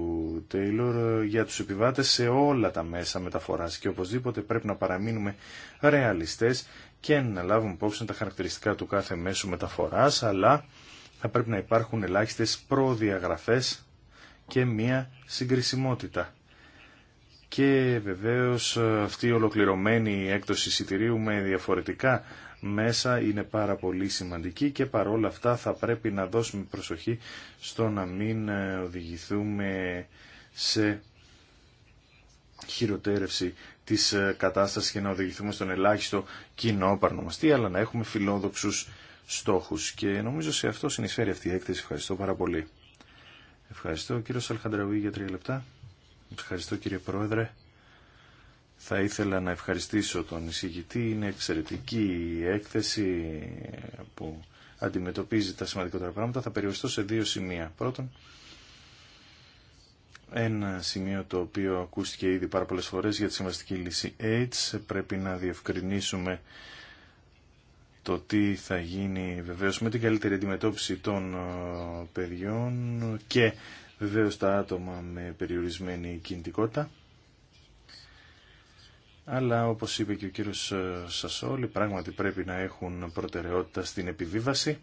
Τέιλορ για τους επιβάτες σε όλα τα μέσα μεταφοράς και οπωσδήποτε πρέπει να παραμείνουμε ρεαλιστές και να λάβουμε υπόψη τα χαρακτηριστικά του κάθε μέσου μεταφοράς αλλά θα πρέπει να υπάρχουν ελάχιστες προδιαγραφές και μία συγκρισιμότητα. Και βεβαίως ε, αυτή η ολοκληρωμένη έκδοση εισιτηρίου με διαφορετικά μέσα είναι πάρα πολύ σημαντική και παρόλα αυτά θα πρέπει να δώσουμε προσοχή στο να μην ε, οδηγηθούμε σε χειροτέρευση της ε, κατάστασης και να οδηγηθούμε στον ελάχιστο κοινό παρνομαστή, αλλά να έχουμε φιλόδοξους στόχους. Και νομίζω σε αυτό συνεισφέρει αυτή η έκθεση. Ευχαριστώ πάρα πολύ. Ευχαριστώ κύριο Αλχαντραουή για τρία λεπτά. Ευχαριστώ κύριε Πρόεδρε. Θα ήθελα να ευχαριστήσω τον εισηγητή. Είναι εξαιρετική η έκθεση που αντιμετωπίζει τα σημαντικότερα πράγματα. Θα περιοριστώ σε δύο σημεία. Πρώτον, ένα σημείο το οποίο ακούστηκε ήδη πάρα πολλές φορές για τη συμβαστική λύση AIDS. Πρέπει να διευκρινίσουμε το τι θα γίνει βεβαίως με την καλύτερη αντιμετώπιση των ε, παιδιών και βεβαίως τα άτομα με περιορισμένη κινητικότητα αλλά όπως είπε και ο κύριος ε, Σασόλη, πράγματι πρέπει να έχουν προτεραιότητα στην επιβίβαση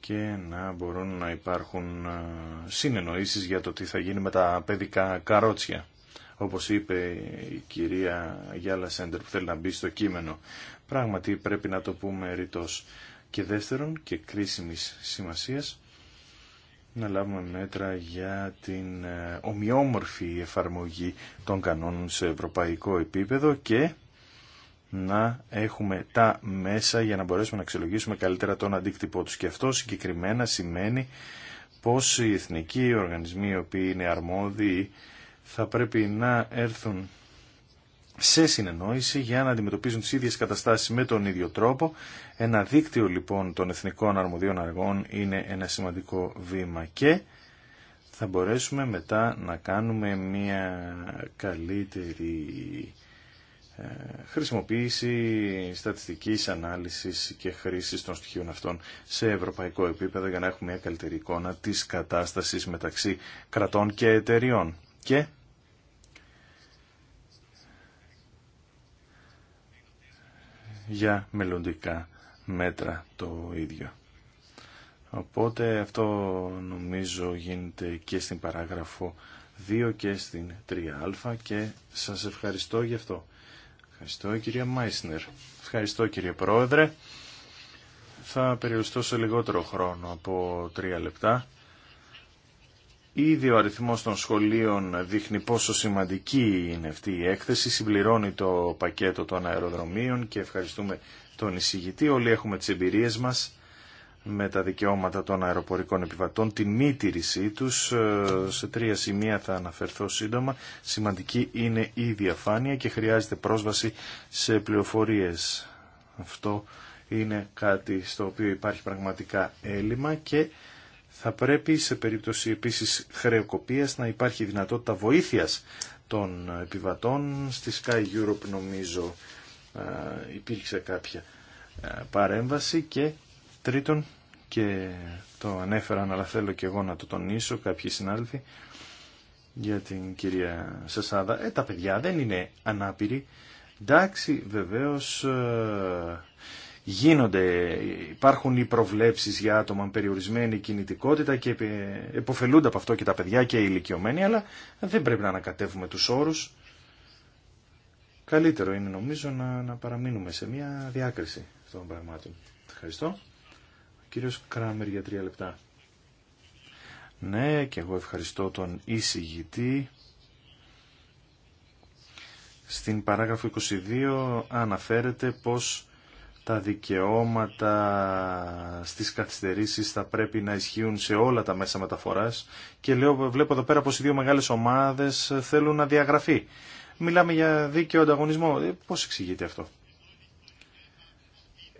και να μπορούν να υπάρχουν ε, συνεννοήσεις για το τι θα γίνει με τα παιδικά καρότσια. Όπως είπε η κυρία Γιάλα Σέντερ που θέλει να μπει στο κείμενο. Πράγματι πρέπει να το πούμε ρητός. Και δεύτερον και κρίσιμης σημασίας να λάβουμε μέτρα για την ε, ομοιόμορφη εφαρμογή των κανόνων σε ευρωπαϊκό επίπεδο και να έχουμε τα μέσα για να μπορέσουμε να αξιολογήσουμε καλύτερα τον αντίκτυπό τους. Και αυτό συγκεκριμένα σημαίνει πως οι εθνικοί οργανισμοί οι οποίοι είναι αρμόδιοι θα πρέπει να έρθουν σε συνεννόηση για να αντιμετωπίζουν τις ίδιες καταστάσεις με τον ίδιο τρόπο. Ένα δίκτυο λοιπόν των εθνικών αρμοδίων αργών είναι ένα σημαντικό βήμα και θα μπορέσουμε μετά να κάνουμε μια καλύτερη ε, χρησιμοποίηση στατιστικής ανάλυσης και χρήσης των στοιχείων αυτών σε ευρωπαϊκό επίπεδο για να έχουμε μια καλύτερη εικόνα της κατάστασης μεταξύ κρατών και εταιριών. Και για μελλοντικά μέτρα το ίδιο. Οπότε αυτό νομίζω γίνεται και στην παράγραφο 2 και στην 3α και σας ευχαριστώ γι' αυτό. Ευχαριστώ κυρία Μάισνερ. Ευχαριστώ κύριε Πρόεδρε. Θα περιοριστώ σε λιγότερο χρόνο από 3 λεπτά Ήδη ο αριθμός των σχολείων δείχνει πόσο σημαντική είναι αυτή η έκθεση, συμπληρώνει το πακέτο των αεροδρομίων και ευχαριστούμε τον εισηγητή. Όλοι έχουμε τις εμπειρίες μας με τα δικαιώματα των αεροπορικών επιβατών, τη μη τους. Ε, σε τρία σημεία θα αναφερθώ σύντομα. Σημαντική είναι η διαφάνεια και χρειάζεται πρόσβαση σε πληροφορίες. Αυτό είναι κάτι στο οποίο υπάρχει πραγματικά έλλειμμα και θα πρέπει σε περίπτωση επίσης χρεοκοπίας να υπάρχει δυνατότητα βοήθειας των επιβατών. Στη Sky Europe νομίζω υπήρξε κάποια παρέμβαση και τρίτον και το ανέφεραν αλλά θέλω και εγώ να το τονίσω κάποιοι συνάδελφοι για την κυρία Σασάδα. Ε, τα παιδιά δεν είναι ανάπηροι. Εντάξει, βεβαίως γίνονται, υπάρχουν οι προβλέψεις για άτομα με περιορισμένη κινητικότητα και εποφελούνται από αυτό και τα παιδιά και οι ηλικιωμένοι, αλλά δεν πρέπει να ανακατεύουμε τους όρους. Καλύτερο είναι νομίζω να, να παραμείνουμε σε μια διάκριση αυτών των πραγμάτων. Ευχαριστώ. Ο κύριος Κράμερ για τρία λεπτά. Ναι, και εγώ ευχαριστώ τον εισηγητή. Στην παράγραφο 22 αναφέρεται πως τα δικαιώματα στις καθυστερήσεις θα πρέπει να ισχύουν σε όλα τα μέσα μεταφοράς και λέω, βλέπω εδώ πέρα πως οι δύο μεγάλες ομάδες θέλουν να διαγραφεί. Μιλάμε για δίκαιο ανταγωνισμό. Ε, πώς εξηγείται αυτό.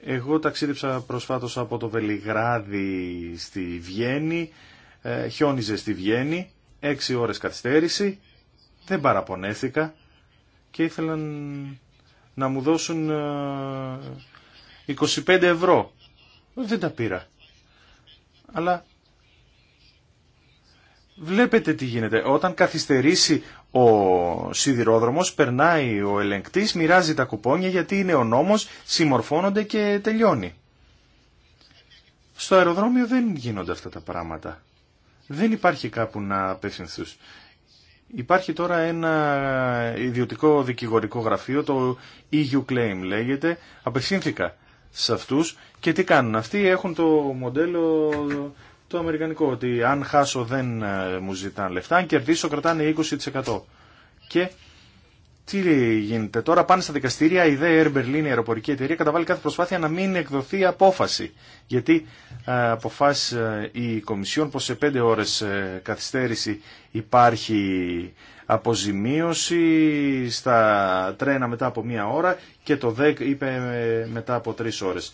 Εγώ ταξίδεψα προσφάτως από το Βελιγράδι στη Βιέννη, ε, χιόνιζε στη Βιέννη, έξι ώρες καθυστέρηση, δεν παραπονέθηκα και ήθελαν να μου δώσουν ε, 25 ευρώ. Δεν τα πήρα. Αλλά βλέπετε τι γίνεται. Όταν καθυστερήσει ο σιδηρόδρομος, περνάει ο ελεγκτής, μοιράζει τα κουπόνια γιατί είναι ο νόμος, συμμορφώνονται και τελειώνει. Στο αεροδρόμιο δεν γίνονται αυτά τα πράγματα. Δεν υπάρχει κάπου να απευθυνθούς. Υπάρχει τώρα ένα ιδιωτικό δικηγορικό γραφείο, το EU Claim λέγεται. Απευθύνθηκα σε αυτού. και τι κάνουν. Αυτοί έχουν το μοντέλο το αμερικανικό ότι αν χάσω δεν ε, μου ζητάνε λεφτά, αν κερδίσω κρατάνε 20%. Και τι γίνεται τώρα, πάνε στα δικαστήρια, η Air Berlin, η αεροπορική εταιρεία, καταβάλει κάθε προσπάθεια να μην εκδοθεί απόφαση. Γιατί ε, αποφάσισε ε, η Κομισιόν πως σε πέντε ώρες ε, καθυστέρηση υπάρχει αποζημίωση στα τρένα μετά από μία ώρα και το ΔΕΚ είπε μετά από τρεις ώρες.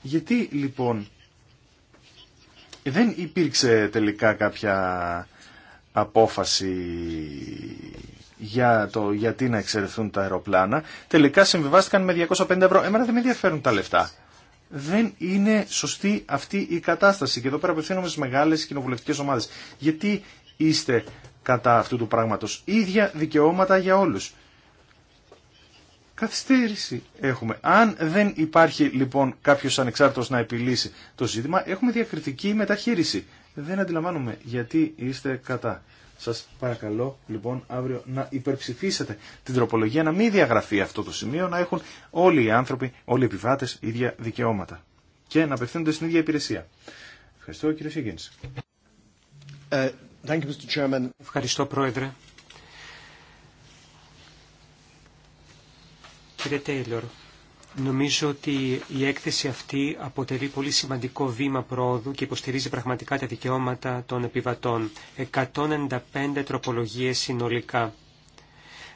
Γιατί λοιπόν δεν υπήρξε τελικά κάποια απόφαση για το γιατί να εξαιρεθούν τα αεροπλάνα, τελικά συμβιβάστηκαν με 250 ευρώ. Εμένα δεν με ενδιαφέρουν τα λεφτά. Δεν είναι σωστή αυτή η κατάσταση. Και εδώ πέρα απευθύνομαι στι μεγάλε κοινοβουλευτικέ ομάδε. Γιατί είστε κατά αυτού του πράγματο. ίδια δικαιώματα για όλου. Καθυστέρηση έχουμε. Αν δεν υπάρχει λοιπόν κάποιο ανεξάρτητο να επιλύσει το ζήτημα, έχουμε διακριτική μεταχείριση δεν αντιλαμβάνουμε γιατί είστε κατά. Σας παρακαλώ λοιπόν αύριο να υπερψηφίσετε την τροπολογία, να μην διαγραφεί αυτό το σημείο, να έχουν όλοι οι άνθρωποι, όλοι οι επιβάτες ίδια δικαιώματα και να απευθύνονται στην ίδια υπηρεσία. Ευχαριστώ κύριε Σίγκινς. Ε, Ευχαριστώ πρόεδρε. Κύριε Τέιλορ, Νομίζω ότι η έκθεση αυτή αποτελεί πολύ σημαντικό βήμα πρόοδου και υποστηρίζει πραγματικά τα δικαιώματα των επιβατών. 195 τροπολογίες συνολικά.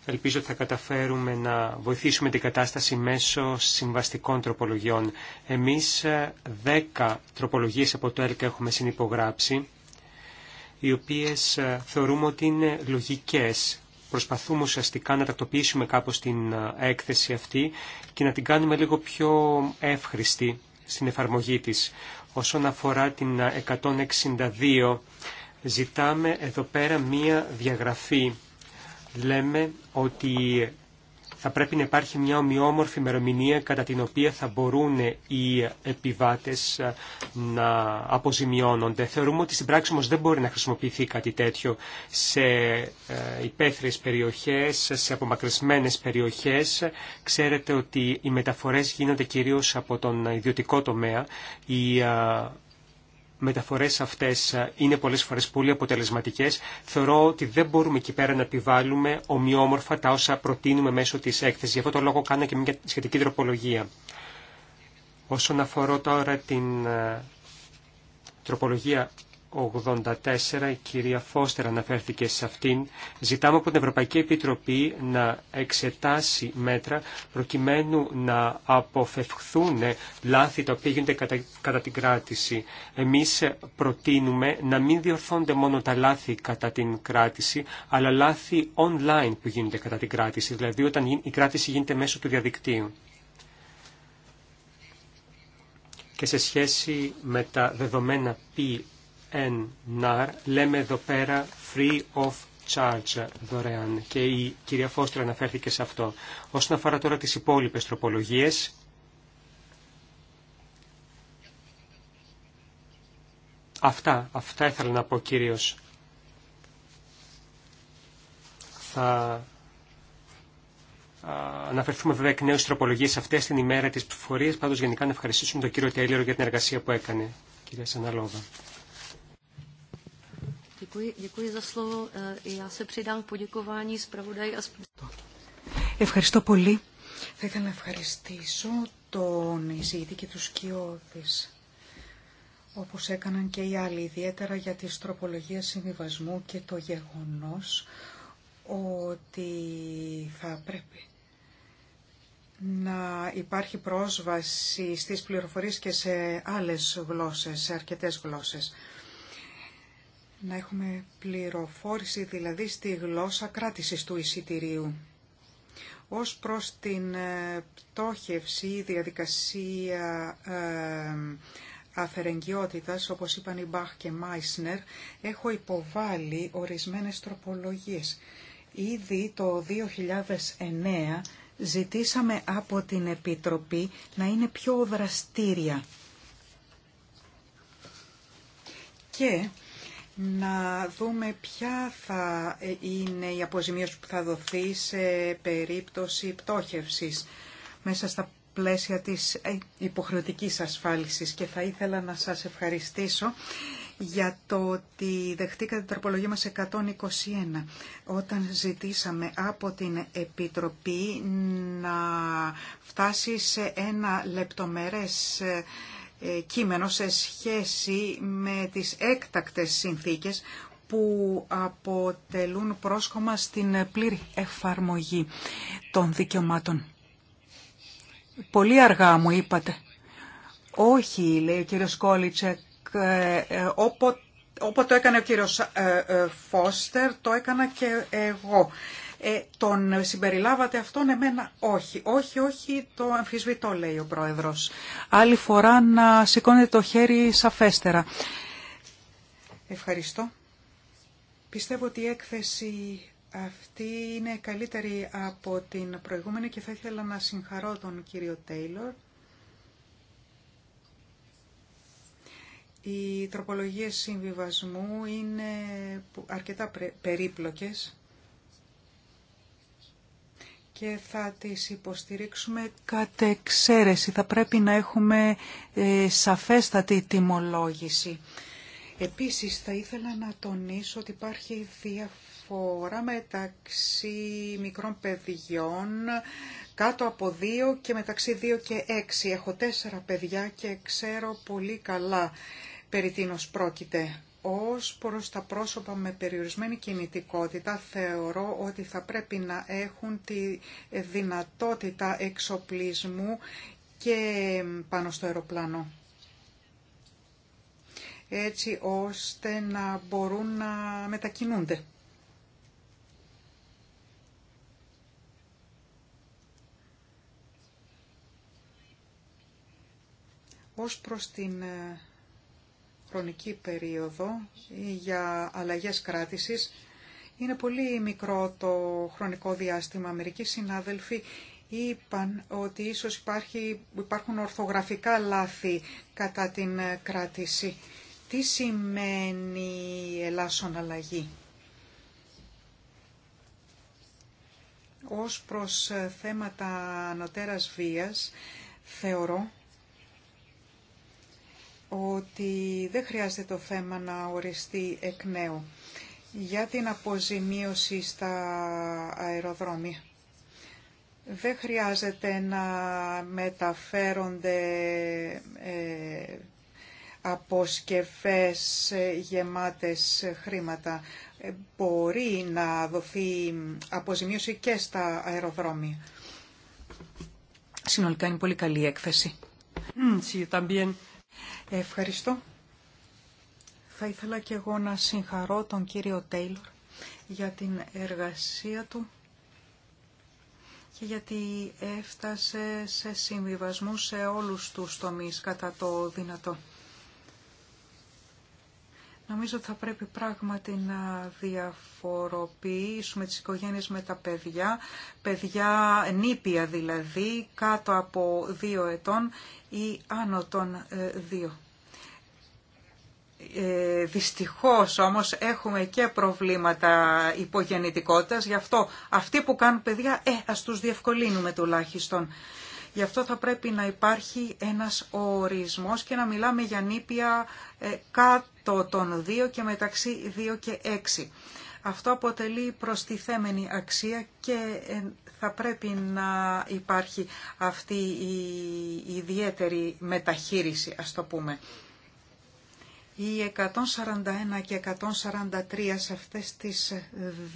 Ελπίζω ότι θα καταφέρουμε να βοηθήσουμε την κατάσταση μέσω συμβαστικών τροπολογιών. Εμείς 10 ε, τροπολογίες από το ΕΛΚΑ έχουμε συνυπογράψει, οι οποίες ε, θεωρούμε ότι είναι λογικές Προσπαθούμε ουσιαστικά να τακτοποιήσουμε κάπως την έκθεση αυτή και να την κάνουμε λίγο πιο εύχρηστη στην εφαρμογή της. Όσον αφορά την 162, ζητάμε εδώ πέρα μία διαγραφή. Λέμε ότι θα πρέπει να υπάρχει μια ομοιόμορφη ημερομηνία κατά την οποία θα μπορούν οι επιβάτες ε, να αποζημιώνονται. Θεωρούμε ότι στην πράξη όμως δεν μπορεί να χρησιμοποιηθεί κάτι τέτοιο σε ε, υπαίθριες περιοχές, σε απομακρυσμένες περιοχές. Ξέρετε ότι οι μεταφορές γίνονται κυρίως από τον ιδιωτικό τομέα. Οι ε, μεταφορές αυτές ε, είναι πολλές φορές πολύ αποτελεσματικές, θεωρώ ότι δεν μπορούμε εκεί πέρα να επιβάλλουμε ομοιόμορφα τα όσα προτείνουμε μέσω της έκθεσης. Γι' αυτό το λόγο κάνω και μια σχετική τροπολογία. Όσον αφορά τώρα την ε, τροπολογία 84, η κυρία Φώστερα αναφέρθηκε σε αυτήν, ζητάμε από την Ευρωπαϊκή Επιτροπή να εξετάσει μέτρα προκειμένου να αποφευχθούν λάθη τα οποία γίνονται κατά, την κράτηση. Εμείς προτείνουμε να μην διορθώνται μόνο τα λάθη κατά την κράτηση, αλλά λάθη online που γίνονται κατά την κράτηση, δηλαδή όταν η κράτηση γίνεται μέσω του διαδικτύου και σε σχέση με τα δεδομένα P ναρ λέμε εδώ πέρα free of charge δωρεάν και η κυρία Φώστρα αναφέρθηκε σε αυτό. Όσον αφορά τώρα τις υπόλοιπες τροπολογίες, αυτά, αυτά ήθελα να πω κυρίως. Θα αναφερθούμε βέβαια εκ νέου στις τροπολογίες αυτές την ημέρα της ψηφοφορία, πάντως γενικά να ευχαριστήσουμε τον κύριο Τέλειρο για την εργασία που έκανε, κυρία Σαναλόβα. Ευχαριστώ πολύ. Θα ήθελα να ευχαριστήσω τον εισηγητή και τους Κιώδης, όπως έκαναν και οι άλλοι, ιδιαίτερα για τη στροπολογία συμβιβασμού και το γεγονός ότι θα πρέπει να υπάρχει πρόσβαση στις πληροφορίες και σε άλλες γλώσσες, σε αρκετές γλώσσες να έχουμε πληροφόρηση δηλαδή στη γλώσσα κράτησης του εισιτηρίου. Ως προς την ε, πτώχευση, η διαδικασία ε, όπως είπαν οι Μπαχ και Μάισνερ, έχω υποβάλει ορισμένες τροπολογίες. Ήδη το 2009 ζητήσαμε από την Επιτροπή να είναι πιο δραστήρια. Και να δούμε ποια θα ε, είναι η αποζημίωση που θα δοθεί σε περίπτωση πτώχευσης μέσα στα πλαίσια της ε, υποχρεωτικής ασφάλισης και θα ήθελα να σας ευχαριστήσω για το ότι δεχτήκατε την τροπολογία μας 121 όταν ζητήσαμε από την Επιτροπή να φτάσει σε ένα λεπτομερές ε, ε, κείμενο σε σχέση με τις έκτακτες συνθήκες που αποτελούν πρόσκομα στην πλήρη εφαρμογή των δικαιωμάτων. Πολύ αργά μου είπατε. Όχι, λέει ο κύριος Κόλιτσεκ, ε, ε, όποτε το έκανε ο κύριος Φώστερ, το έκανα και εγώ. Ε, τον συμπεριλάβατε αυτόν, εμένα όχι. Όχι, όχι, το αμφισβητώ, λέει ο Πρόεδρος. Άλλη φορά να σηκώνετε το χέρι σαφέστερα. Ευχαριστώ. Πιστεύω ότι η έκθεση αυτή είναι καλύτερη από την προηγούμενη και θα ήθελα να συγχαρώ τον κύριο Τέιλορ. Οι τροπολογίες συμβιβασμού είναι αρκετά περίπλοκες και θα τις υποστηρίξουμε κατ' εξαίρεση. Θα πρέπει να έχουμε ε, σαφέστατη τιμολόγηση. Επίσης θα ήθελα να τονίσω ότι υπάρχει διαφορά μεταξύ μικρών παιδιών κάτω από δύο και μεταξύ 2 και έξι. Έχω τέσσερα παιδιά και ξέρω πολύ καλά περί τίνος πρόκειται. Ως προς τα πρόσωπα με περιορισμένη κινητικότητα θεωρώ ότι θα πρέπει να έχουν τη δυνατότητα εξοπλισμού και πάνω στο αεροπλάνο έτσι ώστε να μπορούν να μετακινούνται. Ως προς την ε, χρονική περίοδο για αλλαγές κράτησης. Είναι πολύ μικρό το χρονικό διάστημα. Μερικοί συνάδελφοι είπαν ότι ίσως υπάρχει, υπάρχουν ορθογραφικά λάθη κατά την κράτηση. Τι σημαίνει ελάσσον αλλαγή. Ως προς θέματα ανωτέρας βίας, θεωρώ ότι δεν χρειάζεται το θέμα να οριστεί εκ νέου για την αποζημίωση στα αεροδρόμια. Δεν χρειάζεται να μεταφέρονται ε, αποσκευές ε, γεμάτες χρήματα. Ε, μπορεί να δοθεί αποζημίωση και στα αεροδρόμια. Συνολικά είναι πολύ καλή έκθεση. Mm, sí, Ευχαριστώ. Θα ήθελα και εγώ να συγχαρώ τον κύριο Τέιλορ για την εργασία του και γιατί έφτασε σε συμβιβασμού σε όλους τους τομείς κατά το δυνατό. Νομίζω ότι θα πρέπει πράγματι να διαφοροποιήσουμε τις οικογένειες με τα παιδιά, παιδιά νήπια δηλαδή, κάτω από δύο ετών ή άνω των ε, δύο. Ε, δυστυχώς όμως έχουμε και προβλήματα υπογεννητικότητας, γι' αυτό αυτοί που κάνουν παιδιά, ε, ας τους διευκολύνουμε τουλάχιστον. Γι' αυτό θα πρέπει να υπάρχει ένας ορισμός και να μιλάμε για νήπια ε, κάτω το των 2 και μεταξύ 2 και 6. Αυτό αποτελεί προστιθέμενη αξία και ε, θα πρέπει να υπάρχει αυτή η ιδιαίτερη μεταχείριση, ας το πούμε. Οι 141 και 143 σε αυτές τις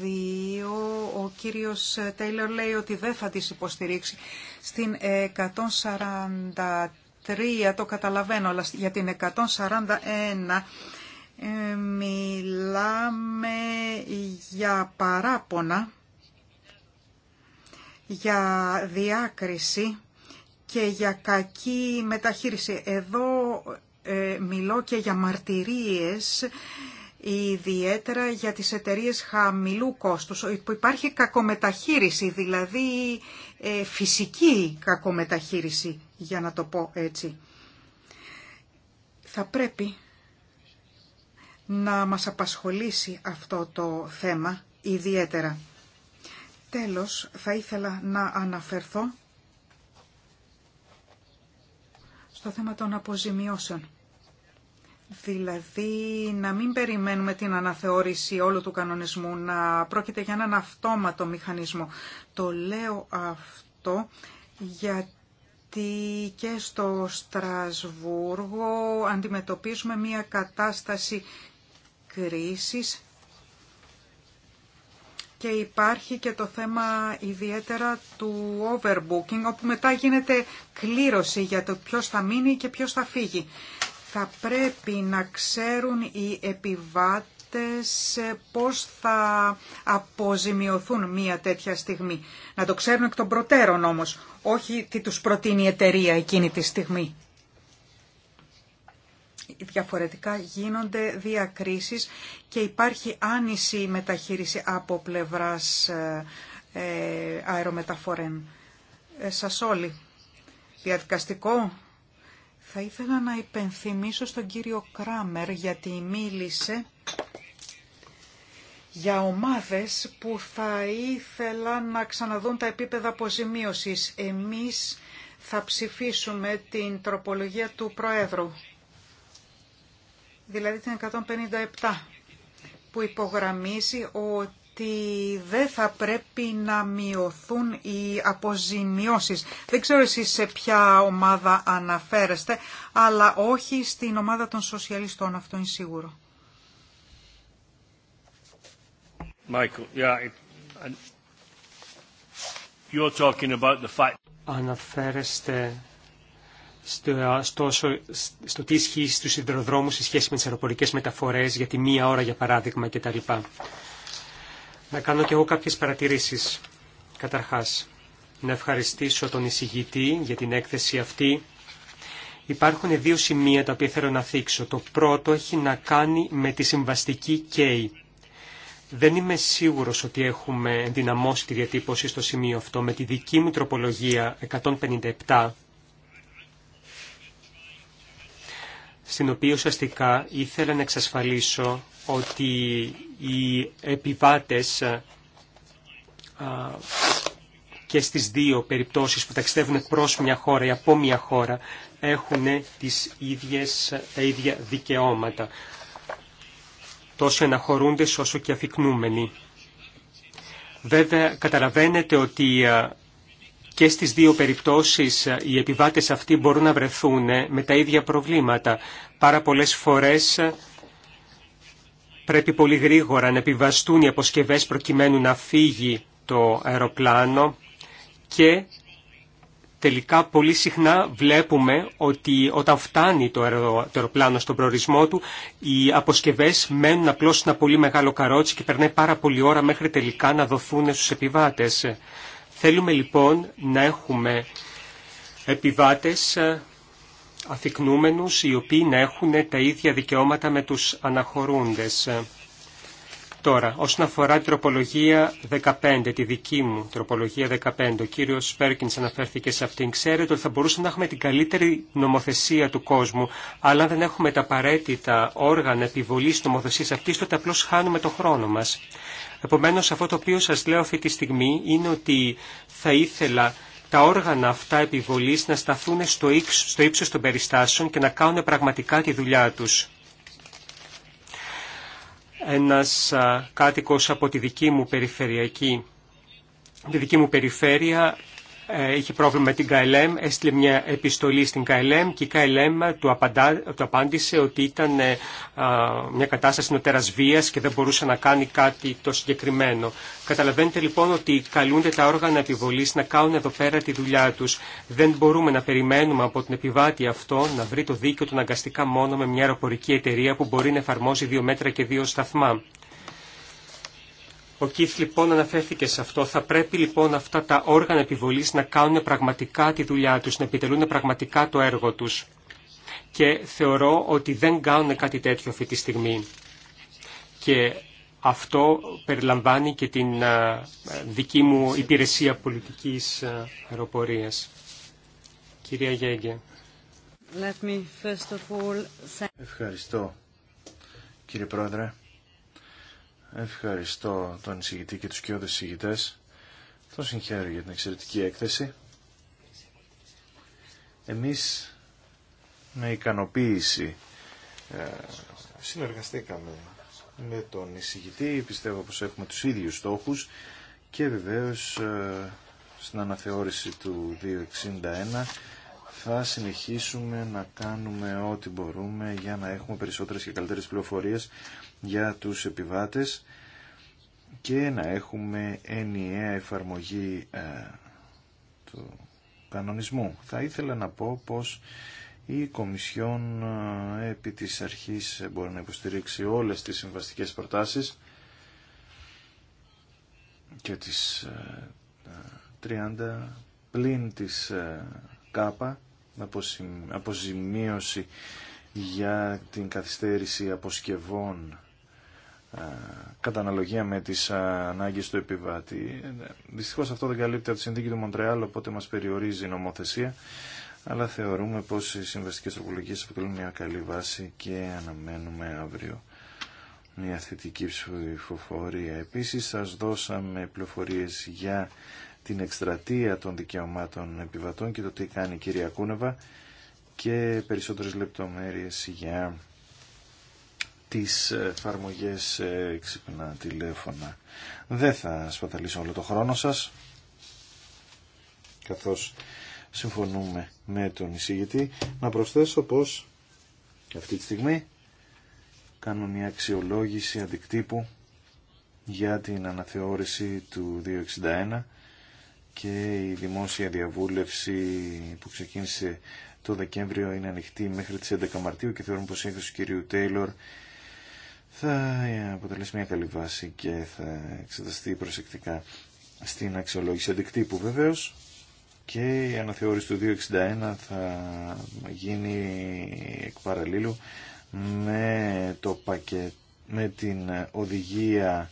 δύο, ο κύριος Τέιλερ λέει ότι δεν θα τις υποστηρίξει. Στην 143 το καταλαβαίνω, αλλά για την 141 ε, μιλάμε για παράπονα, για διάκριση και για κακή μεταχείριση. Εδώ ε, μιλώ και για μαρτυρίες, ιδιαίτερα για τις εταιρείες χαμηλού κόστους, που υπάρχει κακομεταχείριση, δηλαδή ε, φυσική κακομεταχείριση, για να το πω έτσι. Θα πρέπει να μας απασχολήσει αυτό το θέμα ιδιαίτερα. Τέλος, θα ήθελα να αναφερθώ στο θέμα των αποζημιώσεων. Δηλαδή, να μην περιμένουμε την αναθεώρηση όλου του κανονισμού, να πρόκειται για έναν αυτόματο μηχανισμό. Το λέω αυτό γιατί και στο Στρασβούργο αντιμετωπίζουμε μια κατάσταση κρίσης και υπάρχει και το θέμα ιδιαίτερα του overbooking, όπου μετά γίνεται κλήρωση για το ποιος θα μείνει και ποιος θα φύγει. Θα πρέπει να ξέρουν οι επιβάτες πώς θα αποζημιωθούν μία τέτοια στιγμή. Να το ξέρουν εκ των προτέρων όμως, όχι τι τους προτείνει η εταιρεία εκείνη τη στιγμή διαφορετικά γίνονται διακρίσεις και υπάρχει άνηση μεταχείριση από πλευράς ε, ε, αερομεταφορέν. Ε, σας όλοι. Διαδικαστικό. Θα ήθελα να υπενθυμίσω στον κύριο Κράμερ γιατί μίλησε για ομάδες που θα ήθελα να ξαναδούν τα επίπεδα αποζημίωσης. Εμείς θα ψηφίσουμε την τροπολογία του Προέδρου δηλαδή την 157, που υπογραμμίζει ότι δεν θα πρέπει να μειωθούν οι αποζημιώσεις. Δεν ξέρω εσείς σε ποια ομάδα αναφέρεστε, αλλά όχι στην ομάδα των σοσιαλιστών, αυτό είναι σίγουρο. Michael, yeah, you're talking about the fact... Αναφέρεστε στο, στο, τι ισχύει στους σιδηροδρόμους σε σχέση με τις αεροπορικές μεταφορές για τη μία ώρα για παράδειγμα κτλ. Να κάνω και εγώ κάποιες παρατηρήσεις. Καταρχάς, να ευχαριστήσω τον εισηγητή για την έκθεση αυτή. Υπάρχουν δύο σημεία τα οποία θέλω να θίξω. Το πρώτο έχει να κάνει με τη συμβαστική ΚΕΙ. Δεν είμαι σίγουρος ότι έχουμε ενδυναμώσει τη διατύπωση στο σημείο αυτό. Με τη δική μου τροπολογία 157 στην οποία ουσιαστικά ήθελα να εξασφαλίσω ότι οι επιβάτες και στις δύο περιπτώσεις που ταξιδεύουν προς μια χώρα ή από μια χώρα έχουν τις ίδιες, τα ίδια δικαιώματα. Τόσο αναχωρούντες όσο και αφικνούμενοι. Βέβαια, καταλαβαίνετε ότι και στις δύο περιπτώσεις ε, οι επιβάτες αυτοί μπορούν να βρεθούν ε, με τα ίδια προβλήματα. Πάρα πολλές φορές ε, πρέπει πολύ γρήγορα να επιβαστούν οι αποσκευές προκειμένου να φύγει το αεροπλάνο και τελικά πολύ συχνά βλέπουμε ότι όταν φτάνει το αεροπλάνο στον προορισμό του οι αποσκευές μένουν απλώς ένα πολύ μεγάλο καρότσι και περνάει πάρα πολλή ώρα μέχρι τελικά να δοθούν στους επιβάτες. Θέλουμε λοιπόν να έχουμε επιβάτες ε, αφικνούμενους οι οποίοι να έχουν τα ίδια δικαιώματα με τους αναχωρούντες. Ε, τώρα, όσον αφορά την τροπολογία 15, τη δική μου τροπολογία 15, ο κύριος Σπέρκινς αναφέρθηκε σε αυτήν. Ξέρετε ότι θα μπορούσαμε να έχουμε την καλύτερη νομοθεσία του κόσμου, αλλά αν δεν έχουμε τα απαραίτητα όργανα επιβολής νομοθεσίας αυτής, τότε απλώς χάνουμε το χρόνο μας. Επομένως αυτό το οποίο σας λέω αυτή τη στιγμή είναι ότι θα ήθελα τα όργανα αυτά επιβολής να σταθούν στο ύψος των περιστάσεων και να κάνουν πραγματικά τη δουλειά τους. Ένας κάτοικος από τη δική μου περιφερειακή τη δική μου περιφέρεια είχε πρόβλημα με την KLM, έστειλε μια επιστολή στην KLM και η KLM του, απάντησε ότι ήταν ε, μια κατάσταση νοτέρας βίας και δεν μπορούσε να κάνει κάτι το συγκεκριμένο. Καταλαβαίνετε λοιπόν ότι καλούνται τα όργανα επιβολής να κάνουν εδώ πέρα τη δουλειά τους. Δεν μπορούμε να περιμένουμε από την επιβάτη αυτό να βρει το δίκαιο του αναγκαστικά μόνο με μια αεροπορική εταιρεία που μπορεί να εφαρμόζει δύο μέτρα και δύο σταθμά. Ο Κίθ λοιπόν αναφέρθηκε σε αυτό. Θα πρέπει λοιπόν αυτά τα όργανα επιβολής να κάνουν πραγματικά τη δουλειά τους, να επιτελούν πραγματικά το έργο τους. Και θεωρώ ότι δεν κάνουν κάτι τέτοιο αυτή τη στιγμή. Και αυτό περιλαμβάνει και την δική μου υπηρεσία πολιτικής αεροπορίας. Κυρία Γέγκε. Let me first of all... Ευχαριστώ κύριε Πρόεδρε. Ευχαριστώ τον εισηγητή και τους κοιόδες εισηγητές. Τον συγχαίρω για την εξαιρετική έκθεση. Εμείς με ικανοποίηση ε, συνεργαστήκαμε με τον εισηγητή. Πιστεύω πως έχουμε τους ίδιους στόχους και βεβαίως ε, στην αναθεώρηση του 261 θα συνεχίσουμε να κάνουμε ό,τι μπορούμε για να έχουμε περισσότερες και καλύτερες πληροφορίες για τους επιβάτες και να έχουμε ενιαία εφαρμογή ε, του κανονισμού. Θα ήθελα να πω πως η Κομισιόν ε, επί της αρχής μπορεί να υποστηρίξει όλες τις συμβαστικές προτάσεις και τις ε, 30 ε, πλην της ΚΑΠΑ αποζημίωση για την καθυστέρηση αποσκευών κατά αναλογία με τις ανάγκες του επιβάτη. Δυστυχώς αυτό δεν καλύπτει από τη συνθήκη του Μοντρεάλ, οπότε μας περιορίζει η νομοθεσία, αλλά θεωρούμε πως οι συμβαστικές τροπολογίες αποτελούν μια καλή βάση και αναμένουμε αύριο μια θετική ψηφοφορία. Επίσης, σας δώσαμε πληροφορίες για την εκστρατεία των δικαιωμάτων επιβατών και το τι κάνει η κυρία Κούνεβα και περισσότερες λεπτομέρειες για τις εφαρμογές ε, ξυπνά τηλέφωνα. Δεν θα σπαταλίσω όλο το χρόνο σας, καθώς συμφωνούμε με τον εισηγητή. Να προσθέσω πως αυτή τη στιγμή κάνω μια αξιολόγηση αντικτύπου για την αναθεώρηση του 261 και η δημόσια διαβούλευση που ξεκίνησε το Δεκέμβριο είναι ανοιχτή μέχρι τις 11 Μαρτίου και θεωρούμε πως η έκθεση του κυρίου Τέιλορ θα αποτελέσει μια καλή βάση και θα εξεταστεί προσεκτικά στην αξιολόγηση αντικτύπου βεβαίως και η αναθεώρηση του 261 θα γίνει εκ με, το πακέτο με την οδηγία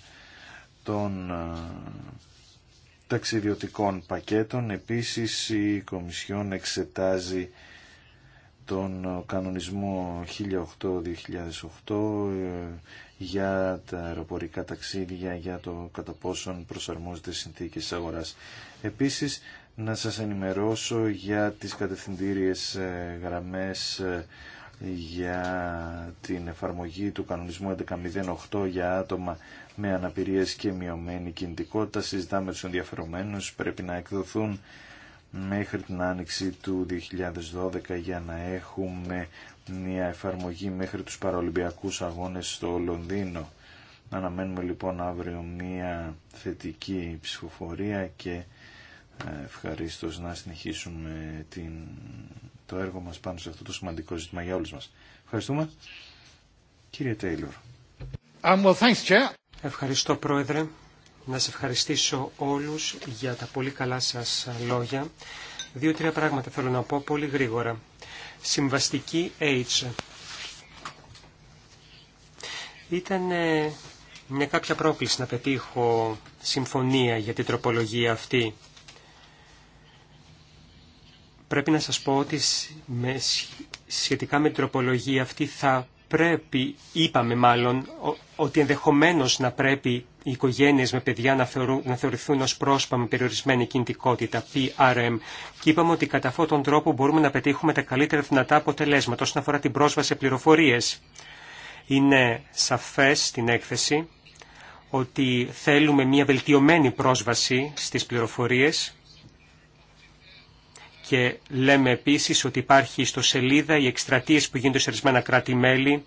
των ε, ταξιδιωτικών πακέτων. Επίσης η Κομισιόν εξετάζει τον κανονισμό 1008-2008 ε, για τα αεροπορικά ταξίδια, για το κατά πόσον προσαρμόζονται συνθήκες της αγοράς. Επίσης, να σας ενημερώσω για τις κατευθυντήριες ε, γραμμές ε, για την εφαρμογή του κανονισμού 1108 για άτομα με αναπηρίες και μειωμένη κινητικότητα. Συζητάμε τους ενδιαφερομένους, πρέπει να εκδοθούν μέχρι την άνοιξη του 2012 για να έχουμε μια εφαρμογή μέχρι τους παραολυμπιακούς αγώνες στο Λονδίνο. Αναμένουμε λοιπόν αύριο μια θετική ψηφοφορία και ε, ευχαρίστως να συνεχίσουμε την... το έργο μας πάνω σε αυτό το σημαντικό ζήτημα για όλους μας. Ευχαριστούμε. Κύριε Τέιλορ. Um, thanks, Ευχαριστώ Πρόεδρε να σας ευχαριστήσω όλους για τα πολύ καλά σας λόγια. Δύο-τρία πράγματα θέλω να πω πολύ γρήγορα. Συμβαστική H. Ήταν μια κάποια πρόκληση να πετύχω συμφωνία για την τροπολογία αυτή. Πρέπει να σας πω ότι σχετικά με την τροπολογία αυτή θα πρέπει, είπαμε μάλλον, ότι ενδεχομένως να πρέπει οι οικογένειες με παιδιά να, να θεωρηθούν ως πρόσωπα με περιορισμένη κινητικότητα, PRM, και είπαμε ότι κατά αυτόν τον τρόπο μπορούμε να πετύχουμε τα καλύτερα δυνατά αποτελέσματα όσον αφορά την πρόσβαση σε πληροφορίες. Είναι σαφές στην έκθεση ότι θέλουμε μια βελτιωμένη πρόσβαση στις πληροφορίες και λέμε επίσης ότι υπάρχει στο σελίδα οι εκστρατείες που γίνονται σε ορισμένα κράτη-μέλη,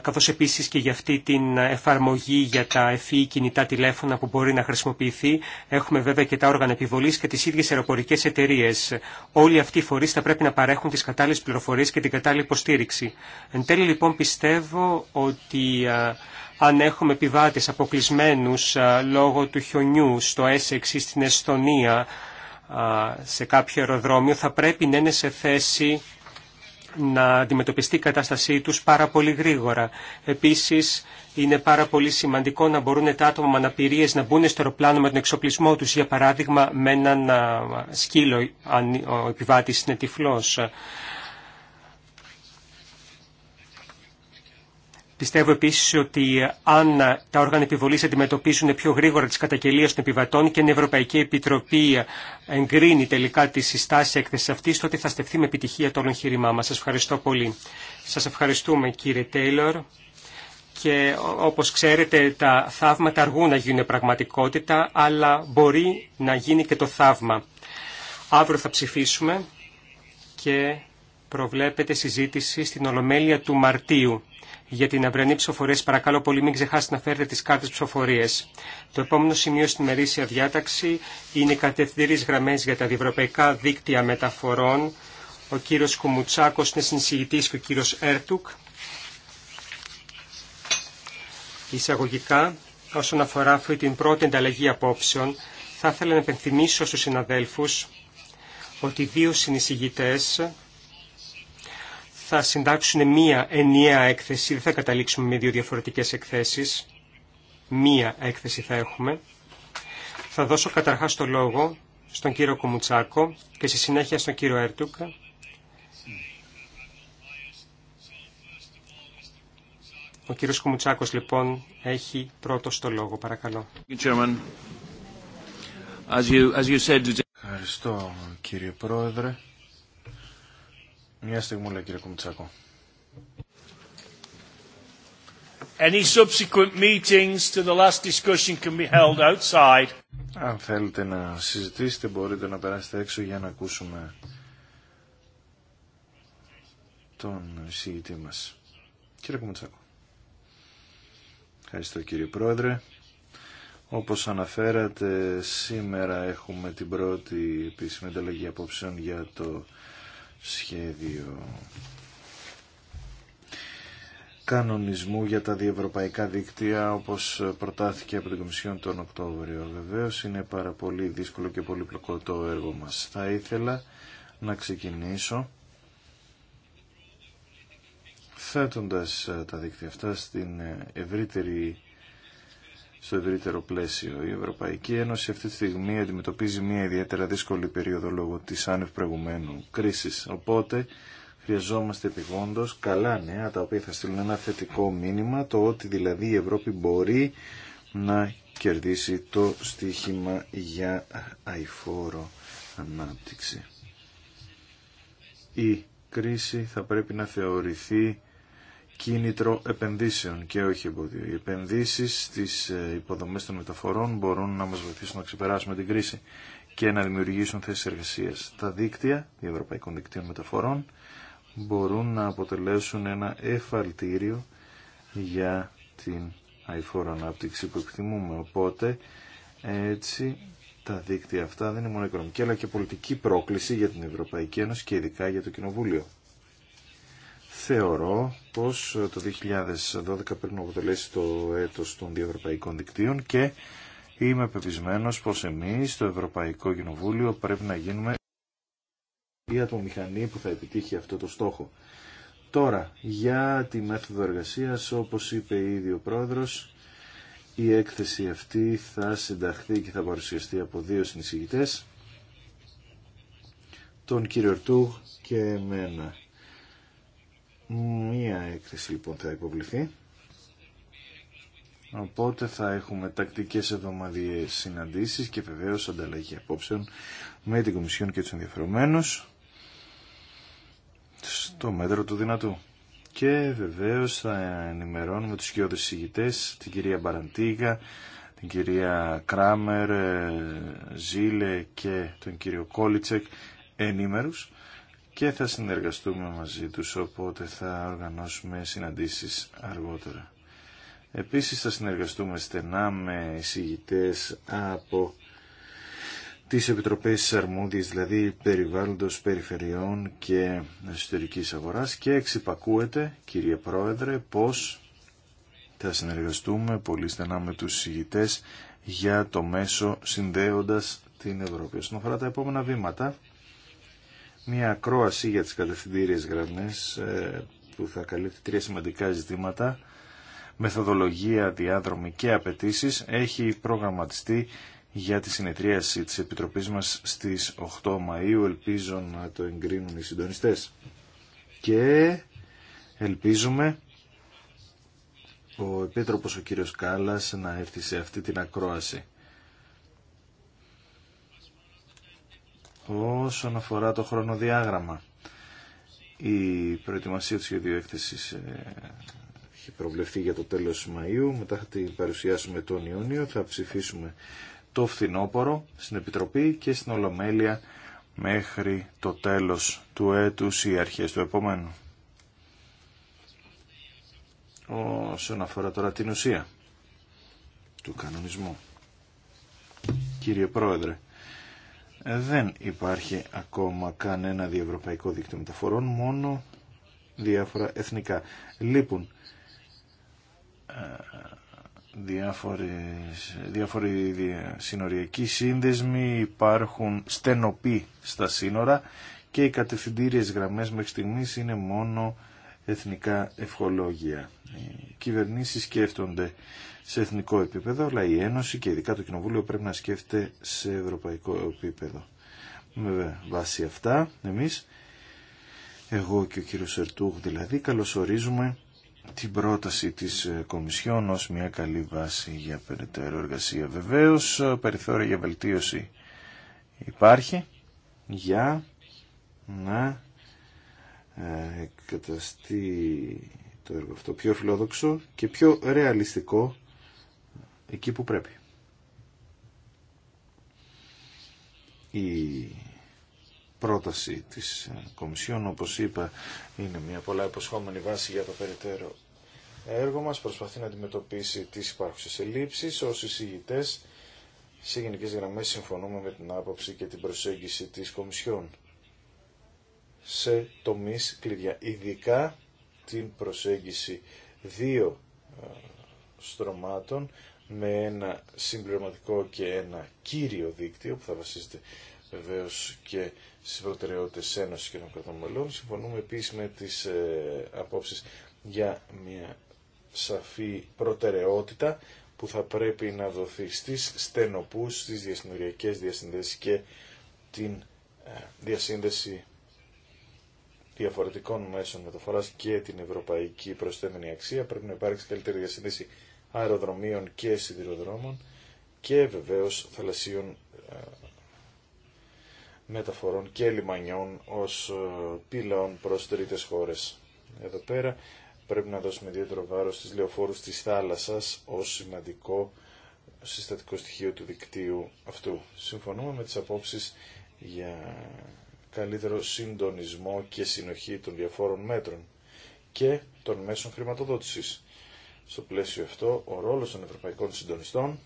καθώς επίσης και για αυτή την εφαρμογή για τα ΕΦΗ e κινητά τηλέφωνα που μπορεί να χρησιμοποιηθεί. Έχουμε βέβαια και τα όργανα επιβολής και τις ίδιες αεροπορικές εταιρείες. Όλοι αυτοί οι φορείς θα πρέπει να παρέχουν τις κατάλληλες πληροφορίες και την κατάλληλη υποστήριξη. Εν τέλει λοιπόν πιστεύω ότι αν έχουμε επιβάτες αποκλεισμένους λόγω του χιονιού στο Έσεξ ή στην Εστονία σε κάποιο αεροδρόμιο θα πρέπει να είναι σε θέση να αντιμετωπιστεί η κατάστασή τους πάρα πολύ γρήγορα. Επίσης, είναι πάρα πολύ σημαντικό να μπορούν τα άτομα με αναπηρίε να μπουν στο αεροπλάνο με τον εξοπλισμό τους, για παράδειγμα με έναν σκύλο, αν ο επιβάτης είναι τυφλός. Πιστεύω επίση ότι ε, αν ε, τα όργανα επιβολή αντιμετωπίσουν πιο γρήγορα τι καταγγελίε των επιβατών και η Ευρωπαϊκή Επιτροπή ε, εγκρίνει τελικά τη συστάση έκθεση αυτή, τότε θα στεφθεί με επιτυχία το όλο εγχείρημά μα. Σα ευχαριστώ πολύ. Σα ευχαριστούμε κύριε Τέιλορ. Και όπως ξέρετε τα θαύματα αργούν να γίνουν πραγματικότητα, αλλά μπορεί να γίνει και το θαύμα. Αύριο θα ψηφίσουμε και προβλέπεται συζήτηση στην Ολομέλεια του Μαρτίου για την αυριανή ψηφοφορία. Παρακαλώ πολύ μην ξεχάσετε να φέρετε τις κάρτε ψηφοφορίες. Το επόμενο σημείο στην μερίσια διάταξη είναι οι κατευθυντήριε γραμμέ για τα διευρωπαϊκά δίκτυα μεταφορών. Ο κύριος Κουμουτσάκος είναι συνσηγητής και ο κύριο Έρτουκ. Εισαγωγικά, όσον αφορά αυτή την πρώτη ενταλλαγή απόψεων, θα ήθελα να επενθυμίσω στου συναδέλφου ότι δύο συνεισηγητέ, θα συντάξουν μία ενιαία έκθεση, δεν θα καταλήξουμε με δύο διαφορετικές εκθέσεις. Μία έκθεση θα έχουμε. Θα δώσω καταρχάς το λόγο στον κύριο Κομουτσάκο και στη συνέχεια στον κύριο Έρτουκα. Ο κύριος Κομουτσάκος λοιπόν έχει πρώτος το λόγο. Παρακαλώ. Ευχαριστώ κύριε Πρόεδρε. Μια στιγμή λέει, κύριε Κομιτσάκο. Any subsequent meetings to the last discussion can be held outside. Αν θέλετε να συζητήσετε μπορείτε να περάσετε έξω για να ακούσουμε τον εισηγητή μας. Κύριε Κομιτσάκο. Ευχαριστώ κύριε Πρόεδρε. Όπως αναφέρατε, σήμερα έχουμε την πρώτη επίσημη ανταλλαγή απόψεων για το σχέδιο κανονισμού για τα διευρωπαϊκά δίκτυα όπως προτάθηκε από την Κομισιόν τον Οκτώβριο. Βεβαίως είναι πάρα πολύ δύσκολο και πολύ το έργο μας. Θα ήθελα να ξεκινήσω θέτοντας τα δίκτυα αυτά στην ευρύτερη στο ευρύτερο πλαίσιο. Η Ευρωπαϊκή Ένωση αυτή τη στιγμή αντιμετωπίζει μια ιδιαίτερα δύσκολη περίοδο λόγω της άνευ προηγουμένου κρίσης. Οπότε χρειαζόμαστε επιγόντω καλά νέα τα οποία θα στείλουν ένα θετικό μήνυμα το ότι δηλαδή η Ευρώπη μπορεί να κερδίσει το στοίχημα για αηφόρο ανάπτυξη. Η κρίση θα πρέπει να θεωρηθεί κίνητρο επενδύσεων και όχι εμπόδιο. Οι επενδύσεις στις ε, υποδομές των μεταφορών μπορούν να μας βοηθήσουν να ξεπεράσουμε την κρίση και να δημιουργήσουν θέσεις εργασίας. Τα δίκτυα, οι ευρωπαϊκών δικτύων μεταφορών, μπορούν να αποτελέσουν ένα εφαλτήριο για την αηφόρο ανάπτυξη που εκτιμούμε. Οπότε, έτσι, τα δίκτυα αυτά δεν είναι μόνο οικονομική, αλλά και πολιτική πρόκληση για την Ευρωπαϊκή Ένωση και ειδικά για το Κοινοβούλιο θεωρώ πως το 2012 πρέπει να αποτελέσει το έτος των διευρωπαϊκών δικτύων και είμαι πεπισμένος πως εμείς το Ευρωπαϊκό Κοινοβούλιο πρέπει να γίνουμε η ατομομηχανή που θα επιτύχει αυτό το στόχο. Τώρα, για τη μέθοδο εργασίας, όπως είπε ήδη ο πρόεδρος, η έκθεση αυτή θα συνταχθεί και θα παρουσιαστεί από δύο συνεισηγητές, τον κύριο Ρτούγ και εμένα. Μία έκθεση λοιπόν θα υποβληθεί. Οπότε θα έχουμε τακτικές εβδομαδιαίες συναντήσεις και βεβαίως ανταλλαγή απόψεων με την Κομισιόν και τους ενδιαφερομένους στο μέτρο του δυνατού. Και βεβαίως θα ενημερώνουμε τους κοιόδες συγητές, την κυρία Μπαραντίγα, την κυρία Κράμερ, ε, Ζήλε και τον κύριο Κόλιτσεκ ενήμερους και θα συνεργαστούμε μαζί τους, οπότε θα οργανώσουμε συναντήσεις αργότερα. Επίσης θα συνεργαστούμε στενά με εισηγητές από τις Επιτροπές Αρμούδης... δηλαδή Περιβάλλοντος Περιφερειών και Εσωτερικής Αγοράς και εξυπακούεται, κύριε Πρόεδρε, πως θα συνεργαστούμε πολύ στενά με τους εισηγητές για το μέσο συνδέοντας την Ευρώπη. Στον αφορά τα επόμενα βήματα, μια ακρόαση για τις κατευθυντήριες γραμμές ε, που θα καλύπτει τρία σημαντικά ζητήματα, μεθοδολογία, διάδρομη και απαιτήσει έχει προγραμματιστεί για τη συνεδρίαση της Επιτροπής μας στις 8 Μαΐου. Ελπίζω να το εγκρίνουν οι συντονιστές. Και ελπίζουμε ο Επίτροπος ο κύριος Κάλλας να έρθει σε αυτή την ακρόαση. όσον αφορά το χρονοδιάγραμμα. Η προετοιμασία του σχεδίου έκθεσης ε, έχει προβλεφθεί για το τέλος Μαΐου. Μετά θα την παρουσιάσουμε τον Ιούνιο. Θα ψηφίσουμε το φθινόπωρο στην Επιτροπή και στην Ολομέλεια μέχρι το τέλος του έτους ή αρχές του επόμενου. Όσον αφορά τώρα την ουσία του κανονισμού. Κύριε Πρόεδρε, δεν υπάρχει ακόμα κανένα διευρωπαϊκό δίκτυο μεταφορών, μόνο διάφορα εθνικά. Λείπουν λοιπόν, ε, διάφοροι συνοριακοί σύνδεσμοι, υπάρχουν στενοποί στα σύνορα και οι κατευθυντήριες γραμμές μέχρι στιγμής είναι μόνο εθνικά ευχολόγια. Οι κυβερνήσεις σκέφτονται σε εθνικό επίπεδο, αλλά η Ένωση και ειδικά το Κοινοβούλιο πρέπει να σκέφτεται σε ευρωπαϊκό επίπεδο. Βέβαια, βάσει αυτά, εμείς, εγώ και ο κύριος Σερτούγ δηλαδή, καλωσορίζουμε την πρόταση της Κομισιόν ως μια καλή βάση για περαιτέρω εργασία. Βεβαίως, περιθώρια για βελτίωση υπάρχει για να εκαταστεί το έργο αυτό πιο φιλόδοξο και πιο ρεαλιστικό εκεί που πρέπει. Η πρόταση της ε, Κομισιόν, όπως είπα, είναι μια πολλά υποσχόμενη βάση για το περιττέρω έργο μας. Προσπαθεί να αντιμετωπίσει τις υπάρχουσες ελλείψεις. Ως εισηγητές, σε γενικές γραμμές συμφωνούμε με την άποψη και την προσέγγιση της Κομισιόν σε τομείς κλειδιά, ειδικά την προσέγγιση δύο ε, στρωμάτων με ένα συμπληρωματικό και ένα κύριο δίκτυο που θα βασίζεται βεβαίω και στις προτεραιότητες Ένωσης και των κρατών Συμφωνούμε επίσης με τις ε, απόψεις για μια σαφή προτεραιότητα που θα πρέπει να δοθεί στις στενοπούς, στις διασυνοριακές διασυνδέσεις και την ε, διασύνδεση διαφορετικών μέσων μεταφορά και την ευρωπαϊκή προσθέμενη αξία. Πρέπει να υπάρξει καλύτερη διασύνδεση αεροδρομίων και σιδηροδρόμων και βεβαίω θαλασσίων ε, μεταφορών και λιμανιών ως ε, πύλαων προς τρίτες χώρες. Εδώ πέρα πρέπει να δώσουμε ιδιαίτερο βάρος στις λεωφόρους της θάλασσας ως σημαντικό συστατικό στοιχείο του δικτύου αυτού. Συμφωνούμε με τις απόψεις για καλύτερο συντονισμό και συνοχή των διαφόρων μέτρων και των μέσων χρηματοδότησης. Στο πλαίσιο αυτό, ο ρόλος των ευρωπαϊκών συντονιστών,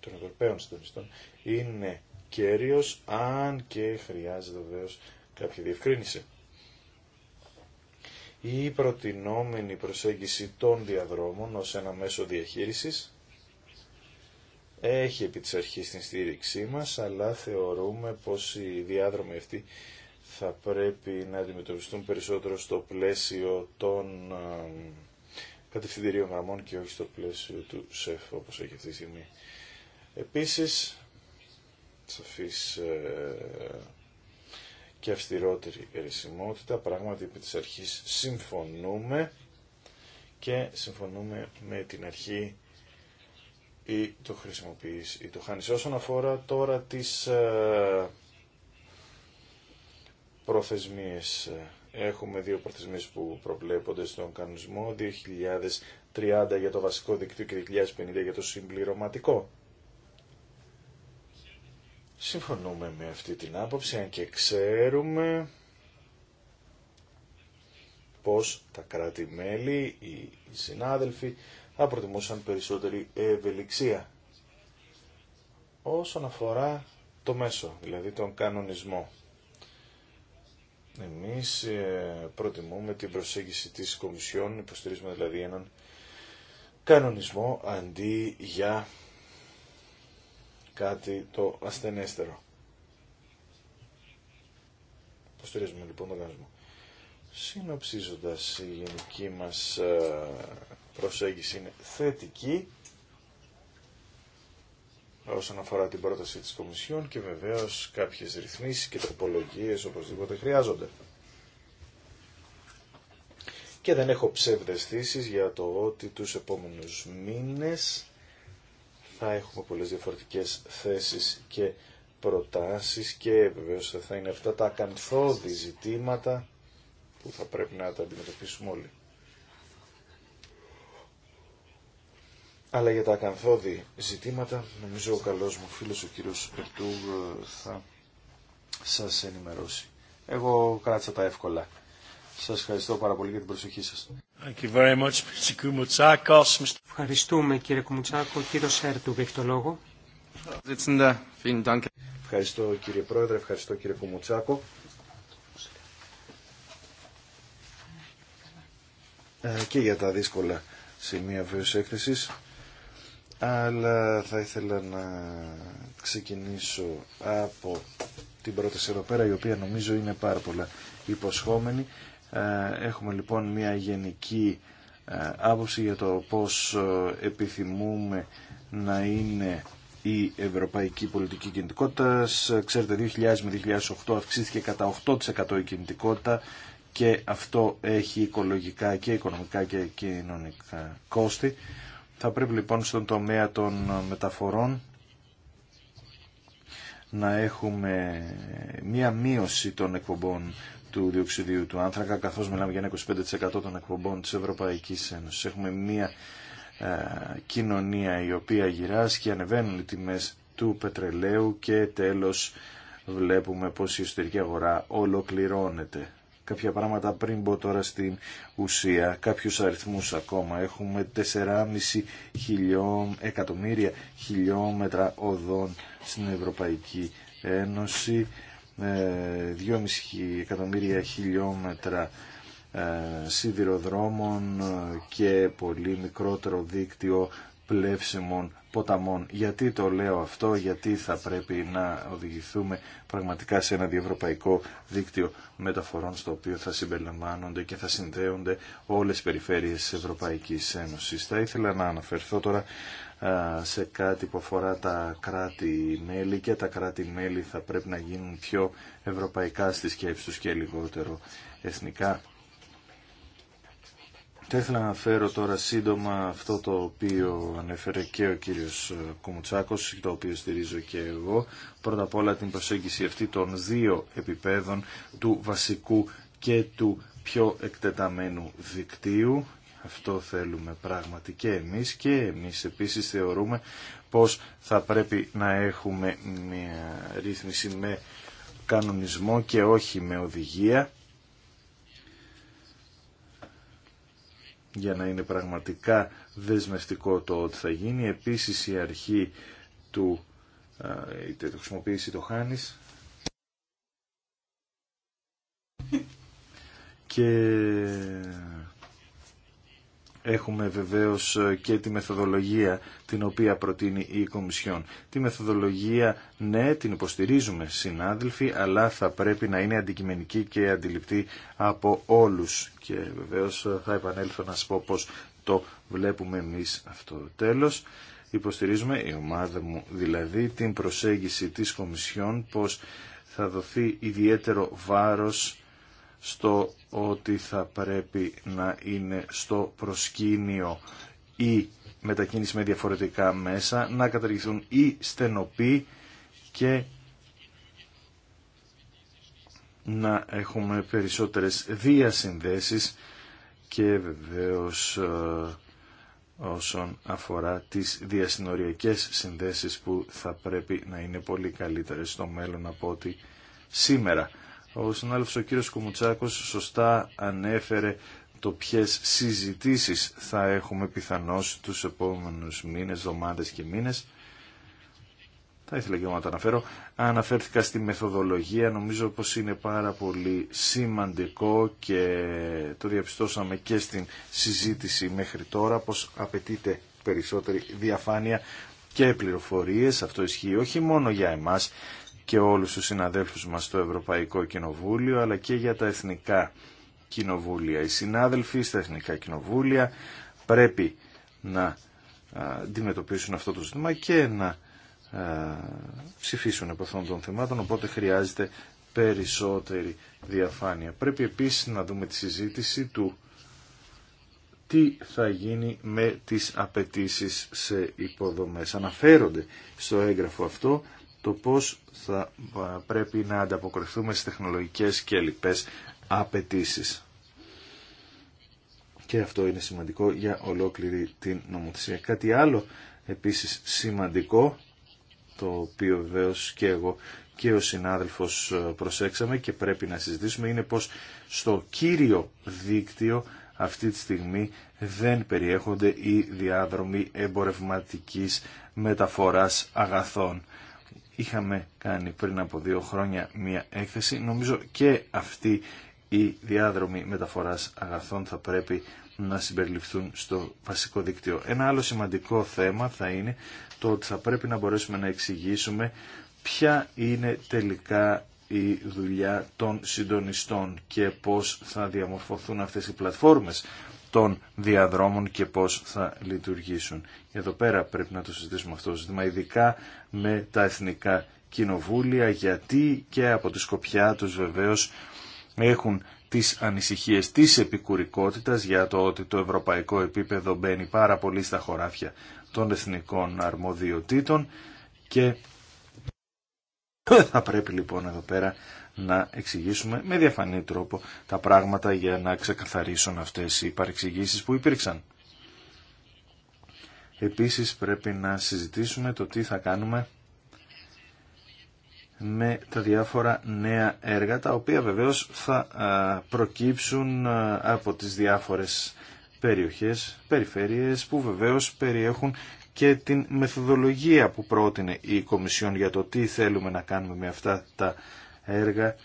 των ευρωπαίων συντονιστών, είναι κέριος, αν και χρειάζεται βεβαίω κάποια διευκρίνηση. Η προτινόμενη προσέγγιση των διαδρόμων ως ένα μέσο διαχείρισης έχει επί της αρχής την στήριξή μας, αλλά θεωρούμε πως οι διάδρομοι αυτοί θα πρέπει να αντιμετωπιστούν περισσότερο στο πλαίσιο των ε, κατευθυντηρίων γραμμών και όχι στο πλαίσιο του ΣΕΦ όπως έχει αυτή τη στιγμή. Επίσης, σαφής ε, και αυστηρότερη ερεσιμότητα, πράγματι επί της αρχής συμφωνούμε και συμφωνούμε με την αρχή ή το χρησιμοποιείς ή το χάνεις. Όσον αφορά τώρα τις ε, προθεσμίες, ε, έχουμε δύο προθεσμίες που προβλέπονται στον κανονισμό, 2030 για το βασικό δικτύο και 2050 για το συμπληρωματικό. Συμφωνούμε με αυτή την άποψη, αν και ξέρουμε πως τα κράτη-μέλη, οι συνάδελφοι, θα προτιμούσαν περισσότερη ευελιξία. Όσον αφορά το μέσο, δηλαδή τον κανονισμό. Εμείς ε, προτιμούμε την προσέγγιση της Κομισιόν, υποστηρίζουμε δηλαδή έναν κανονισμό αντί για κάτι το ασθενέστερο. Υποστηρίζουμε λοιπόν τον κανονισμό. Συνοψίζοντας η γενική μας ε, προσέγγιση είναι θετική όσον αφορά την πρόταση της Κομισιόν και βεβαίως κάποιες ρυθμίσεις και τροπολογίες οπωσδήποτε χρειάζονται. Και δεν έχω ψευδεστήσεις για το ότι τους επόμενους μήνες θα έχουμε πολλές διαφορετικές θέσεις και προτάσεις και βεβαίως θα είναι αυτά τα ακαθόδη ζητήματα που θα πρέπει να τα αντιμετωπίσουμε όλοι. Αλλά για τα ακαθόδη ζητήματα, νομίζω ο καλός μου φίλος ο κύριος Ερτούγ ε, θα σας ενημερώσει. Εγώ κράτησα τα εύκολα. Σας ευχαριστώ πάρα πολύ για την προσοχή σας. very much, Mr. Ευχαριστούμε κύριε Κουμουτσάκο. Κύριο κύριος έχει το λόγο. Ευχαριστώ κύριε Πρόεδρε, ευχαριστώ κύριε Κουμουτσάκο. Ε, και για τα δύσκολα σημεία βεβαίως αλλά θα ήθελα να ξεκινήσω από την πρώτη εδώ πέρα, η οποία νομίζω είναι πάρα πολλά υποσχόμενη. Ε, έχουμε λοιπόν μια γενική ε, άποψη για το πώς ε, επιθυμούμε να είναι η ευρωπαϊκή πολιτική κινητικότητα. Ξέρετε, 2000 με 2008 αυξήθηκε κατά 8% η κινητικότητα και αυτό έχει οικολογικά και οικονομικά και κοινωνικά κόστη. Θα πρέπει λοιπόν στον τομέα των μεταφορών να έχουμε μία μείωση των εκπομπών του διοξιδίου του άνθρακα, καθώς μιλάμε για ένα 25% των εκπομπών της Ευρωπαϊκής Ένωσης. Έχουμε μία ε, κοινωνία η οποία και ανεβαίνουν οι τιμές του πετρελαίου και τέλος βλέπουμε πως η ιστορική αγορά ολοκληρώνεται κάποια πράγματα πριν μπω τώρα στην ουσία, κάποιους αριθμούς ακόμα. Έχουμε 4,5 εκατομμύρια χιλιόμετρα οδών στην Ευρωπαϊκή Ένωση, 2,5 ε, εκατομμύρια χιλιόμετρα ε, σιδηροδρόμων ε, και πολύ μικρότερο δίκτυο πλεύσιμων ποταμών. Γιατί το λέω αυτό, γιατί θα πρέπει να οδηγηθούμε πραγματικά σε ένα διευρωπαϊκό δίκτυο μεταφορών στο οποίο θα συμπεριλαμβάνονται και θα συνδέονται όλες οι περιφέρειες της Ευρωπαϊκής Ένωσης. Θα ήθελα να αναφερθώ τώρα σε κάτι που αφορά τα κράτη-μέλη και τα κράτη-μέλη θα πρέπει να γίνουν πιο ευρωπαϊκά στις σκέψεις τους και λιγότερο εθνικά θα ήθελα να αναφέρω τώρα σύντομα αυτό το οποίο ανέφερε και ο κύριος Κουμουτσάκος, το οποίο στηρίζω και εγώ. Πρώτα απ' όλα την προσέγγιση αυτή των δύο επιπέδων του βασικού και του πιο εκτεταμένου δικτύου. Αυτό θέλουμε πράγματι και εμείς και εμείς επίσης θεωρούμε πως θα πρέπει να έχουμε μια ρύθμιση με κανονισμό και όχι με οδηγία για να είναι πραγματικά δεσμευτικό το ότι θα γίνει. Επίσης η αρχή του είτε το χρησιμοποιήσει το χάνεις και Έχουμε βεβαίως ε, και τη μεθοδολογία την οποία προτείνει η Κομισιόν. Τη μεθοδολογία, ναι, την υποστηρίζουμε συνάδελφοι, αλλά θα πρέπει να είναι αντικειμενική και αντιληπτή από όλους. Και βεβαίως ε, θα επανέλθω να σας πω πώς το βλέπουμε εμείς αυτό. Τέλος, υποστηρίζουμε, η ομάδα μου δηλαδή, την προσέγγιση της Κομισιόν πως θα δοθεί ιδιαίτερο βάρος στο ότι θα πρέπει να είναι στο προσκήνιο η μετακίνηση με διαφορετικά μέσα, να καταργηθούν ή στενοποί και να έχουμε περισσότερες διασυνδέσεις και βεβαίως ε, όσον αφορά τις διασυνοριακές συνδέσεις που θα πρέπει να είναι πολύ καλύτερες στο μέλλον από ό,τι σήμερα. Ο συνάδελφος ο κύριος Κουμουτσάκος σωστά ανέφερε το ποιες συζητήσεις θα έχουμε πιθανώς τους επόμενους μήνες, εβδομάδε και μήνες. Θα ήθελα και εγώ να το αναφέρω. Αναφέρθηκα στη μεθοδολογία. Νομίζω πως είναι πάρα πολύ σημαντικό και το διαπιστώσαμε και στην συζήτηση μέχρι τώρα πως απαιτείται περισσότερη διαφάνεια και πληροφορίες. Αυτό ισχύει όχι μόνο για εμάς και όλους τους συναδέλφους μας στο Ευρωπαϊκό Κοινοβούλιο αλλά και για τα εθνικά κοινοβούλια. Οι συνάδελφοι στα εθνικά κοινοβούλια πρέπει να αντιμετωπίσουν αυτό το ζήτημα και να ψηφίσουν από αυτών των θεμάτων, οπότε χρειάζεται περισσότερη διαφάνεια. Πρέπει επίσης να δούμε τη συζήτηση του τι θα γίνει με τις απαιτήσει σε υποδομές. Αναφέρονται στο έγγραφο αυτό το πώς θα πρέπει να ανταποκριθούμε στις τεχνολογικές και λοιπές απαιτήσει. Και αυτό είναι σημαντικό για ολόκληρη την νομοθεσία. Κάτι άλλο επίσης σημαντικό, το οποίο βεβαίω και εγώ και ο συνάδελφος προσέξαμε και πρέπει να συζητήσουμε, είναι πως στο κύριο δίκτυο αυτή τη στιγμή δεν περιέχονται οι διάδρομοι εμπορευματικής μεταφοράς αγαθών είχαμε κάνει πριν από δύο χρόνια μία έκθεση. Νομίζω και αυτή οι διάδρομοι μεταφοράς αγαθών θα πρέπει να συμπεριληφθούν στο βασικό δίκτυο. Ένα άλλο σημαντικό θέμα θα είναι το ότι θα πρέπει να μπορέσουμε να εξηγήσουμε ποια είναι τελικά η δουλειά των συντονιστών και πώς θα διαμορφωθούν αυτές οι πλατφόρμες των διαδρόμων και πώς θα λειτουργήσουν. Εδώ πέρα πρέπει να το συζητήσουμε αυτό το ζήτημα, ειδικά με τα εθνικά κοινοβούλια, γιατί και από τη σκοπιά τους βεβαίως έχουν τις ανησυχίες της επικουρικότητας για το ότι το ευρωπαϊκό επίπεδο μπαίνει πάρα πολύ στα χωράφια των εθνικών αρμοδιοτήτων και θα πρέπει λοιπόν εδώ πέρα να εξηγήσουμε με διαφανή τρόπο τα πράγματα για να ξεκαθαρίσουν αυτές οι παρεξηγήσεις που υπήρξαν. Επίσης πρέπει να συζητήσουμε το τι θα κάνουμε με τα διάφορα νέα έργα, τα οποία βεβαίως θα προκύψουν από τις διάφορες περιοχές, περιφέρειες, που βεβαίως περιέχουν και την μεθοδολογία που πρότεινε η Κομισιόν για το τι θέλουμε να κάνουμε με αυτά τα έργα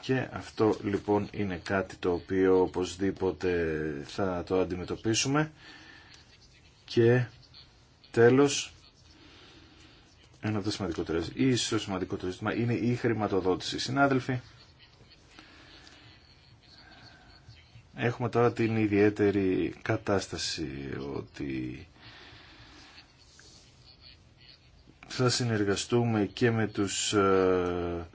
και αυτό λοιπόν είναι κάτι το οποίο οπωσδήποτε θα το αντιμετωπίσουμε και τέλος ένα από τα σημαντικότερα ίσως το σημαντικότερο ζήτημα είναι η χρηματοδότηση συνάδελφοι Έχουμε τώρα την ιδιαίτερη κατάσταση ότι θα συνεργαστούμε και με τους ε,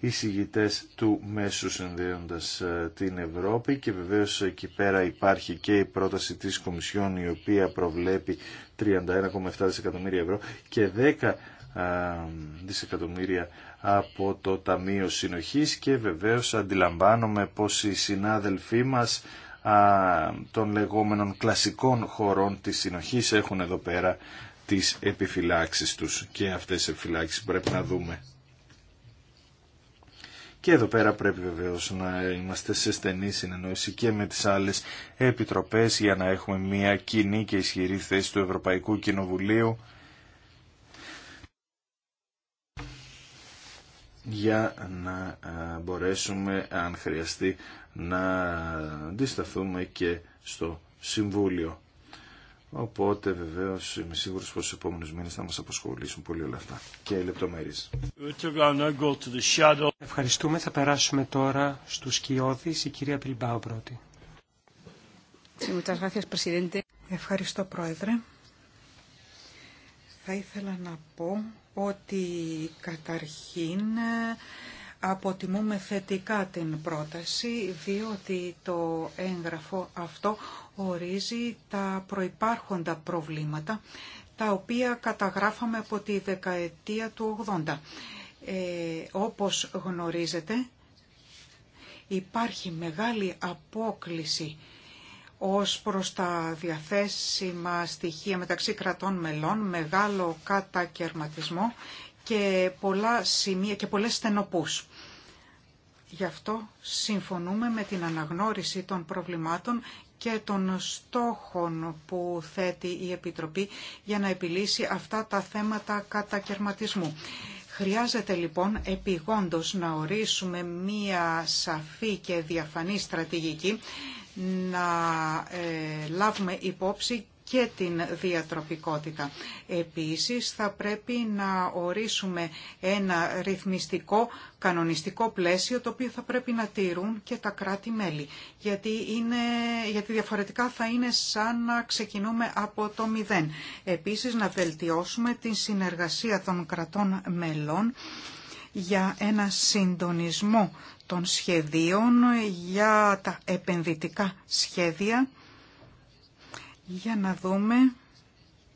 εισηγητές του μέσου συνδέοντας ε, την Ευρώπη και βεβαίως εκεί πέρα υπάρχει και η πρόταση της Κομισιόν η οποία προβλέπει 31,7 δισεκατομμύρια ευρώ και 10 ε, δισεκατομμύρια από το Ταμείο Συνοχής και βεβαίως αντιλαμβάνομαι πως οι συνάδελφοί μας των λεγόμενων κλασικών χωρών της συνοχής έχουν εδώ πέρα τις επιφυλάξεις τους και αυτές τις επιφυλάξεις πρέπει να δούμε. Και εδώ πέρα πρέπει βεβαίως να είμαστε σε στενή συνεννόηση και με τις άλλες επιτροπές για να έχουμε μια κοινή και ισχυρή θέση του Ευρωπαϊκού Κοινοβουλίου για να ε, μπορέσουμε αν χρειαστεί να αντισταθούμε και στο Συμβούλιο. Οπότε βεβαίω είμαι σίγουρο πω του επόμενου μήνε θα μα απασχολήσουν πολύ όλα αυτά και οι λεπτομέρειε. Ευχαριστούμε. Θα περάσουμε τώρα στου Κιώδη. Η κυρία Πιλμπάου πρώτη. Ευχαριστώ, Πρόεδρε. Θα ήθελα να πω ότι καταρχήν αποτιμούμε θετικά την πρόταση διότι το έγγραφο αυτό ορίζει τα προϋπάρχοντα προβλήματα τα οποία καταγράφαμε από τη δεκαετία του 80. Ε, όπως γνωρίζετε υπάρχει μεγάλη απόκληση ως προς τα διαθέσιμα στοιχεία μεταξύ κρατών μελών, μεγάλο κατακαιρματισμό και πολλά σημεία και πολλές στενοπούς. Γι' αυτό συμφωνούμε με την αναγνώριση των προβλημάτων και των στόχων που θέτει η Επιτροπή για να επιλύσει αυτά τα θέματα κατακαιρματισμού. Χρειάζεται λοιπόν επιγόντως να ορίσουμε μία σαφή και διαφανή στρατηγική, να ε, λάβουμε υπόψη και την διατροπικότητα. Επίσης θα πρέπει να ορίσουμε ένα ρυθμιστικό κανονιστικό πλαίσιο το οποίο θα πρέπει να τηρούν και τα κράτη-μέλη γιατί, είναι, γιατί διαφορετικά θα είναι σαν να ξεκινούμε από το μηδέν. Επίσης να βελτιώσουμε την συνεργασία των κρατών μελών για ένα συντονισμό των σχεδίων για τα επενδυτικά σχέδια για να δούμε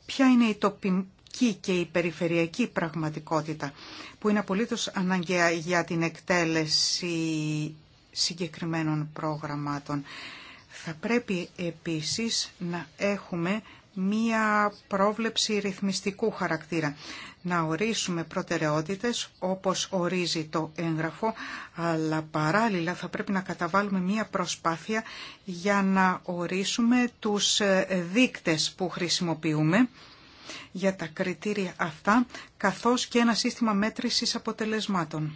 ποια είναι η τοπική και η περιφερειακή πραγματικότητα που είναι απολύτως αναγκαία για την εκτέλεση συγκεκριμένων προγραμμάτων. Θα πρέπει επίσης να έχουμε μία πρόβλεψη ρυθμιστικού χαρακτήρα. Να ορίσουμε προτεραιότητες όπως ορίζει το έγγραφο, αλλά παράλληλα θα πρέπει να καταβάλουμε μία προσπάθεια για να ορίσουμε τους δείκτες που χρησιμοποιούμε για τα κριτήρια αυτά, καθώς και ένα σύστημα μέτρησης αποτελεσμάτων.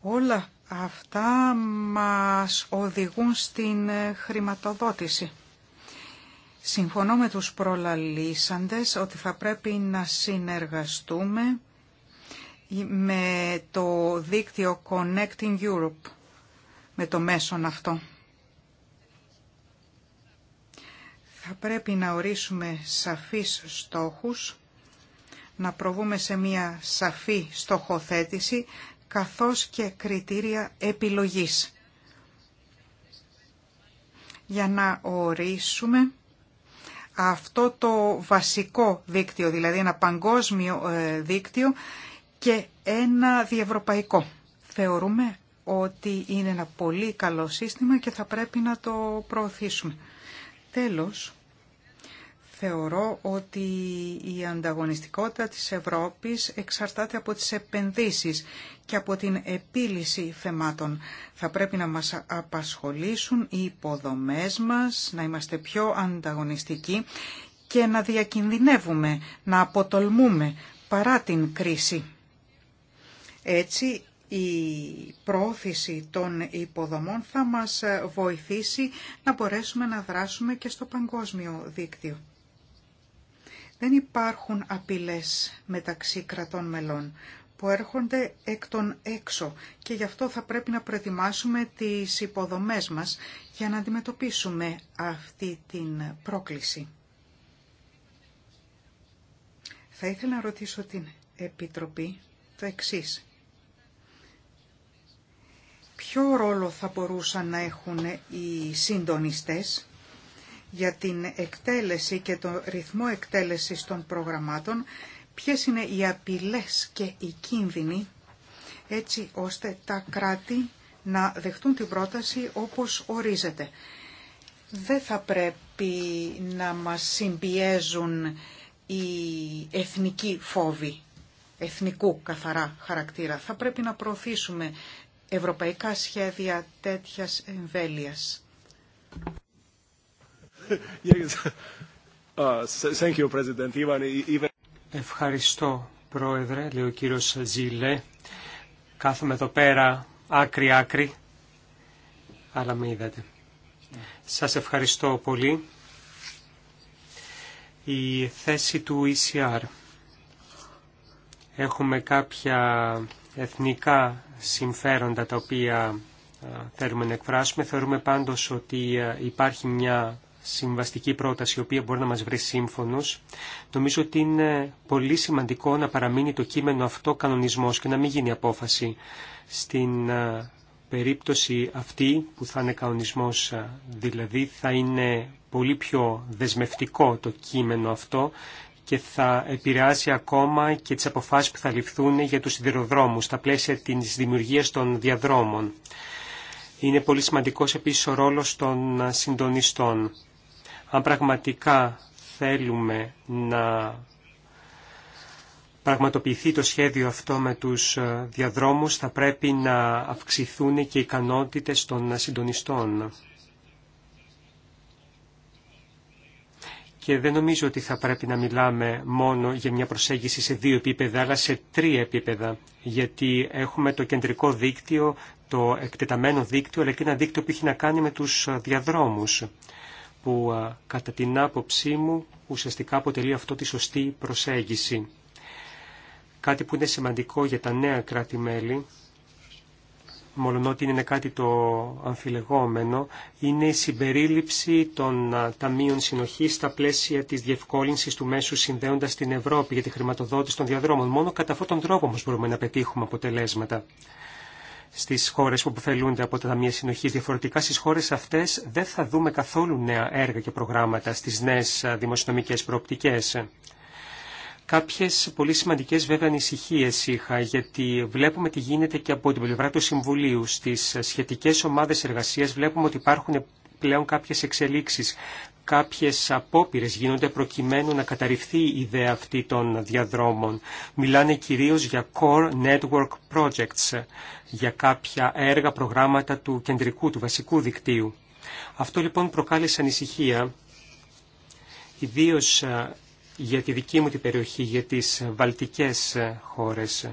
Όλα αυτά μας οδηγούν στην χρηματοδότηση. Συμφωνώ με τους προλαλήσαντες ότι θα πρέπει να συνεργαστούμε με το δίκτυο Connecting Europe, με το μέσον αυτό. Θα πρέπει να ορίσουμε σαφείς στόχους, να προβούμε σε μια σαφή στοχοθέτηση, καθώς και κριτήρια επιλογής για να ορίσουμε αυτό το βασικό δίκτυο, δηλαδή ένα παγκόσμιο ε, δίκτυο και ένα διευρωπαϊκό. Θεωρούμε ότι είναι ένα πολύ καλό σύστημα και θα πρέπει να το προωθήσουμε. Τέλος, Θεωρώ ότι η ανταγωνιστικότητα της Ευρώπης εξαρτάται από τις επενδύσεις και από την επίλυση θεμάτων. Θα πρέπει να μας απασχολήσουν οι υποδομές μας, να είμαστε πιο ανταγωνιστικοί και να διακινδυνεύουμε, να αποτολμούμε παρά την κρίση. Έτσι, η πρόθεση των υποδομών θα μας βοηθήσει να μπορέσουμε να δράσουμε και στο παγκόσμιο δίκτυο. Δεν υπάρχουν απειλές μεταξύ κρατών μελών που έρχονται εκ των έξω και γι' αυτό θα πρέπει να προετοιμάσουμε τις υποδομές μας για να αντιμετωπίσουμε αυτή την πρόκληση. Θα ήθελα να ρωτήσω την Επιτροπή το εξής. Ποιο ρόλο θα μπορούσαν να έχουν οι συντονιστές για την εκτέλεση και τον ρυθμό εκτέλεσης των προγραμμάτων, ποιες είναι οι απειλές και οι κίνδυνοι, έτσι ώστε τα κράτη να δεχτούν την πρόταση όπως ορίζεται. Δεν θα πρέπει να μας συμπιέζουν οι εθνικοί φόβοι, εθνικού καθαρά χαρακτήρα. Θα πρέπει να προωθήσουμε ευρωπαϊκά σχέδια τέτοιας εμβέλειας. Uh, e, ευχαριστώ, Πρόεδρε, λέει ο κύριο ζηλε Ζήλε. Κάθομαι εδώ πέρα άκρη-άκρη, αλλά με είδατε. Σας ευχαριστώ πολύ. Η θέση του ECR. Έχουμε κάποια εθνικά συμφέροντα τα οποία θέλουμε να εκφράσουμε. Θεωρούμε πάντως ότι υπάρχει μια συμβαστική πρόταση η οποία μπορεί να μας βρει σύμφωνος. Νομίζω ότι είναι πολύ σημαντικό να παραμείνει το κείμενο αυτό κανονισμός και να μην γίνει απόφαση στην περίπτωση αυτή που θα είναι κανονισμός δηλαδή θα είναι πολύ πιο δεσμευτικό το κείμενο αυτό και θα επηρεάσει ακόμα και τις αποφάσεις που θα ληφθούν για τους σιδηροδρόμους στα πλαίσια της δημιουργίας των διαδρόμων. Είναι πολύ σημαντικός επίσης ο ρόλος των συντονιστών. Αν πραγματικά θέλουμε να πραγματοποιηθεί το σχέδιο αυτό με τους ε, διαδρόμους, θα πρέπει να αυξηθούν και οι ικανότητες των συντονιστών. Και δεν νομίζω ότι θα πρέπει να μιλάμε μόνο για μια προσέγγιση σε δύο επίπεδα, αλλά σε τρία επίπεδα. Γιατί έχουμε το κεντρικό δίκτυο, το εκτεταμένο δίκτυο, αλλά και ένα δίκτυο που έχει να κάνει με τους ε, διαδρόμους που κατά την άποψή μου ουσιαστικά αποτελεί αυτό τη σωστή προσέγγιση. Κάτι που είναι σημαντικό για τα νέα κράτη-μέλη, ότι είναι κάτι το αμφιλεγόμενο, είναι η συμπερίληψη των ταμείων συνοχής στα πλαίσια της διευκόλυνσης του μέσου συνδέοντας την Ευρώπη για τη χρηματοδότηση των διαδρόμων. Μόνο κατά αυτόν τον τρόπο όμως μπορούμε να πετύχουμε αποτελέσματα στις χώρες που αποφελούνται από τα Ταμεία Συνοχής. Διαφορετικά στις χώρες αυτές δεν θα δούμε καθόλου νέα έργα και προγράμματα στις νέες δημοσιονομικές προοπτικές. Κάποιες πολύ σημαντικές βέβαια ανησυχίε είχα, γιατί βλέπουμε τι γίνεται και από την πλευρά του Συμβουλίου. Στις σχετικές ομάδες εργασίας βλέπουμε ότι υπάρχουν πλέον κάποιες εξελίξεις κάποιες απόπειρες γίνονται προκειμένου να καταρριφθεί η ιδέα αυτή των διαδρόμων. Μιλάνε κυρίως για core network projects, για κάποια έργα, προγράμματα του κεντρικού, του βασικού δικτύου. Αυτό λοιπόν προκάλεσε ανησυχία, ιδίως ε, για τη δική μου την περιοχή, για τις βαλτικές ε, χώρες.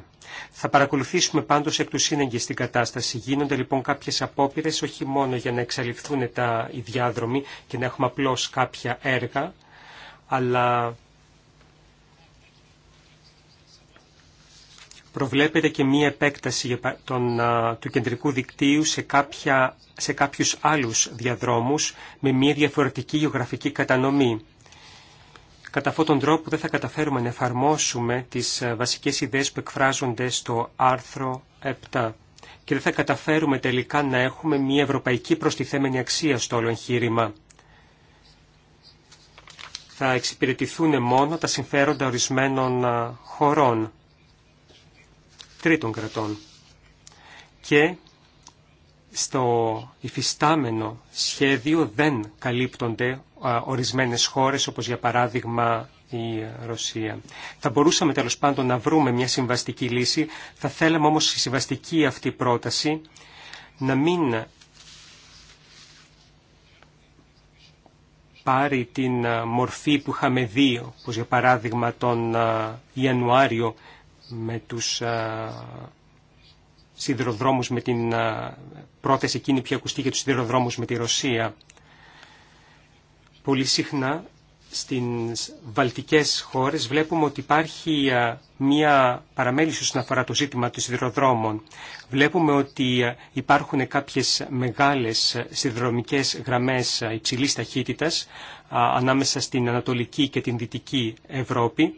Θα παρακολουθήσουμε πάντως εκ του σύνεγγυ στην κατάσταση. Γίνονται λοιπόν κάποιες απόπειρε, όχι μόνο για να εξαλειφθούν τα, οι διάδρομοι και να έχουμε απλώ κάποια έργα, αλλά προβλέπεται και μία επέκταση του κεντρικού δικτύου σε, κάποια, σε κάποιους άλλους διαδρόμους με μία διαφορετική γεωγραφική κατανομή. Κατά αυτόν τον τρόπο δεν θα καταφέρουμε να εφαρμόσουμε τις ε, βασικές ιδέες που εκφράζονται στο άρθρο 7 και δεν θα καταφέρουμε τελικά να έχουμε μια ευρωπαϊκή προστιθέμενη αξία στο όλο εγχείρημα. Θα εξυπηρετηθούν μόνο τα συμφέροντα ορισμένων ε, χωρών, τρίτων κρατών. Και στο υφιστάμενο σχέδιο δεν καλύπτονται ορισμένες χώρες όπως για παράδειγμα η Ρωσία. Θα μπορούσαμε τέλος πάντων να βρούμε μια συμβαστική λύση, θα θέλαμε όμως η συμβαστική αυτή πρόταση να μην πάρει την μορφή που είχαμε δει, όπως για παράδειγμα τον Ιανουάριο με τους σιδηροδρόμους με την πρόθεση εκείνη που ακουστεί για τους σιδηροδρόμους με τη Ρωσία. Πολύ συχνά στις βαλτικές χώρες βλέπουμε ότι υπάρχει μία παραμέληση όσον αφορά το ζήτημα των σιδηροδρόμων. Βλέπουμε ότι υπάρχουν κάποιες μεγάλες σιδηροδρομικές γραμμές υψηλής ταχύτητας ανάμεσα στην Ανατολική και την Δυτική Ευρώπη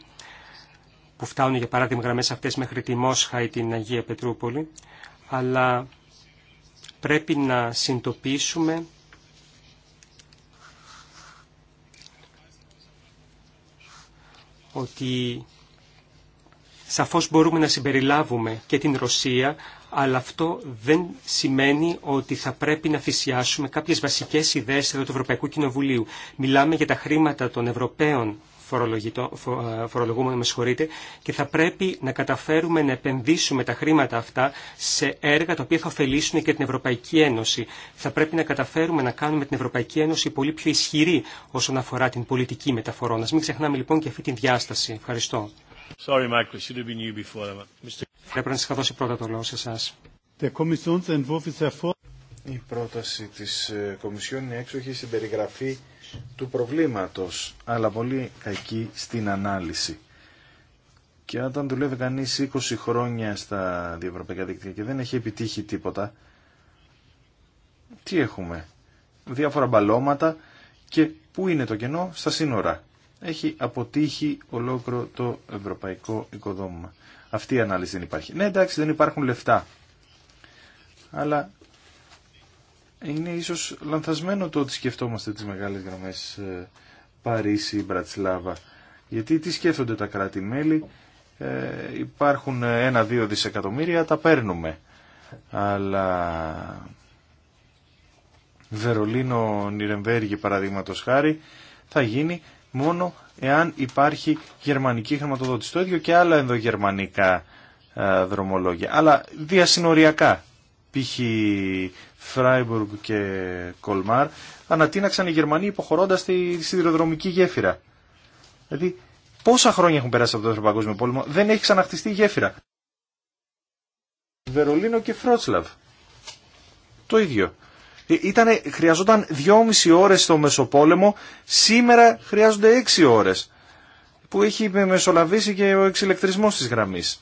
που φτάνουν για παράδειγμα γραμμές αυτές μέχρι τη Μόσχα ή την Αγία Πετρούπολη, αλλά πρέπει να συντοπίσουμε ότι σαφώς μπορούμε να συμπεριλάβουμε και την Ρωσία, αλλά αυτό δεν σημαίνει ότι θα πρέπει να θυσιάσουμε κάποιες βασικές ιδέες του Ευρωπαϊκού Κοινοβουλίου. Μιλάμε για τα χρήματα των Ευρωπαίων ε, φορολογούμενο, με συγχωρείτε, και θα πρέπει να καταφέρουμε να επενδύσουμε τα χρήματα αυτά σε έργα τα οποία θα ωφελήσουν και την Ευρωπαϊκή Ένωση. Θα πρέπει να καταφέρουμε να κάνουμε την Ευρωπαϊκή Ένωση πολύ πιο ισχυρή όσον αφορά την πολιτική μεταφορών. Α μην ξεχνάμε λοιπόν και αυτή τη διάσταση. Ευχαριστώ. Sorry, Michael, να σα είχα πρώτα το λόγο σε εσά. Η πρόταση της ε, Κομισιόν είναι έξοχη στην περιγραφή του προβλήματος, αλλά πολύ κακή στην ανάλυση. Και όταν δουλεύει κανείς 20 χρόνια στα διευρωπαϊκά δίκτυα και δεν έχει επιτύχει τίποτα, τι έχουμε. Διάφορα μπαλώματα και πού είναι το κενό στα σύνορα. Έχει αποτύχει ολόκληρο το ευρωπαϊκό οικοδόμημα. Αυτή η ανάλυση δεν υπάρχει. Ναι εντάξει δεν υπάρχουν λεφτά. Αλλά είναι ίσως λανθασμένο το ότι σκεφτόμαστε τις μεγάλες γραμμές ε, Παρίσι, Μπρατσλάβα. Γιατί τι σκέφτονται τα κράτη-μέλη, ε, υπάρχουν ένα-δύο δισεκατομμύρια, τα παίρνουμε. Αλλά Βερολίνο, Νιρεμβέργη παραδείγματο χάρη, θα γίνει μόνο εάν υπάρχει γερμανική χρηματοδότηση. Το ίδιο και άλλα ενδογερμανικά ε, δρομολόγια, αλλά διασυνοριακά π.χ. Φράιμπουργκ και Κολμάρ, ανατείναξαν οι Γερμανοί υποχωρώντας τη σιδηροδρομική γέφυρα. Δηλαδή, πόσα χρόνια έχουν περάσει από το δεύτερο παγκόσμιο πόλεμο, δεν έχει ξαναχτιστεί η γέφυρα. Βερολίνο και Φρότσλαβ. Το ίδιο. Ε, ήτανε, χρειαζόταν 2,5 ώρες στο Μεσοπόλεμο, σήμερα χρειάζονται 6 ώρες. Που έχει μεσολαβήσει και ο εξηλεκτρισμός της γραμμής.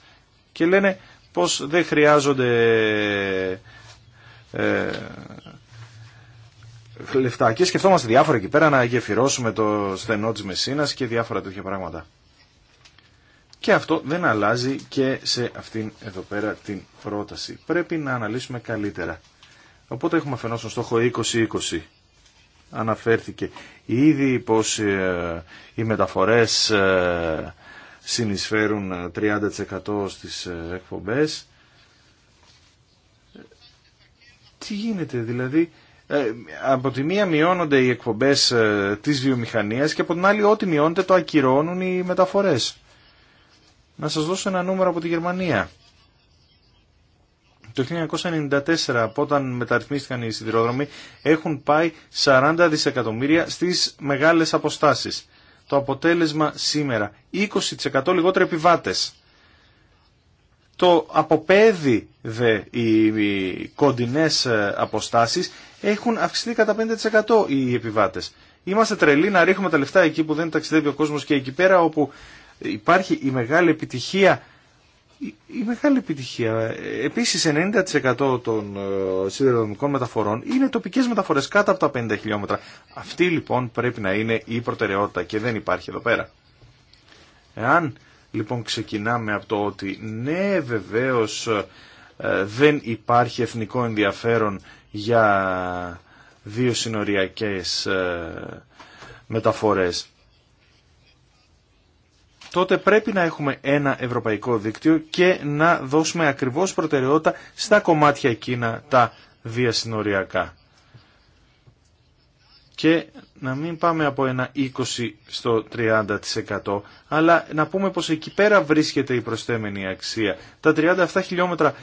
Και λένε, πως δεν χρειάζονται ε, λεφτά. Και σκεφτόμαστε διάφορα εκεί πέρα να γεφυρώσουμε το στενό της Μεσίνας και διάφορα τέτοια πράγματα. Και αυτό δεν αλλάζει και σε αυτήν εδώ πέρα την πρόταση. Πρέπει να αναλύσουμε καλύτερα. Οπότε έχουμε αφενός τον στόχο 20-20. Αναφέρθηκε ήδη πως ε, οι μεταφορές ε, συνεισφέρουν 30% ε, στις ε, εκπομπές. Τι γίνεται δηλαδή, ε, από τη μία μειώνονται οι εκπομπές της βιομηχανίας και από την άλλη ό,τι μειώνεται το ακυρώνουν οι μεταφορές. Να σας δώσω ένα νούμερο από τη Γερμανία. Το 1994 από όταν μεταρρυθμίστηκαν οι σιδηρόδρομοι έχουν πάει 40 δισεκατομμύρια στις μεγάλες αποστάσεις. Το αποτέλεσμα σήμερα 20% λιγότερο επιβάτες. Το αποπέδι δε οι, κοντινές ε, αποστάσεις έχουν αυξηθεί κατά 5% οι επιβάτες. Είμαστε τρελοί να ρίχνουμε τα λεφτά εκεί που δεν ταξιδεύει ο κόσμος και εκεί πέρα όπου υπάρχει η μεγάλη επιτυχία ε, η μεγάλη επιτυχία. επίση 90% των ε, σιδηροδρομικών μεταφορών είναι τοπικέ μεταφορέ κάτω από τα 50 χιλιόμετρα. Αυτή λοιπόν πρέπει να είναι η προτεραιότητα και δεν υπάρχει εδώ πέρα. Εάν λοιπόν ξεκινάμε από το ότι ναι βεβαίως ε, δεν υπάρχει εθνικό ενδιαφέρον για δύο συνοριακές μεταφορές τότε πρέπει να έχουμε ένα ευρωπαϊκό δίκτυο και να δώσουμε ακριβώς προτεραιότητα στα κομμάτια εκείνα τα διασυνοριακά. Και να μην πάμε από ένα 20% στο 30%, αλλά να πούμε πως εκεί πέρα βρίσκεται η προσθέμενη αξία. Τα 37 χιλιόμετρα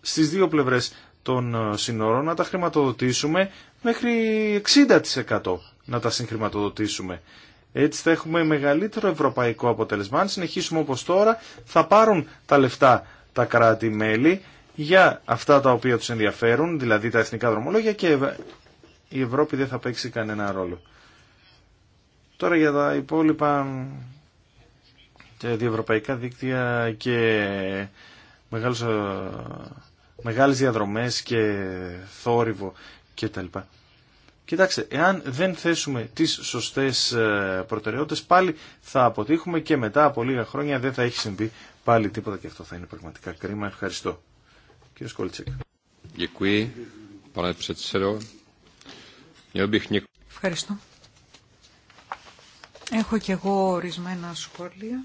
στις δύο πλευρές των ε, σύνορων να τα χρηματοδοτήσουμε μέχρι 60% να τα συγχρηματοδοτήσουμε. Έτσι θα έχουμε μεγαλύτερο ευρωπαϊκό αποτέλεσμα. Αν συνεχίσουμε όπως τώρα θα πάρουν τα λεφτά τα κράτη-μέλη για αυτά τα οποία τους ενδιαφέρουν, δηλαδή τα εθνικά δρομολόγια και η Ευρώπη δεν θα παίξει κανένα ρόλο. Τώρα για τα υπόλοιπα τα διευρωπαϊκά δίκτυα και μεγάλες ε, μεγάλες διαδρομές και θόρυβο κτλ. Κοιτάξτε, εάν δεν θέσουμε τις σωστές ε, προτεραιότητες πάλι θα αποτύχουμε και μετά από λίγα χρόνια δεν θα έχει συμβεί πάλι τίποτα και αυτό θα είναι πραγματικά κρίμα. Ευχαριστώ. Κύριε Σκόλτσεκ. Ευχαριστώ. Έχω και εγώ ορισμένα σχόλια.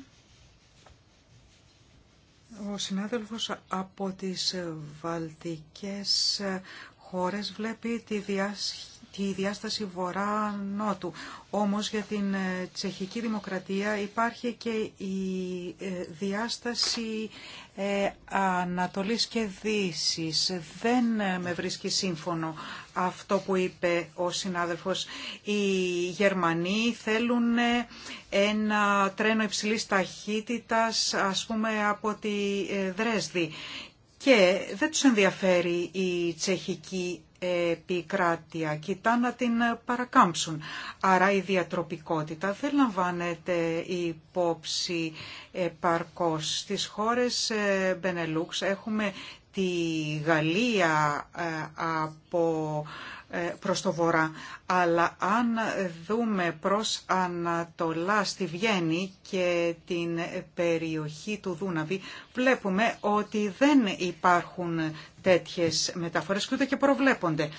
Ο συνάδελφος από τις βαλτικές χώρες βλέπει τη διάσχεση τη διάσταση βορρά-νότου. Όμως για την ε, τσεχική δημοκρατία υπάρχει και η ε, διάσταση ε, Ανατολής και Δύσης. Δεν με βρίσκει σύμφωνο αυτό που είπε ο συνάδελφος. Οι Γερμανοί θέλουν ένα τρένο υψηλής ταχύτητας, ας πούμε, από τη Δρέσδη. Και δεν τους ενδιαφέρει η τσεχική επικράτεια, κοιτά να την παρακάμψουν. Άρα η διατροπικότητα δεν λαμβάνεται υπόψη παρκώς. Στις χώρες ε, Μπενελούξ έχουμε τη Γαλλία ε, από ε, προς το βορρά. Αλλά αν δούμε προς Ανατολά στη Βιέννη και την περιοχή του Δούναβη, βλέπουμε ότι δεν υπάρχουν τέτοιες μεταφορές και ούτε και προβλέπονται.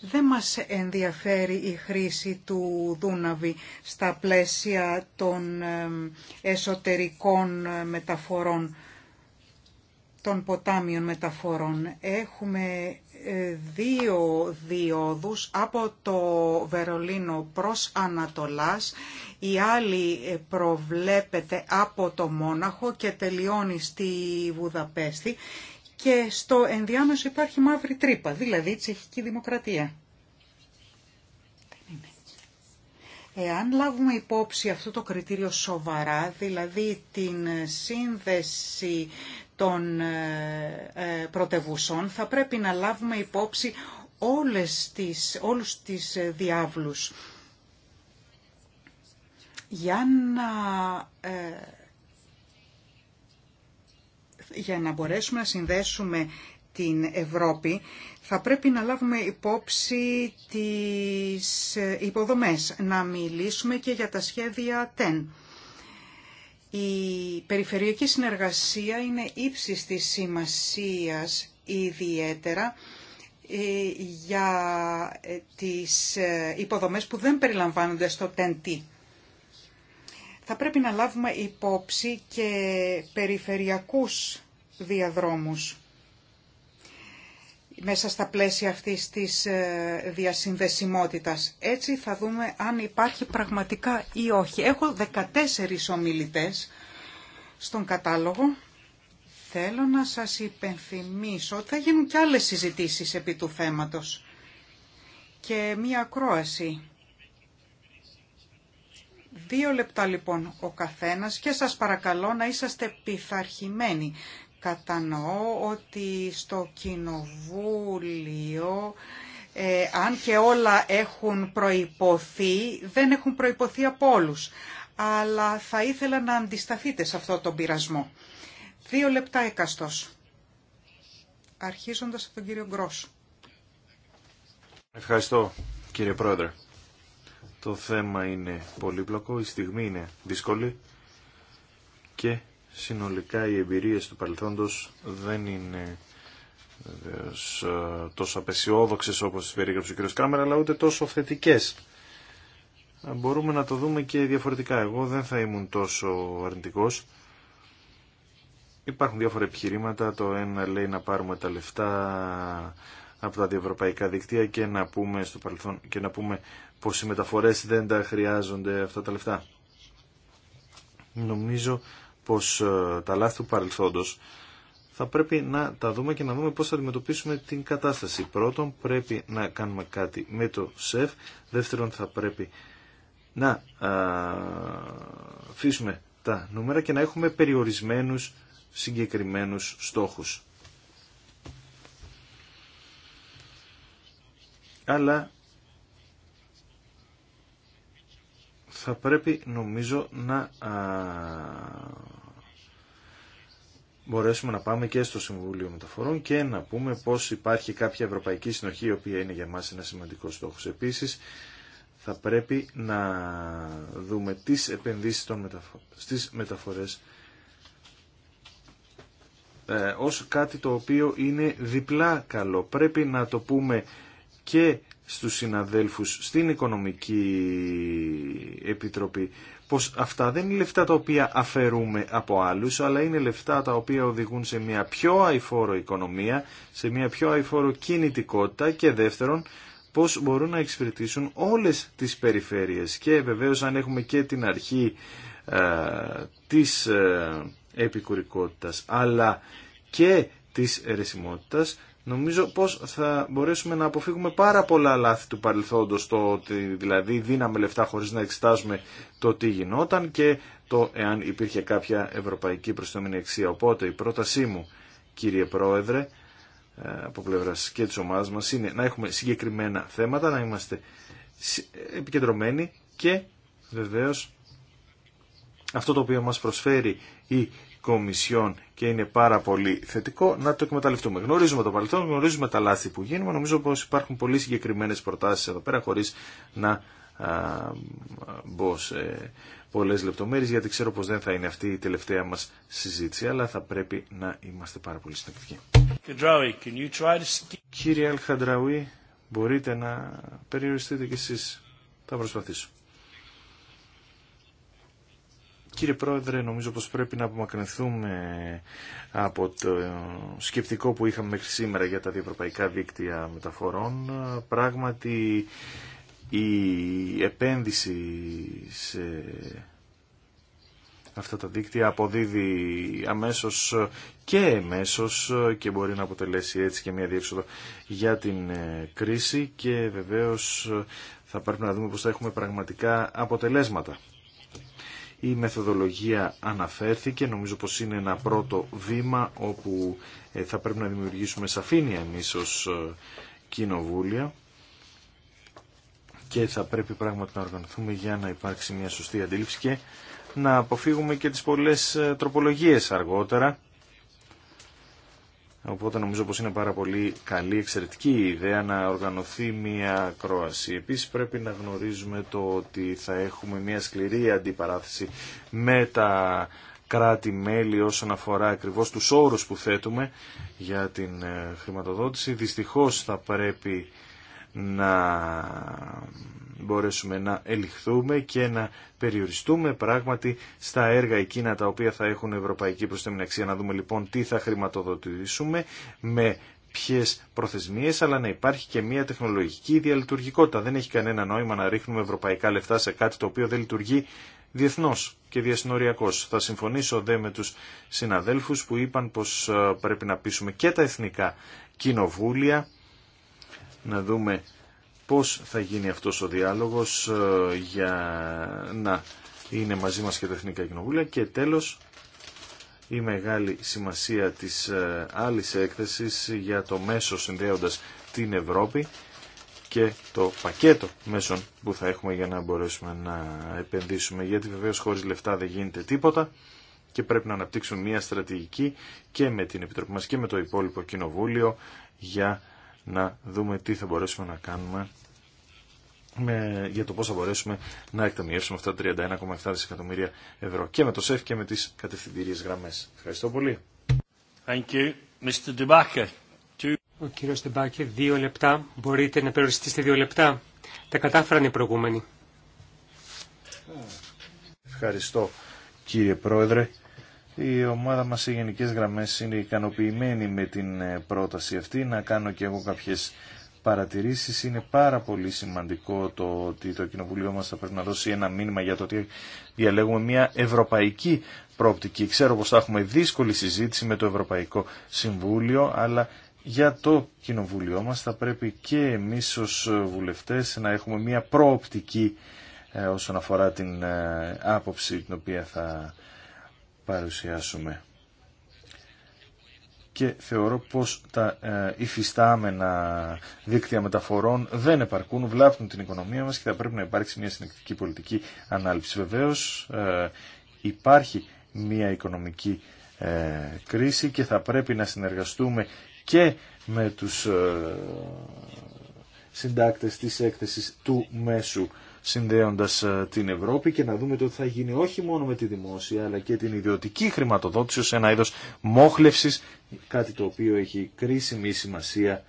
Δεν μας ενδιαφέρει η χρήση του Δούναβη στα πλαίσια των εσωτερικών μεταφορών, των ποτάμιων μεταφορών. Έχουμε δύο διόδους από το Βερολίνο προς Ανατολάς, η άλλη προβλέπεται από το Μόναχο και τελειώνει στη Βουδαπέστη και στο ενδιάμεσο υπάρχει μαύρη τρύπα, δηλαδή η τσεχική δημοκρατία. Εάν λάβουμε υπόψη αυτό το κριτήριο σοβαρά, δηλαδή την σύνδεση των ε, ε, πρωτευουσών θα πρέπει να λάβουμε υπόψη όλες τις, όλους τις ε, διάβλους για να, για να μπορέσουμε να συνδέσουμε την Ευρώπη θα πρέπει να λάβουμε υπόψη τις υποδομές, να μιλήσουμε και για τα σχέδια TEN. Η περιφερειακή συνεργασία είναι ύψης της σημασίας ιδιαίτερα ε, για ε, τις ε, υποδομές που δεν περιλαμβάνονται στο TEN-T. Θα πρέπει να λάβουμε υπόψη και περιφερειακούς διαδρόμους μέσα στα πλαίσια αυτής της ε, διασυνδεσιμότητας. Έτσι θα δούμε αν υπάρχει πραγματικά ή όχι. Έχω 14 ομιλητές στον κατάλογο. Θέλω να σας υπενθυμίσω ότι θα γίνουν και άλλες συζητήσεις επί του θέματος και μία ακρόαση. Δύο λεπτά λοιπόν ο καθένας και σας παρακαλώ να είσαστε πειθαρχημένοι κατανοώ ότι στο Κοινοβούλιο, ε, αν και όλα έχουν προϋποθεί, δεν έχουν προϋποθεί από όλους. Αλλά θα ήθελα να αντισταθείτε σε αυτό τον πειρασμό. Δύο λεπτά έκαστος. Αρχίζοντας από τον κύριο Γκρός. Ευχαριστώ κύριε Πρόεδρε. Το θέμα είναι πολύπλοκο, η στιγμή είναι δύσκολη και συνολικά οι εμπειρίες του παρελθόντος δεν είναι ε, τόσο απεσιόδοξες όπως τις περίγραψε ο κ. Κάμερα, αλλά ούτε τόσο θετικές. Μπορούμε να το δούμε και διαφορετικά. Εγώ δεν θα ήμουν τόσο αρνητικός. Υπάρχουν διάφορα επιχειρήματα. Το ένα λέει να πάρουμε τα λεφτά από τα διευρωπαϊκά δικτύα και να πούμε στο και να πούμε πως οι μεταφορές δεν τα χρειάζονται αυτά τα λεφτά. Νομίζω πως ε, τα λάθη του παρελθόντος θα πρέπει να τα δούμε και να δούμε πώς θα αντιμετωπίσουμε την κατάσταση. Πρώτον, πρέπει να κάνουμε κάτι με το ΣΕΦ. Δεύτερον, θα πρέπει να ε, αφήσουμε τα νούμερα και να έχουμε περιορισμένους συγκεκριμένους στόχους. Αλλά θα πρέπει νομίζω να μπορέσουμε να πάμε και στο Συμβούλιο Μεταφορών και να πούμε πως υπάρχει κάποια ευρωπαϊκή συνοχή η οποία είναι για μας ένα σημαντικό στόχος. Επίσης θα πρέπει να δούμε τις επενδύσεις των μεταφο στις μεταφορές ε, ως κάτι το οποίο είναι διπλά καλό. Πρέπει να το πούμε και στους συναδέλφους στην Οικονομική Επιτροπή πως αυτά δεν είναι λεφτά τα οποία αφαιρούμε από άλλους αλλά είναι λεφτά τα οποία οδηγούν σε μια πιο αηφόρο οικονομία, σε μια πιο αηφόρο κινητικότητα και δεύτερον πως μπορούν να εξυπηρετήσουν όλες τις περιφέρειες και βεβαίως αν έχουμε και την αρχή ε, της ε, επικουρικότητας αλλά και της ερεσιμότητας Νομίζω πως θα μπορέσουμε να αποφύγουμε πάρα πολλά λάθη του παρελθόντος, το δηλαδή δίναμε λεφτά χωρίς να εξετάζουμε το τι γινόταν και το εάν υπήρχε κάποια ευρωπαϊκή προστομήνη αξία. Οπότε η πρότασή μου, κύριε Πρόεδρε, ε, από πλευρά και της ομάδας μας, είναι να έχουμε συγκεκριμένα θέματα, να είμαστε ε, επικεντρωμένοι και βεβαίως αυτό το οποίο μας προσφέρει η Κομισιόν και είναι πάρα πολύ θετικό να το εκμεταλλευτούμε. Γνωρίζουμε το παρελθόν, γνωρίζουμε τα λάθη που γίνουμε. Νομίζω πως υπάρχουν πολύ συγκεκριμένες προτάσεις εδώ πέρα χωρίς να α, μπω σε πολλές λεπτομέρειες γιατί ξέρω πως δεν θα είναι αυτή η τελευταία μας συζήτηση αλλά θα πρέπει να είμαστε πάρα πολύ συνεπτικοί. Κύριε Αλχαντραουή, μπορείτε να περιοριστείτε κι εσείς. Θα προσπαθήσω. Κύριε Πρόεδρε, νομίζω πως πρέπει να απομακρυνθούμε από το σκεπτικό που είχαμε μέχρι σήμερα για τα διευρωπαϊκά δίκτυα μεταφορών. Πράγματι, η επένδυση σε αυτά τα δίκτυα αποδίδει αμέσως και εμέσως και μπορεί να αποτελέσει έτσι και μια διέξοδο για την ε, κρίση και βεβαίως θα πρέπει να δούμε πως θα έχουμε πραγματικά αποτελέσματα. Η μεθοδολογία αναφέρθηκε, νομίζω πως είναι ένα πρώτο βήμα όπου ε, θα πρέπει να δημιουργήσουμε σαφήνεια εμείς ως ε, κοινοβούλια και θα πρέπει πράγματι να οργανωθούμε για να υπάρξει μια σωστή αντίληψη και να αποφύγουμε και τις πολλές ε, τροπολογίες αργότερα Οπότε νομίζω πως είναι πάρα πολύ καλή, εξαιρετική ιδέα να οργανωθεί μια κρόαση. Επίσης πρέπει να γνωρίζουμε το ότι θα έχουμε μια σκληρή αντιπαράθεση με τα κράτη-μέλη όσον αφορά ακριβώς τους όρους που θέτουμε για την ε, χρηματοδότηση. Δυστυχώς θα πρέπει να μπορέσουμε να ελιχθούμε και να περιοριστούμε πράγματι στα έργα εκείνα τα οποία θα έχουν ευρωπαϊκή προσθέμενη Να δούμε λοιπόν τι θα χρηματοδοτήσουμε με ποιε προθεσμίε, αλλά να υπάρχει και μια τεχνολογική διαλειτουργικότητα. Δεν έχει κανένα νόημα να ρίχνουμε ευρωπαϊκά λεφτά σε κάτι το οποίο δεν λειτουργεί διεθνώ και διασυνοριακώ. Θα συμφωνήσω δε με του συναδέλφου που είπαν πω ε, πρέπει να πείσουμε και τα εθνικά κοινοβούλια να δούμε πώς θα γίνει αυτός ο διάλογος ε, για να είναι μαζί μας και τα Εθνικά Κοινοβούλια και τέλος η μεγάλη σημασία της ε, άλλης έκθεσης για το μέσο συνδέοντας την Ευρώπη και το πακέτο μέσων που θα έχουμε για να μπορέσουμε να επενδύσουμε γιατί βεβαίως χωρίς λεφτά δεν γίνεται τίποτα και πρέπει να αναπτύξουν μια στρατηγική και με την Επιτροπή μας και με το υπόλοιπο Κοινοβούλιο για να δούμε τι θα μπορέσουμε να κάνουμε με, για το πώς θα μπορέσουμε να εκταμιεύσουμε αυτά τα 31,7 δισεκατομμύρια ευρώ και με το ΣΕΦ και με τις κατευθυντήριες γραμμές. Ευχαριστώ πολύ. Thank you. Mr. Ο κύριος Ντεμπάκε, δύο λεπτά. Μπορείτε να περιοριστείτε δύο λεπτά. Τα κατάφεραν οι προηγούμενοι. Ευχαριστώ κύριε Πρόεδρε. Η ομάδα μας σε γενικές γραμμές είναι ικανοποιημένη με την ε, πρόταση αυτή. Να κάνω και εγώ κάποιες παρατηρήσεις. Είναι πάρα πολύ σημαντικό το ότι το Κοινοβουλίο μας θα πρέπει να δώσει ένα μήνυμα για το ότι διαλέγουμε μια ευρωπαϊκή πρόπτικη. Ξέρω πως θα έχουμε δύσκολη συζήτηση με το Ευρωπαϊκό Συμβούλιο, αλλά για το Κοινοβούλιο μας θα πρέπει και εμείς ως βουλευτές να έχουμε μια προοπτική ε, όσον αφορά την ε, άποψη την οποία θα παρουσιάσουμε. Και θεωρώ πως τα ε, υφιστάμενα δίκτυα μεταφορών δεν επαρκούν, βλάπτουν την οικονομία μας και θα πρέπει να υπάρξει μια συνεκτική πολιτική ανάλυση Βεβαίως ε, υπάρχει μια οικονομική ε, κρίση και θα πρέπει να συνεργαστούμε και με τους συντάκτες της έκθεσης του μέσου συνδέοντας ε, την Ευρώπη και να δούμε το ότι θα γίνει όχι μόνο με τη δημόσια αλλά και την ιδιωτική χρηματοδότηση ως ένα είδος μόχλευσης, κάτι το οποίο έχει κρίσιμη σημασία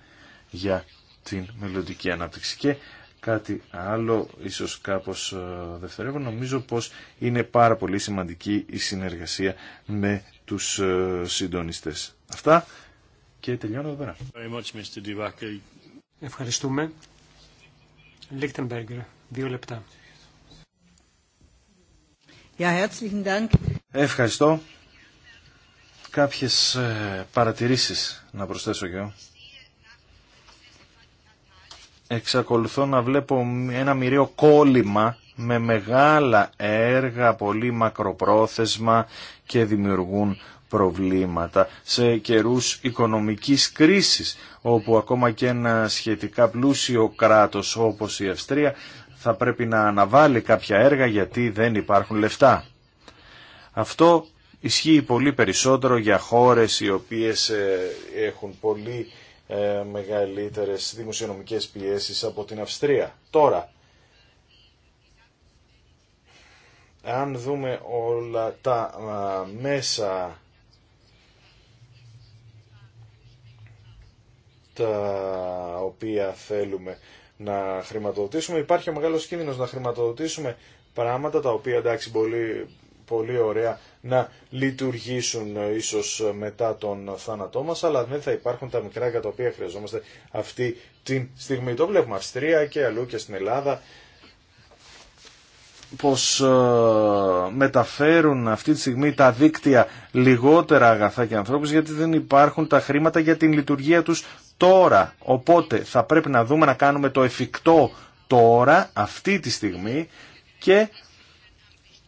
για την μελλοντική ανάπτυξη. Και κάτι άλλο, ίσως κάπως ε, δευτερεύω, νομίζω πως είναι πάρα πολύ σημαντική η συνεργασία με τους ε, συντονιστές. Αυτά και τελειώνω εδώ πέρα. Ευχαριστούμε. Λίχτενμπεργκερ, δύο λεπτά. Ευχαριστώ. Κάποιες ε, παρατηρήσεις να προσθέσω και εγώ. Εξακολουθώ να βλέπω ένα μοιραίο κόλλημα με μεγάλα έργα, πολύ μακροπρόθεσμα και δημιουργούν προβλήματα σε καιρούς οικονομικής κρίσης όπου ακόμα και ένα σχετικά πλούσιο κράτος όπως η Αυστρία θα πρέπει να αναβάλει κάποια έργα γιατί δεν υπάρχουν λεφτά. Αυτό ισχύει πολύ περισσότερο για χώρες οι οποίες ε, έχουν πολύ ε, μεγαλύτερες δημοσιονομικές πιέσεις από την Αυστρία. Τώρα, αν δούμε όλα τα μέσα τα οποία θέλουμε να χρηματοδοτήσουμε. Υπάρχει ο μεγάλος κίνδυνος να χρηματοδοτήσουμε πράγματα τα οποία εντάξει πολύ, πολύ ωραία να λειτουργήσουν ίσως μετά τον θάνατό μας, αλλά δεν θα υπάρχουν τα μικρά για τα οποία χρειαζόμαστε αυτή τη στιγμή. Το βλέπουμε Αυστρία και αλλού και στην Ελλάδα πως ε, μεταφέρουν αυτή τη στιγμή τα δίκτυα λιγότερα αγαθά και ανθρώπους γιατί δεν υπάρχουν τα χρήματα για την λειτουργία τους τώρα. Οπότε θα πρέπει να δούμε να κάνουμε το εφικτό τώρα, αυτή τη στιγμή και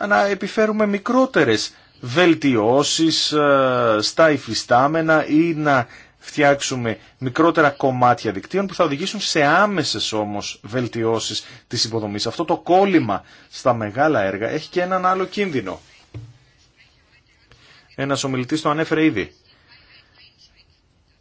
να επιφέρουμε μικρότερες βελτιώσεις ε, στα υφιστάμενα ή να φτιάξουμε μικρότερα κομμάτια δικτύων που θα οδηγήσουν σε άμεσες όμως βελτιώσεις της υποδομής. Αυτό το κόλλημα στα μεγάλα έργα έχει και έναν άλλο κίνδυνο. Ένας ομιλητής το ανέφερε ήδη.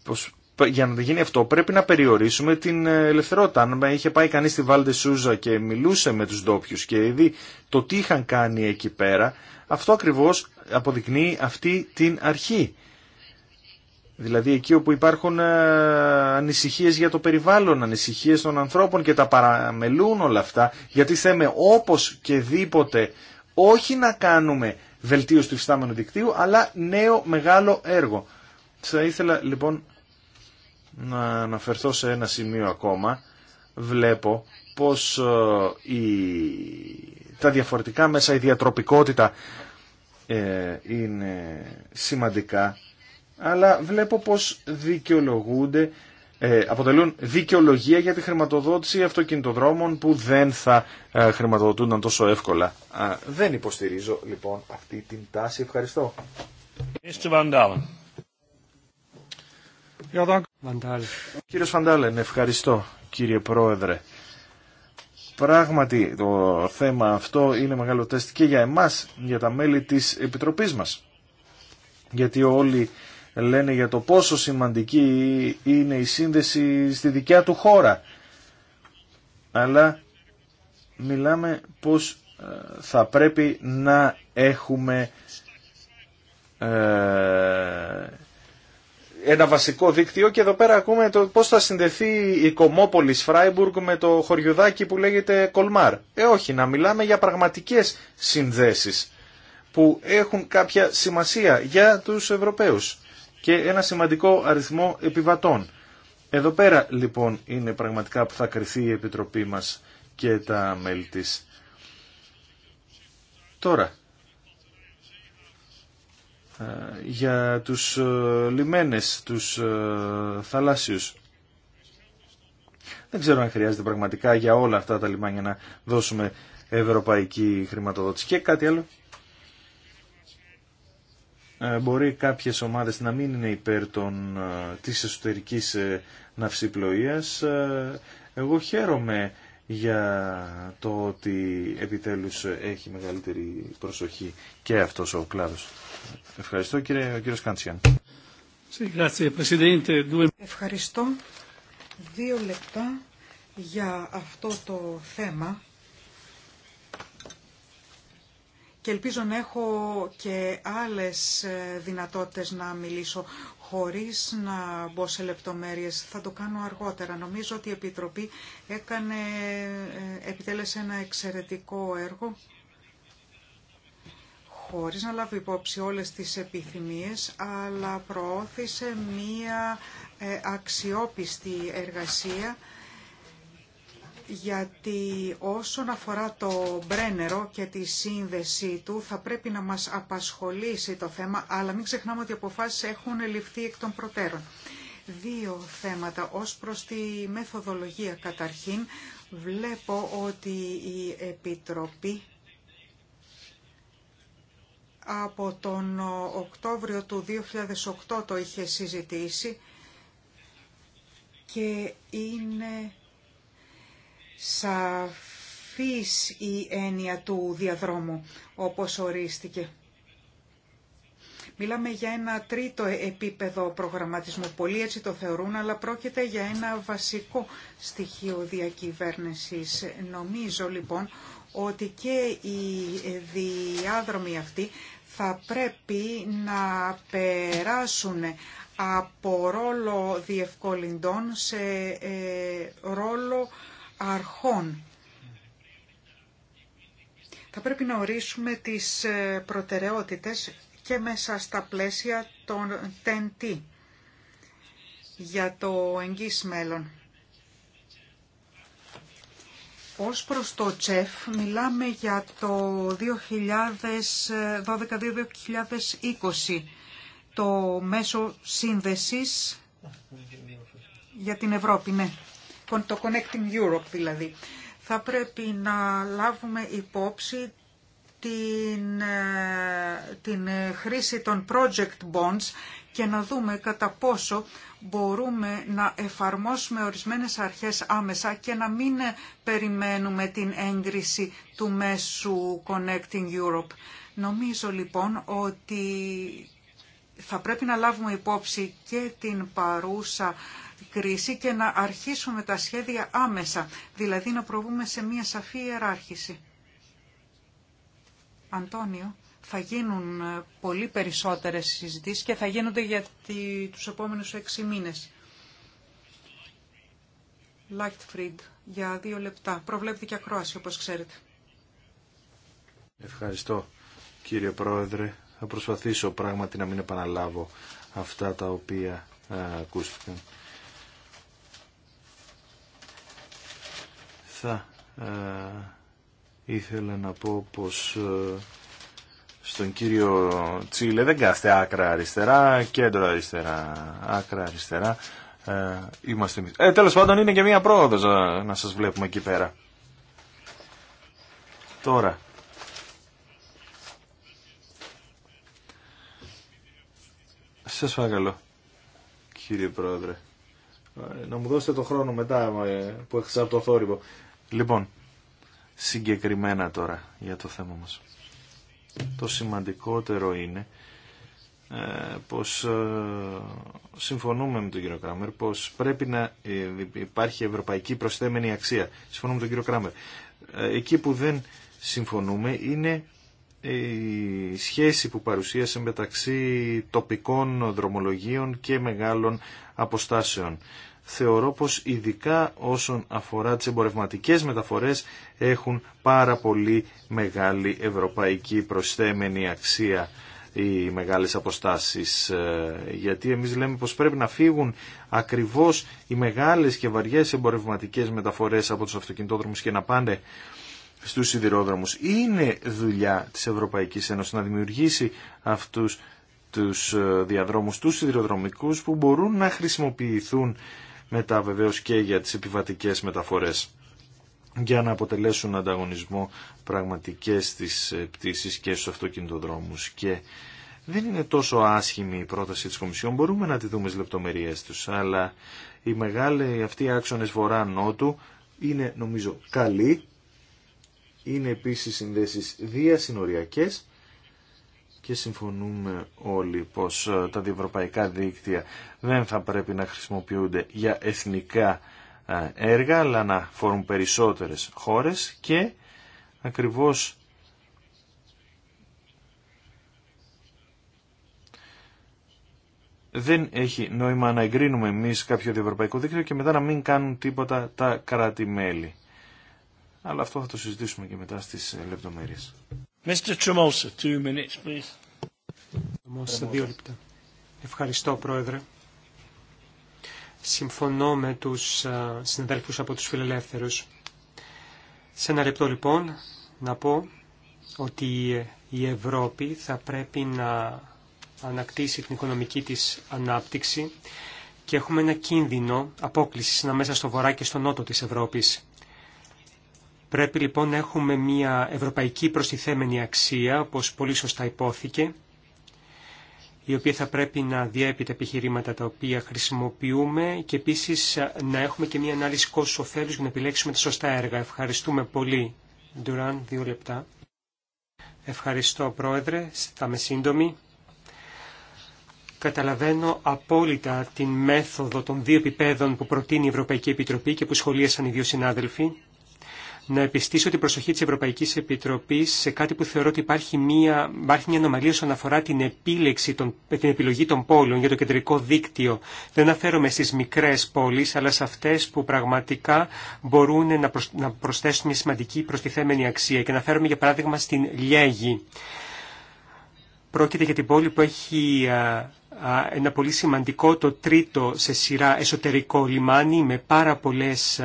Πως για να γίνει αυτό πρέπει να περιορίσουμε την ε, ελευθερότητα. Αν είχε πάει κανείς στη Βάλτε Σούζα και μιλούσε με τους ντόπιου και είδη το τι είχαν κάνει εκεί πέρα, αυτό ακριβώς αποδεικνύει αυτή την αρχή. Δηλαδή εκεί όπου υπάρχουν ε, ανησυχίες για το περιβάλλον, ανησυχίες των ανθρώπων και τα παραμελούν όλα αυτά, γιατί θέμε όπως και δίποτε όχι να κάνουμε βελτίωση του υφιστάμενου δικτύου, αλλά νέο μεγάλο έργο. Θα ήθελα λοιπόν να αναφερθώ σε ένα σημείο ακόμα. Βλέπω πως ε, τα διαφορετικά μέσα, η διατροπικότητα ε, είναι σημαντικά αλλά βλέπω πως δικαιολογούνται, ε, αποτελούν δικαιολογία για τη χρηματοδότηση αυτοκινητοδρόμων που δεν θα ε, χρηματοδοτούνταν τόσο εύκολα. δεν υποστηρίζω λοιπόν αυτή την τάση. Ευχαριστώ. Κύριος Φαντάλεν, ευχαριστώ κύριε Πρόεδρε. Πράγματι το θέμα αυτό είναι μεγάλο τεστ και για εμάς, για τα μέλη της Επιτροπής μας. Γιατί όλοι λένε για το πόσο σημαντική είναι η σύνδεση στη δικιά του χώρα. Αλλά μιλάμε πως ε, θα πρέπει να έχουμε ε, ένα βασικό δίκτυο και εδώ πέρα ακούμε το πώς θα συνδεθεί η κομμόπολη Φράιμπουργκ με το χωριουδάκι που λέγεται Κολμάρ. Ε όχι, να μιλάμε για πραγματικές συνδέσεις που έχουν κάποια σημασία για τους Ευρωπαίους και ένα σημαντικό αριθμό επιβατών. Εδώ πέρα λοιπόν είναι πραγματικά που θα κρυθεί η Επιτροπή μας και τα μέλη της. Τώρα, ε, για τους ε, λιμένες, τους ε, θαλάσσιους. Δεν ξέρω αν χρειάζεται πραγματικά για όλα αυτά τα λιμάνια να δώσουμε ευρωπαϊκή χρηματοδότηση. Και κάτι άλλο. Ε, μπορεί κάποιες ομάδες να μην είναι υπέρ των, ε, της εσωτερικής ε, ναυσιπλοείας. Εγώ χαίρομαι για το ότι επιτέλους έχει μεγαλύτερη προσοχή και αυτός ο κλάδος. Ευχαριστώ κύριε κύριο κύριος Κάντσιαν. Ευχαριστώ. Δύο λεπτά για αυτό το θέμα και ελπίζω να έχω και άλλες ε, δυνατότητες να μιλήσω χωρίς να μπω σε λεπτομέρειες. Θα το κάνω αργότερα. Νομίζω ότι η Επιτροπή έκανε, ε, επιτέλεσε ένα εξαιρετικό έργο χωρίς να λάβει υπόψη όλες τις επιθυμίες, αλλά προώθησε μία ε, αξιόπιστη εργασία γιατί όσον αφορά το Μπρένερο και τη σύνδεσή του θα πρέπει να μας απασχολήσει το θέμα, αλλά μην ξεχνάμε ότι οι αποφάσεις έχουν ληφθεί εκ των προτέρων. Δύο θέματα ως προς τη μεθοδολογία καταρχήν. Βλέπω ότι η Επιτροπή από τον Οκτώβριο του 2008 το είχε συζητήσει και είναι σαφής η έννοια του διαδρόμου, όπως ορίστηκε. Μιλάμε για ένα τρίτο επίπεδο προγραμματισμού. Πολλοί έτσι το θεωρούν, αλλά πρόκειται για ένα βασικό στοιχείο διακυβέρνησης. Νομίζω λοιπόν ότι και οι διάδρομοι αυτοί θα πρέπει να περάσουν από ρόλο διευκολυντών σε ε, ρόλο αρχών. Θα πρέπει να ορίσουμε τις ε, προτεραιότητες και μέσα στα πλαίσια των TNT για το εγγύς μέλλον. Ως προς το ΤΣΕΦ μιλάμε για το 2012-2020, το μέσο σύνδεσης για την Ευρώπη, ναι το Connecting Europe δηλαδή. Θα πρέπει να λάβουμε υπόψη την, ε, την ε, χρήση των project bonds και να δούμε κατά πόσο μπορούμε να εφαρμόσουμε ορισμένες αρχές άμεσα και να μην περιμένουμε την έγκριση του μέσου Connecting Europe. Νομίζω λοιπόν ότι θα πρέπει να λάβουμε υπόψη και την παρούσα κρίση και να αρχίσουμε τα σχέδια άμεσα, δηλαδή να προβούμε σε μια σαφή ιεράρχηση. Αντώνιο, θα γίνουν ε, πολύ περισσότερες συζητήσεις και θα γίνονται για τους επόμενους έξι μήνες. Λάχτφριντ, για δύο λεπτά. Προβλέπετε και ακρόαση, όπως ξέρετε. Ευχαριστώ, κύριε Πρόεδρε. Θα προσπαθήσω πράγματι να μην επαναλάβω αυτά τα οποία ε, ακούστηκαν ε, ήθελα να πω πως ε, στον κύριο Τσίλε δεν κάθεται άκρα αριστερά, κέντρο αριστερά, άκρα αριστερά. Ε, είμαστε Ε, τέλος πάντων είναι και μία πρόοδος ε, να σας βλέπουμε εκεί πέρα. Τώρα. Σας παρακαλώ, κύριε Πρόεδρε. Ε, να μου δώσετε το χρόνο μετά που έχασα από το θόρυβο. Λοιπόν, συγκεκριμένα τώρα για το θέμα μας. Το σημαντικότερο είναι ε, πως ε, συμφωνούμε με τον κύριο Κράμερ πως πρέπει να ε, υπάρχει ευρωπαϊκή προσθέμενη αξία. Συμφωνούμε με τον κύριο Κράμερ. Εκεί που δεν συμφωνούμε είναι η σχέση που παρουσίασε μεταξύ τοπικών δρομολογίων και μεγάλων αποστάσεων θεωρώ πως ειδικά όσον αφορά τις εμπορευματικές μεταφορές έχουν πάρα πολύ μεγάλη ευρωπαϊκή προσθέμενη αξία οι μεγάλες αποστάσεις ε, γιατί εμείς λέμε πως πρέπει να φύγουν ακριβώς οι μεγάλες και βαριές εμπορευματικές μεταφορές από τους αυτοκινητόδρομους και να πάνε στους σιδηρόδρομους. Είναι δουλειά της Ευρωπαϊκής Ένωσης να δημιουργήσει αυτούς τους ε, διαδρόμους τους σιδηροδρομικούς που μπορούν να χρησιμοποιηθούν μετά βεβαίω και για τις επιβατικέ μεταφορές για να αποτελέσουν ανταγωνισμό πραγματικές τις ε, πτήσεις και στους αυτοκινητοδρόμους και δεν είναι τόσο άσχημη η πρόταση της Κομισιόν, μπορούμε να τη δούμε στις λεπτομερίες τους, αλλά οι μεγάλοι αυτοί οι άξονες βορρά-νότου είναι νομίζω καλοί, είναι επίσης συνδέσεις διασυνοριακές και συμφωνούμε όλοι πως ε, τα διευρωπαϊκά δίκτυα δεν θα πρέπει να χρησιμοποιούνται για εθνικά ε, έργα αλλά να φορούν περισσότερες χώρες και ακριβώς δεν έχει νόημα να εγκρίνουμε εμείς κάποιο διευρωπαϊκό δίκτυο και μετά να μην κάνουν τίποτα τα κράτη-μέλη. Αλλά αυτό θα το συζητήσουμε και μετά στις λεπτομέρειες. Ευχαριστώ, Πρόεδρε. Συμφωνώ με τους συναδέλφους από τους φιλελεύθερους. Σε ένα λεπτό, λοιπόν, να πω ότι η Ευρώπη θα πρέπει να ανακτήσει την οικονομική της ανάπτυξη και έχουμε ένα κίνδυνο απόκλησης ανάμεσα στο βορρά και στο νότο της Ευρώπης. Πρέπει λοιπόν να έχουμε μια ευρωπαϊκή προστιθέμενη αξία, όπως πολύ σωστά υπόθηκε, η οποία θα πρέπει να διέπει τα επιχειρήματα τα οποία χρησιμοποιούμε και επίσης να έχουμε και μια ανάλυση κόσμου ωφέλους για να επιλέξουμε τα σωστά έργα. Ευχαριστούμε πολύ. Ντουράν, δύο λεπτά. Ευχαριστώ Πρόεδρε, θα είμαι σύντομη. Καταλαβαίνω απόλυτα την μέθοδο των δύο επιπέδων που προτείνει η Ευρωπαϊκή Επιτροπή και που σχολίασαν οι δύο συνάδελφοι να επιστήσω την προσοχή της Ευρωπαϊκής Επιτροπής σε κάτι που θεωρώ ότι υπάρχει μια, υπάρχει μια ανομαλία όσον αφορά την, επίλεξη των, την επιλογή των πόλων για το κεντρικό δίκτυο. Δεν αναφέρομαι στις μικρές πόλεις, αλλά σε αυτές που πραγματικά μπορούν να, προσ, να προσθέσουν μια σημαντική προστιθέμενη αξία. Και αναφέρομαι για παράδειγμα στην Λιέγη. Πρόκειται για την πόλη που έχει ένα πολύ σημαντικό το τρίτο σε σειρά εσωτερικό λιμάνι με πάρα πολλές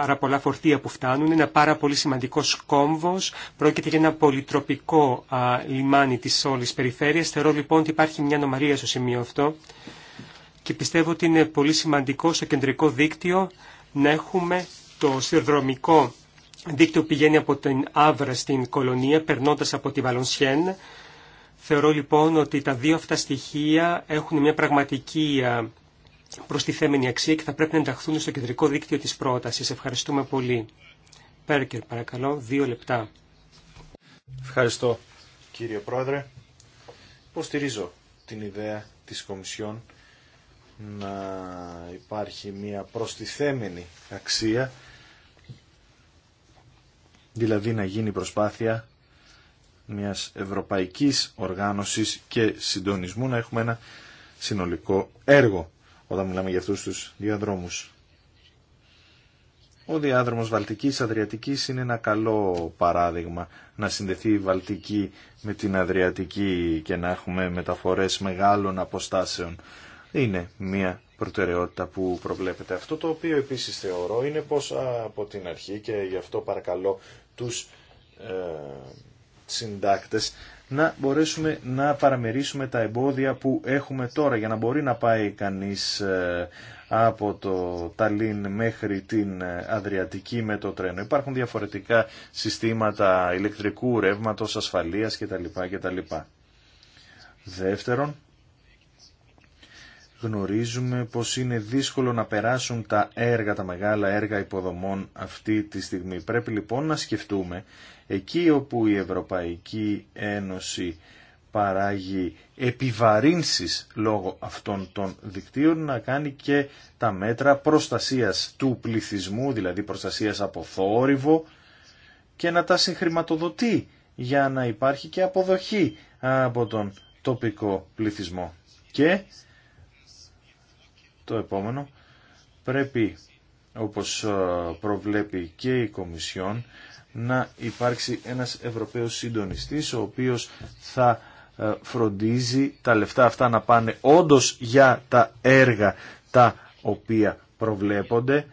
πάρα πολλά φορτία που φτάνουν. Είναι ένα πάρα πολύ σημαντικό κόμβο. Πρόκειται για ένα πολυτροπικό α, λιμάνι τη όλη περιφέρεια. Θεωρώ λοιπόν ότι υπάρχει μια ανομαλία στο σημείο αυτό. Και πιστεύω ότι είναι πολύ σημαντικό στο κεντρικό δίκτυο να έχουμε το σιδηροδρομικό δίκτυο που πηγαίνει από την Άβρα στην Κολονία, περνώντα από τη Βαλονσιέν. Θεωρώ λοιπόν ότι τα δύο αυτά στοιχεία έχουν μια πραγματική προστιθέμενη αξία και θα πρέπει να ενταχθούν στο κεντρικό δίκτυο της πρόταση. Ευχαριστούμε πολύ. Πέρκερ, παρακαλώ, δύο λεπτά. Ευχαριστώ, κύριε Πρόεδρε. Υποστηρίζω την ιδέα της Κομισιόν να υπάρχει μια προστιθέμενη αξία, δηλαδή να γίνει προσπάθεια μιας ευρωπαϊκής οργάνωσης και συντονισμού να έχουμε ένα συνολικό έργο όταν μιλάμε για αυτούς τους διαδρόμους. Ο διάδρομος Βαλτικής Αδριατικής είναι ένα καλό παράδειγμα να συνδεθεί η Βαλτική με την Αδριατική και να έχουμε μεταφορές μεγάλων αποστάσεων. Είναι μια προτεραιότητα που προβλέπεται. Αυτό το οποίο επίσης θεωρώ είναι πως από την αρχή και γι' αυτό παρακαλώ τους ε, συντάκτες να μπορέσουμε να παραμερίσουμε τα εμπόδια που έχουμε τώρα για να μπορεί να πάει κανείς ε, από το Ταλίν μέχρι την ε, Αδριατική με το τρένο. Υπάρχουν διαφορετικά συστήματα ηλεκτρικού ρεύματος, ασφαλείας κτλ. κτλ. Δεύτερον, γνωρίζουμε πως είναι δύσκολο να περάσουν τα έργα, τα μεγάλα έργα υποδομών αυτή τη στιγμή. Πρέπει λοιπόν να σκεφτούμε εκεί όπου η Ευρωπαϊκή Ένωση παράγει επιβαρύνσεις λόγω αυτών των δικτύων να κάνει και τα μέτρα προστασίας του πληθυσμού, δηλαδή προστασίας από θόρυβο και να τα συγχρηματοδοτεί για να υπάρχει και αποδοχή από τον τοπικό πληθυσμό. Και το επόμενο πρέπει όπως ε, προβλέπει και η Κομισιόν να υπάρξει ένας Ευρωπαίος συντονιστής ο οποίος θα ε, φροντίζει τα λεφτά αυτά να πάνε όντως για τα έργα τα οποία προβλέπονται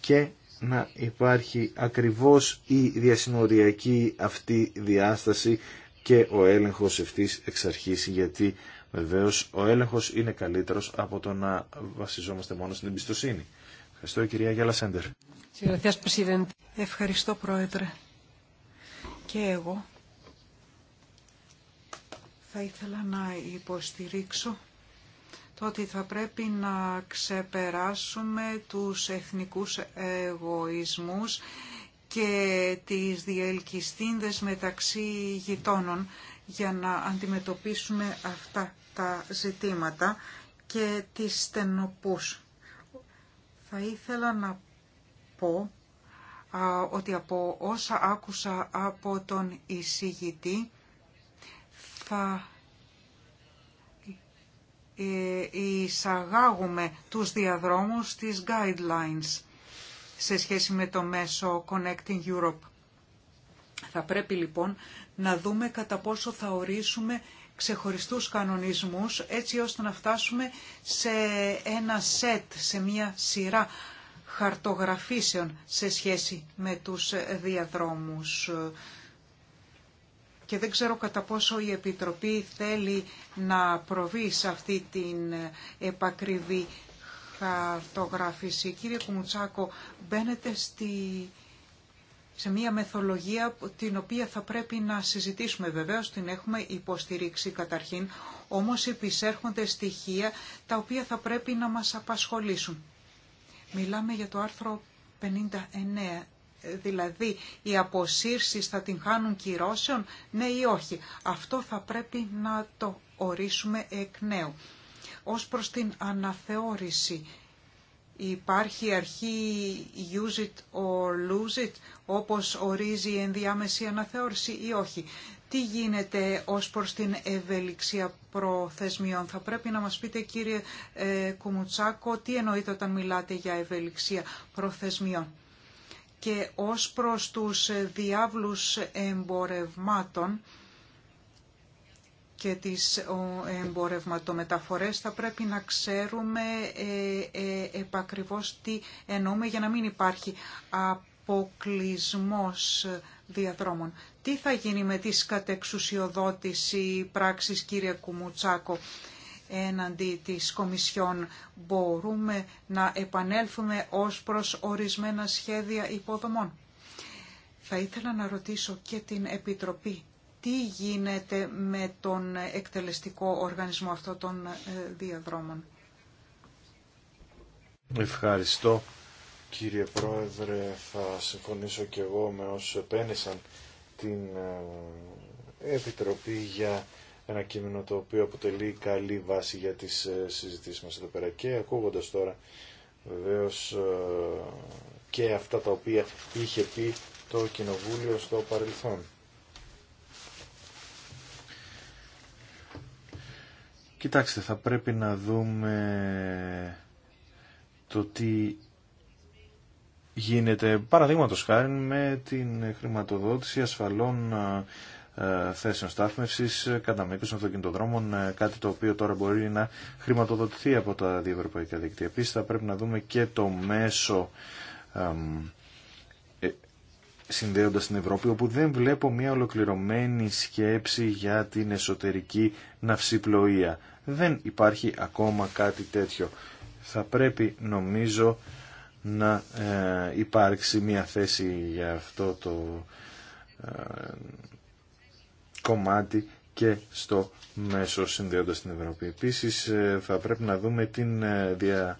και να υπάρχει ακριβώς η διασυνοριακή αυτή διάσταση και ο έλεγχος ευθύς εξ αρχής γιατί Βεβαίω, ο έλεγχος είναι καλύτερος από το να βασιζόμαστε μόνο στην εμπιστοσύνη. Ευχαριστώ κυρία Γιάλα Σέντερ. Ευχαριστώ πρόεδρε. Και εγώ θα ήθελα να υποστηρίξω το ότι θα πρέπει να ξεπεράσουμε τους εθνικούς εγωισμούς και τις διελκυστίνδες μεταξύ γειτόνων για να αντιμετωπίσουμε αυτά τα ζητήματα και τις στενοπούς. Θα ήθελα να πω ότι από όσα άκουσα από τον εισηγητή θα ε, εισαγάγουμε τους διαδρόμους της guidelines σε σχέση με το μέσο Connecting Europe. Θα πρέπει λοιπόν να δούμε κατά πόσο θα ορίσουμε ξεχωριστούς κανονισμούς έτσι ώστε να φτάσουμε σε ένα σετ, σε μια σειρά χαρτογραφήσεων σε σχέση με τους διαδρόμους. Και δεν ξέρω κατά πόσο η Επιτροπή θέλει να προβεί σε αυτή την επακριβή χαρτογράφηση. Κύριε Κουμουτσάκο, μπαίνετε στη σε μια μεθολογία την οποία θα πρέπει να συζητήσουμε βεβαίως, την έχουμε υποστηρίξει καταρχήν, όμως επισέρχονται στοιχεία τα οποία θα πρέπει να μας απασχολήσουν. Μιλάμε για το άρθρο 59, δηλαδή οι αποσύρσεις θα την χάνουν κυρώσεων, ναι ή όχι. Αυτό θα πρέπει να το ορίσουμε εκ νέου. Ως προς την αναθεώρηση Υπάρχει αρχή use it or lose it, όπως ορίζει η ενδιάμεση αναθεώρηση ή όχι. Τι γίνεται ως προς την ευελιξία προθεσμιών. Θα πρέπει να μας πείτε κύριε ε, Κουμουτσάκο τι εννοείται όταν μιλάτε για ευελιξία προθεσμιών. Και ως προς τους ε, διάβλους εμπορευμάτων, και τις εμπορευματομεταφορές θα πρέπει να ξέρουμε ε, ε, επακριβώς τι εννοούμε για να μην υπάρχει αποκλεισμός διαδρόμων. Τι θα γίνει με τις κατεξουσιοδότηση πράξεις κύριε Κουμουτσάκο έναντι της Κομισιόν μπορούμε να επανέλθουμε ως προς ορισμένα σχέδια υποδομών. Θα ήθελα να ρωτήσω και την Επιτροπή τι γίνεται με τον εκτελεστικό οργανισμό αυτών των ε, διαδρόμων. Ευχαριστώ κύριε Πρόεδρε. Θα συμφωνήσω και εγώ με όσους επένδυσαν την ε, Επιτροπή για ένα κείμενο το οποίο αποτελεί καλή βάση για τις ε, συζητήσεις μας εδώ πέρα και ακούγοντας τώρα βεβαίως και αυτά τα οποία είχε πει το Κοινοβούλιο στο παρελθόν. Κοιτάξτε, θα πρέπει να δούμε το τι γίνεται, παραδείγματο χάρη, με την χρηματοδότηση ασφαλών ε, θέσεων στάθμευσης ε, κατά μήκο των αυτοκινητοδρόμων, ε, κάτι το οποίο τώρα μπορεί να χρηματοδοτηθεί από τα διευρωπαϊκά δίκτυα. Επίση, θα πρέπει να δούμε και το μέσο συνδέοντας την Ευρώπη, όπου δεν βλέπω μια ολοκληρωμένη σκέψη για την εσωτερική ναυσιπλοεία. Δεν υπάρχει ακόμα κάτι τέτοιο. Θα πρέπει νομίζω να ε, υπάρξει μια θέση για αυτό το ε, κομμάτι και στο μέσο συνδέοντας την Ευρώπη. Επίσης ε, θα πρέπει να δούμε την ε, δια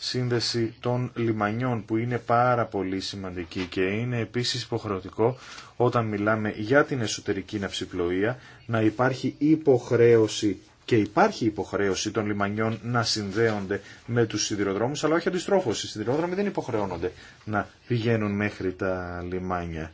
σύνδεση των λιμανιών που είναι πάρα πολύ σημαντική και είναι επίσης υποχρεωτικό όταν μιλάμε για την εσωτερική ναυσιπλοεία να υπάρχει υποχρέωση και υπάρχει υποχρέωση των λιμανιών να συνδέονται με τους σιδηροδρόμους, αλλά όχι αντιστρόφως. Οι σιδηρόδρομοι δεν υποχρεώνονται να πηγαίνουν μέχρι τα λιμάνια.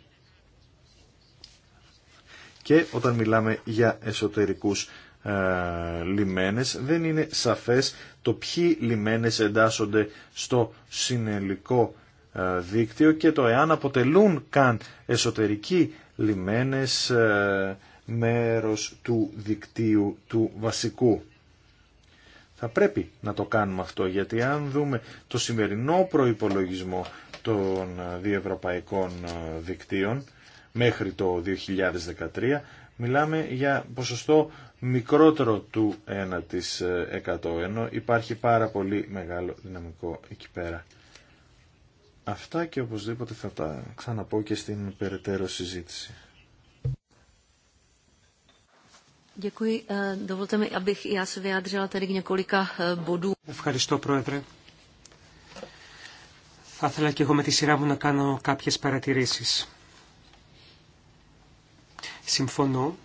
Και όταν μιλάμε για εσωτερικούς ε, λιμένες, δεν είναι σαφές το ποιοι λιμένες εντάσσονται στο συνελικό ε, δίκτυο και το εάν αποτελούν καν εσωτερικοί λιμένες ε, μέρος του δικτύου του βασικού. Θα πρέπει να το κάνουμε αυτό, γιατί αν δούμε το σημερινό προϋπολογισμό των διευρωπαϊκών δικτύων μέχρι το 2013, μιλάμε για ποσοστό μικρότερο του 1% ε, ενώ υπάρχει πάρα πολύ μεγάλο δυναμικό εκεί πέρα. Αυτά και οπωσδήποτε θα τα ξαναπώ και στην περαιτέρω συζήτηση. Ε, eh, Ευχαριστώ, Πρόεδρε. Θα ήθελα και εγώ με τη σειρά μου να κάνω κάποιες παρατηρήσεις. Συμφωνώ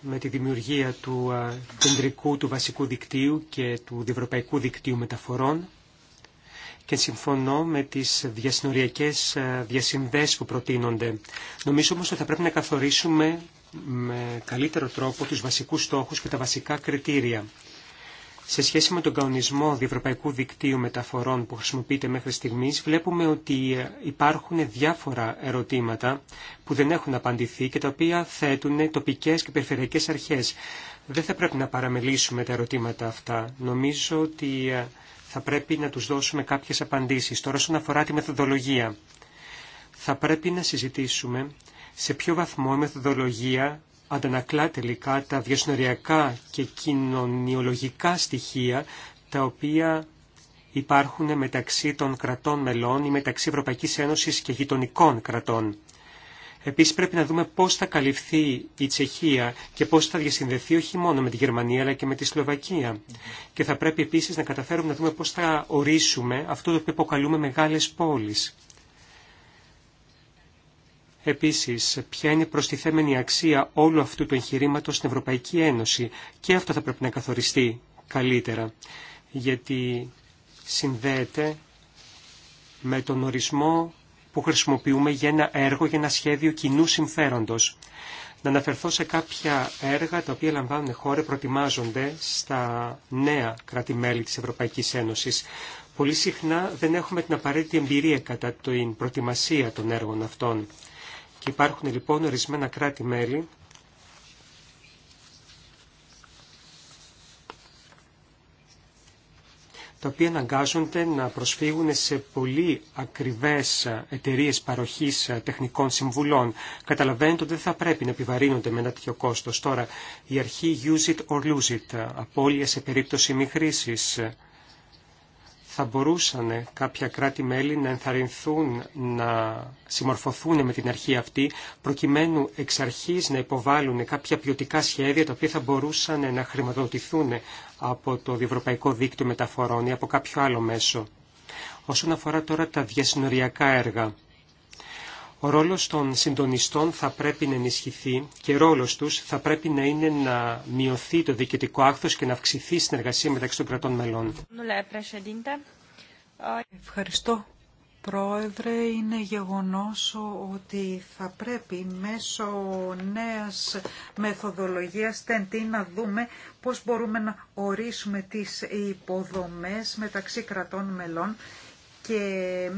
με τη δημιουργία του κεντρικού, του βασικού δικτύου και του διευρωπαϊκού δικτύου μεταφορών και συμφωνώ με τις διασυνοριακές διασυνδέσεις που προτείνονται. Νομίζω όμως ότι θα πρέπει να καθορίσουμε με καλύτερο τρόπο τους βασικούς στόχους και τα βασικά κριτήρια. Σε σχέση με τον κανονισμό διευρωπαϊκού δικτύου μεταφορών που χρησιμοποιείται μέχρι στιγμής, βλέπουμε ότι ε, υπάρχουν διάφορα ερωτήματα που δεν έχουν απαντηθεί και τα οποία θέτουν τοπικές και περιφερειακές αρχές. Δεν θα πρέπει να παραμελήσουμε τα ερωτήματα αυτά. Νομίζω ότι ε, θα πρέπει να τους δώσουμε κάποιες απαντήσεις. Τώρα, όσον αφορά τη μεθοδολογία, θα πρέπει να συζητήσουμε σε ποιο βαθμό η μεθοδολογία αντανακλά τελικά τα διασυνοριακά και κοινωνιολογικά στοιχεία τα οποία υπάρχουν μεταξύ των κρατών μελών ή μεταξύ Ευρωπαϊκής Ένωσης και γειτονικών κρατών. Επίσης πρέπει να δούμε πώς θα καλυφθεί η Τσεχία και πώς θα διασυνδεθεί όχι μόνο με τη Γερμανία αλλά και με τη Σλοβακία. Και θα πρέπει επίσης να καταφέρουμε να δούμε πώς θα ορίσουμε αυτό το οποίο αποκαλούμε μεγάλες πόλεις. Επίσης, ποια είναι η προστιθέμενη αξία όλου αυτού του εγχειρήματος στην Ευρωπαϊκή Ένωση και αυτό θα πρέπει να καθοριστεί καλύτερα, γιατί συνδέεται με τον ορισμό που χρησιμοποιούμε για ένα έργο, για ένα σχέδιο κοινού συμφέροντος. Να αναφερθώ σε κάποια έργα τα οποία λαμβάνουν χώρα, προετοιμάζονται στα νέα κράτη-μέλη της Ευρωπαϊκής Ένωσης. Πολύ συχνά δεν έχουμε την απαραίτητη εμπειρία κατά την προετοιμασία των έργων αυτών. Και υπάρχουν λοιπόν ορισμένα κράτη-μέλη τα οποία αναγκάζονται να προσφύγουν σε πολύ ακριβές εταιρείες παροχής τεχνικών συμβουλών. Καταλαβαίνετε ότι δεν θα πρέπει να επιβαρύνονται με ένα τέτοιο κόστος. Τώρα, η αρχή use it or lose it, απώλεια σε περίπτωση μη χρήσης θα μπορούσαν κάποια κράτη-μέλη να ενθαρρυνθούν να συμμορφωθούν με την αρχή αυτή, προκειμένου εξ αρχής να υποβάλουν κάποια ποιοτικά σχέδια τα οποία θα μπορούσαν να χρηματοδοτηθούν από το Διευρωπαϊκό Δίκτυο Μεταφορών ή από κάποιο άλλο μέσο. Όσον αφορά τώρα τα διασυνοριακά έργα, ο ρόλος των συντονιστών θα πρέπει να ενισχυθεί και ρόλος τους θα πρέπει να είναι να μειωθεί το διοικητικό άκθος και να αυξηθεί η συνεργασία μεταξύ των κρατών μελών. Ευχαριστώ. Πρόεδρε, είναι γεγονός ότι θα πρέπει μέσω νέας μεθοδολογίας τεντή να δούμε πώς μπορούμε να ορίσουμε τις υποδομές μεταξύ κρατών μελών και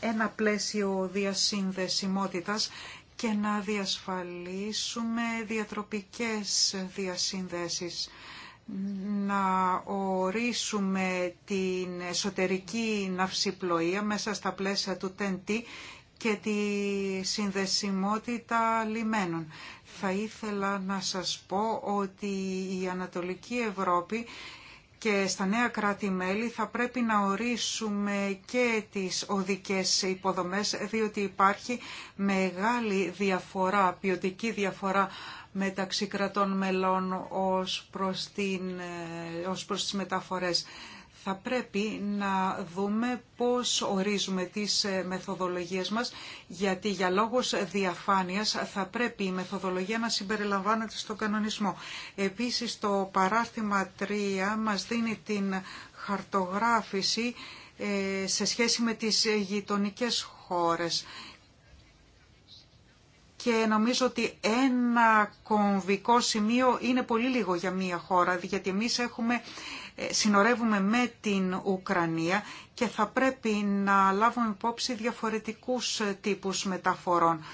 ένα πλαίσιο διασύνδεσιμότητας και να διασφαλίσουμε διατροπικές διασύνδεσεις να ορίσουμε την εσωτερική ναυσιπλοεία μέσα στα πλαίσια του ΤΕΝΤΗ και τη συνδεσιμότητα λιμένων. Θα ήθελα να σας πω ότι η Ανατολική Ευρώπη και στα νέα κράτη-μέλη θα πρέπει να ορίσουμε και τις οδικές υποδομές, διότι υπάρχει μεγάλη διαφορά, ποιοτική διαφορά μεταξύ κρατών μελών ως προς, την, ε, ως προς τις μεταφορές θα πρέπει να δούμε πώς ορίζουμε τις ε, μεθοδολογίες μας, γιατί για λόγους διαφάνειας θα πρέπει η μεθοδολογία να συμπεριλαμβάνεται στον κανονισμό. Επίσης το παράρτημα 3 μας δίνει την χαρτογράφηση ε, σε σχέση με τις γειτονικέ χώρες. Και νομίζω ότι ένα κομβικό σημείο είναι πολύ λίγο για μία χώρα, γιατί εμείς έχουμε ε, συνορεύουμε με την Ουκρανία και θα πρέπει να λάβουμε υπόψη διαφορετικούς ε, τύπους μεταφορών.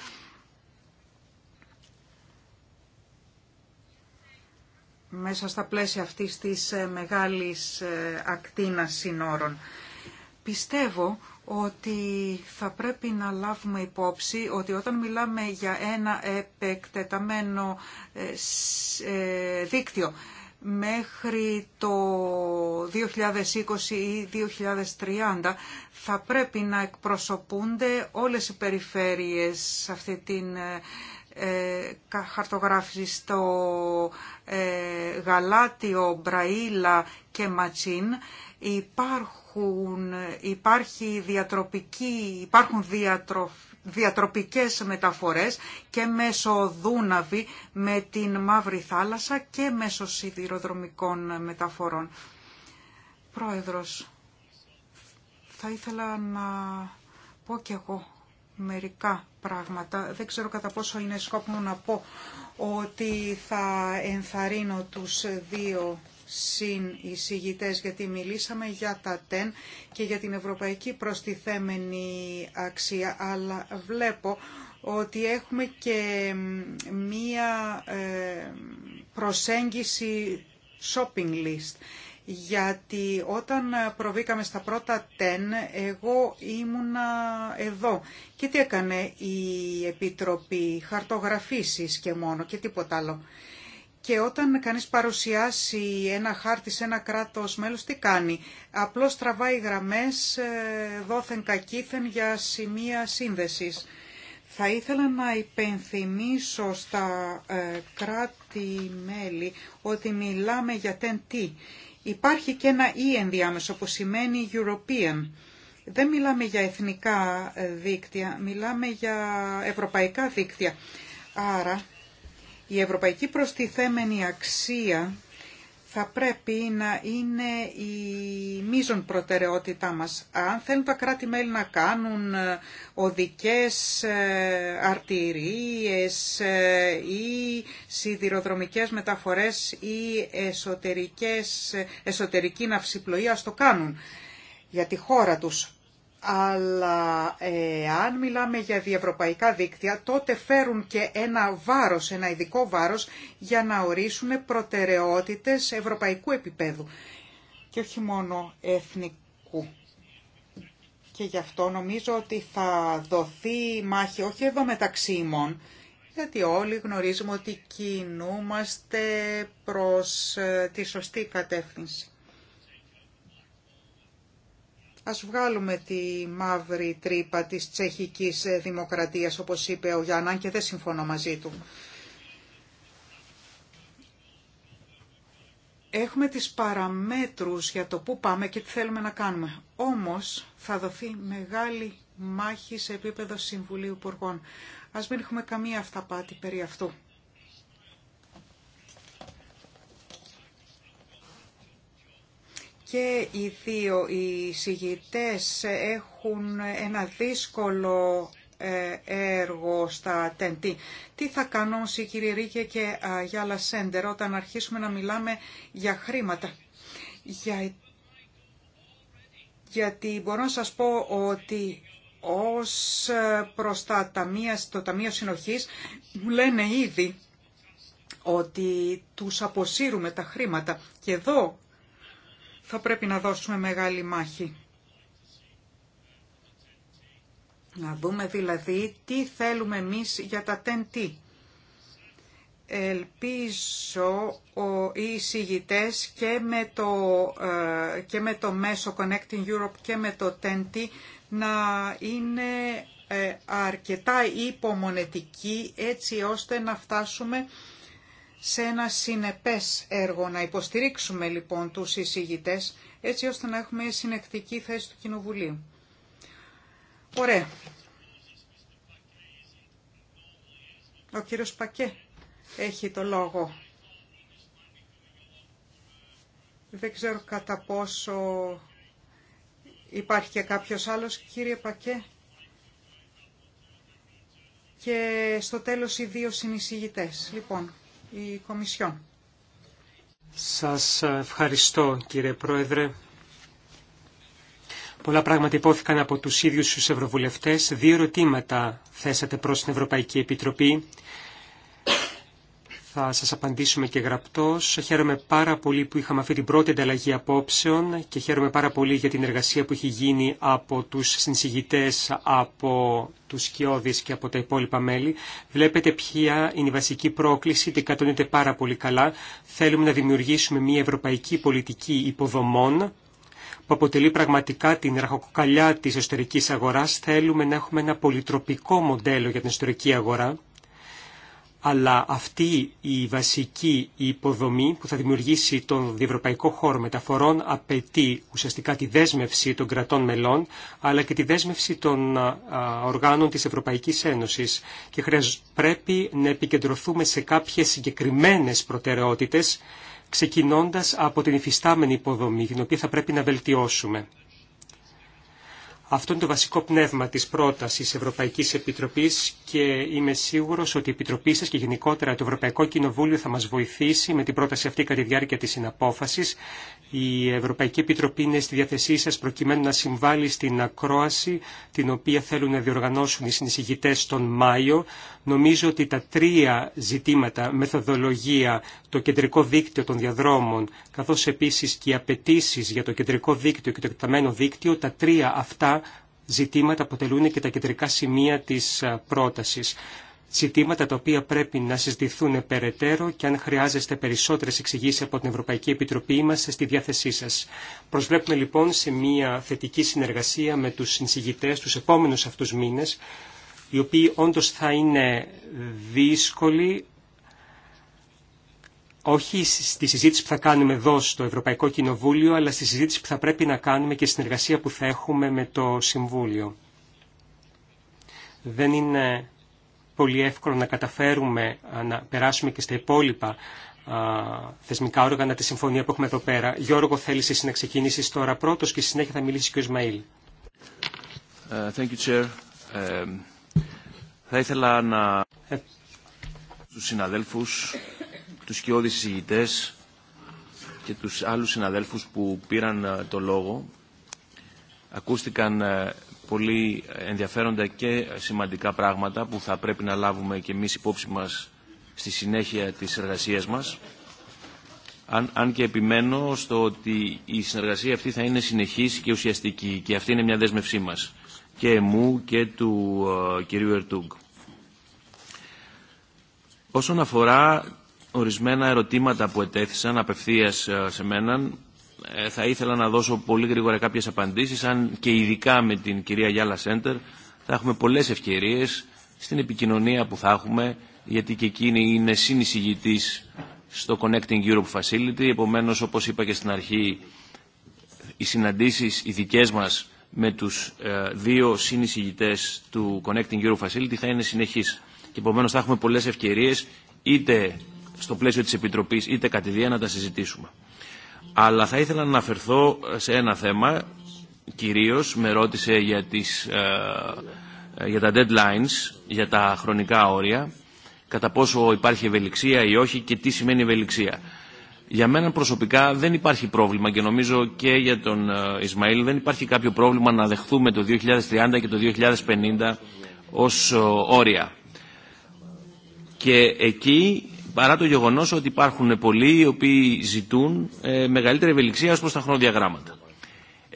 μέσα στα πλαίσια αυτής της ε, μεγάλης ακτίνας συνόρων. Πιστεύω ότι θα πρέπει να λάβουμε υπόψη ότι όταν μιλάμε για ένα επεκτεταμένο δίκτυο μέχρι το 2020 ή 2030 θα πρέπει να εκπροσωπούνται όλες οι περιφέρειες σε αυτή την ε, ε χαρτογράφηση στο ε, Γαλάτιο, Μπραήλα και Ματσίν υπάρχουν, υπάρχει διατροπική, υπάρχουν διατροφ, διατροπικές μεταφορές και μέσω Δούναβη με την Μαύρη Θάλασσα και μέσω σιδηροδρομικών μεταφορών. Πρόεδρος, θα ήθελα να πω κι εγώ μερικά πράγματα. Δεν ξέρω κατά πόσο είναι σκόπιμο να πω ότι θα ενθαρρύνω τους δύο συνεισηγητές γιατί μιλήσαμε για τα ΤΕΝ και για την ευρωπαϊκή προστιθέμενη αξία αλλά βλέπω ότι έχουμε και μία ε, προσέγγιση shopping list γιατί όταν προβήκαμε στα πρώτα τεν εγώ ήμουνα εδώ και τι έκανε η Επιτροπή χαρτογραφήσεις και μόνο και τίποτα άλλο. Και όταν κανείς παρουσιάσει ένα χάρτη σε ένα κράτος μέλος, τι κάνει. Απλώς τραβάει γραμμές ε, δόθεν κακήθεν για σημεία σύνδεσης. Θα ήθελα να υπενθυμίσω στα ε, κράτη-μέλη ότι μιλάμε για TEN-T. Υπάρχει και ένα E ενδιάμεσο που σημαίνει European. Δεν μιλάμε για εθνικά ε, δίκτυα, μιλάμε για ευρωπαϊκά δίκτυα. Άρα η ευρωπαϊκή προστιθέμενη αξία θα πρέπει να είναι η μείζων προτεραιότητά μας. Αν θέλουν τα κράτη-μέλη να κάνουν ε, οδικές ε, αρτηρίες ε, ή σιδηροδρομικές μεταφορές ή εσωτερικές, εσωτερική ναυσιπλοεία, ας το κάνουν για τη χώρα τους αλλά ε, αν μιλάμε για διευρωπαϊκά δίκτυα, τότε φέρουν και ένα βάρος, ένα ειδικό βάρος, για να ορίσουν προτεραιότητες ευρωπαϊκού επίπεδου και όχι μόνο εθνικού. Και γι' αυτό νομίζω ότι θα δοθεί μάχη όχι εδώ μεταξύ ημών, γιατί όλοι γνωρίζουμε ότι κινούμαστε προς ε, τη σωστή κατεύθυνση. Ας βγάλουμε τη μαύρη τρύπα της τσεχικής δημοκρατίας, όπως είπε ο Γιάννα, και δεν συμφωνώ μαζί του. Έχουμε τις παραμέτρους για το πού πάμε και τι θέλουμε να κάνουμε. Όμως θα δοθεί μεγάλη μάχη σε επίπεδο Συμβουλίου Υπουργών. Ας μην έχουμε καμία αυταπάτη περί αυτού. και οι δύο οι συγητές έχουν ένα δύσκολο ε, έργο στα τέντη. Τι θα κάνουν οι κύριοι Ρίκε και Γιάλα Σέντερ όταν αρχίσουμε να μιλάμε για χρήματα. Για... Γιατί μπορώ να σας πω ότι ως προς τα ταμεία, το Ταμείο Συνοχής μου λένε ήδη ότι τους αποσύρουμε τα χρήματα. Και εδώ θα πρέπει να δώσουμε μεγάλη μάχη. Να δούμε δηλαδή τι θέλουμε εμείς για τα ten Ελπίζω οι εισηγητές και με, το, ε, και με το μέσο Connecting Europe και με το ten να είναι ε, αρκετά υπομονετικοί έτσι ώστε να φτάσουμε σε ένα συνεπές έργο. Να υποστηρίξουμε λοιπόν τους εισηγητές έτσι ώστε να έχουμε συνεκτική θέση του Κοινοβουλίου. Ωραία. Ο κύριος Πακέ έχει το λόγο. Δεν ξέρω κατά πόσο υπάρχει και κάποιος άλλος, κύριε Πακέ. Και στο τέλος οι δύο συνεισηγητές. Λοιπόν, η Σας ευχαριστώ κύριε Πρόεδρε. Πολλά πράγματα υπόθηκαν από τους ίδιους τους Ευρωβουλευτές. Δύο ερωτήματα θέσατε προς την Ευρωπαϊκή Επιτροπή θα σας απαντήσουμε και γραπτός. Χαίρομαι πάρα πολύ που είχαμε αυτή την πρώτη ανταλλαγή απόψεων και χαίρομαι πάρα πολύ για την εργασία που έχει γίνει από τους συνσηγητές, από τους σκιώδεις και από τα υπόλοιπα μέλη. Βλέπετε ποια είναι η βασική πρόκληση, την κατονείται πάρα πολύ καλά. Θέλουμε να δημιουργήσουμε μια ευρωπαϊκή πολιτική υποδομών που αποτελεί πραγματικά την ραχοκοκαλιά της εσωτερικής αγοράς. Θέλουμε να έχουμε ένα πολυτροπικό μοντέλο για την εσωτερική αγορά αλλά αυτή η βασική υποδομή που θα δημιουργήσει τον διευρωπαϊκό χώρο μεταφορών απαιτεί ουσιαστικά τη δέσμευση των κρατών μελών, αλλά και τη δέσμευση των οργάνων της Ευρωπαϊκής Ένωσης και πρέπει να επικεντρωθούμε σε κάποιες συγκεκριμένες προτεραιότητες, ξεκινώντας από την υφιστάμενη υποδομή, την οποία θα πρέπει να βελτιώσουμε. Αυτό είναι το βασικό πνεύμα της πρότασης Ευρωπαϊκής Επιτροπής και είμαι σίγουρος ότι η Επιτροπή σας και γενικότερα το Ευρωπαϊκό Κοινοβούλιο θα μας βοηθήσει με την πρόταση αυτή κατά τη διάρκεια της συναπόφασης. Η Ευρωπαϊκή Επιτροπή είναι στη διάθεσή σας προκειμένου να συμβάλλει στην ακρόαση την οποία θέλουν να διοργανώσουν οι συνεισηγητές τον Μάιο Νομίζω ότι τα τρία ζητήματα, μεθοδολογία, το κεντρικό δίκτυο των διαδρόμων, καθώς επίσης και οι απαιτήσει για το κεντρικό δίκτυο και το εκταμένο δίκτυο, τα τρία αυτά ζητήματα αποτελούν και τα κεντρικά σημεία της ε, πρότασης. Ζητήματα τα οποία πρέπει να συζητηθούν περαιτέρω και αν χρειάζεστε περισσότερε εξηγήσει από την Ευρωπαϊκή Επιτροπή είμαστε στη διάθεσή σα. Προσβλέπουμε λοιπόν σε μια θετική συνεργασία με του συνσηγητέ του επόμενου αυτού μήνε οι οποίοι όντως θα είναι δύσκολοι όχι στη συζήτηση που θα κάνουμε εδώ στο Ευρωπαϊκό Κοινοβούλιο, αλλά στη συζήτηση που θα πρέπει να κάνουμε και συνεργασία που θα έχουμε με το Συμβούλιο. Δεν είναι πολύ εύκολο να καταφέρουμε να περάσουμε και στα υπόλοιπα α, θεσμικά όργανα τη συμφωνία που έχουμε εδώ πέρα. Γιώργο, θέλει εσύ να ξεκινήσει τώρα πρώτος και συνέχεια θα μιλήσει και ο Ισμαήλ. Ε, thank you, Chair. Um... Θα ήθελα να τους συναδέλφους, τους σκιώδεις συζητητέ και τους άλλους συναδέλφους που πήραν ε, το λόγο. Ακούστηκαν ε, πολύ ενδιαφέροντα και σημαντικά πράγματα που θα πρέπει να λάβουμε και εμείς υπόψη μας στη συνέχεια της εργασίας μας. Αν, αν και επιμένω στο ότι η συνεργασία αυτή θα είναι συνεχής και ουσιαστική και αυτή είναι μια δέσμευσή μας και εμού και του ε, κυρίου Ερτούγκ. Όσον αφορά ορισμένα ερωτήματα που ετέθησαν απευθείας ε, σε μένα, ε, θα ήθελα να δώσω πολύ γρήγορα κάποιες απαντήσεις, αν και ειδικά με την κυρία Γιάλα Σέντερ θα έχουμε πολλές ευκαιρίες στην επικοινωνία που θα έχουμε, γιατί και εκείνη είναι συνεισηγητής στο Connecting Europe Facility, επομένως όπως είπα και στην αρχή, οι συναντήσεις οι δικές μας με τους ε, δύο συνεισηγητές του Connecting Europe Facility θα είναι συνεχής. Και επομένως θα έχουμε πολλές ευκαιρίες είτε στο πλαίσιο της Επιτροπής είτε κατηδία να τα συζητήσουμε. Αλλά θα ήθελα να αναφερθώ σε ένα θέμα, κυρίως με ρώτησε για, τις, ε, για τα deadlines, για τα χρονικά όρια, κατά πόσο υπάρχει ευελιξία ή όχι και τι σημαίνει ευελιξία για μένα προσωπικά δεν υπάρχει πρόβλημα και νομίζω και για τον ε, Ισμαήλ δεν υπάρχει κάποιο πρόβλημα να δεχθούμε το 2030 και το 2050 ως ε, όρια. Και εκεί, παρά το γεγονός ότι υπάρχουν πολλοί οι οποίοι ζητούν ε, μεγαλύτερη ευελιξία ως προς τα χρονοδιαγράμματα.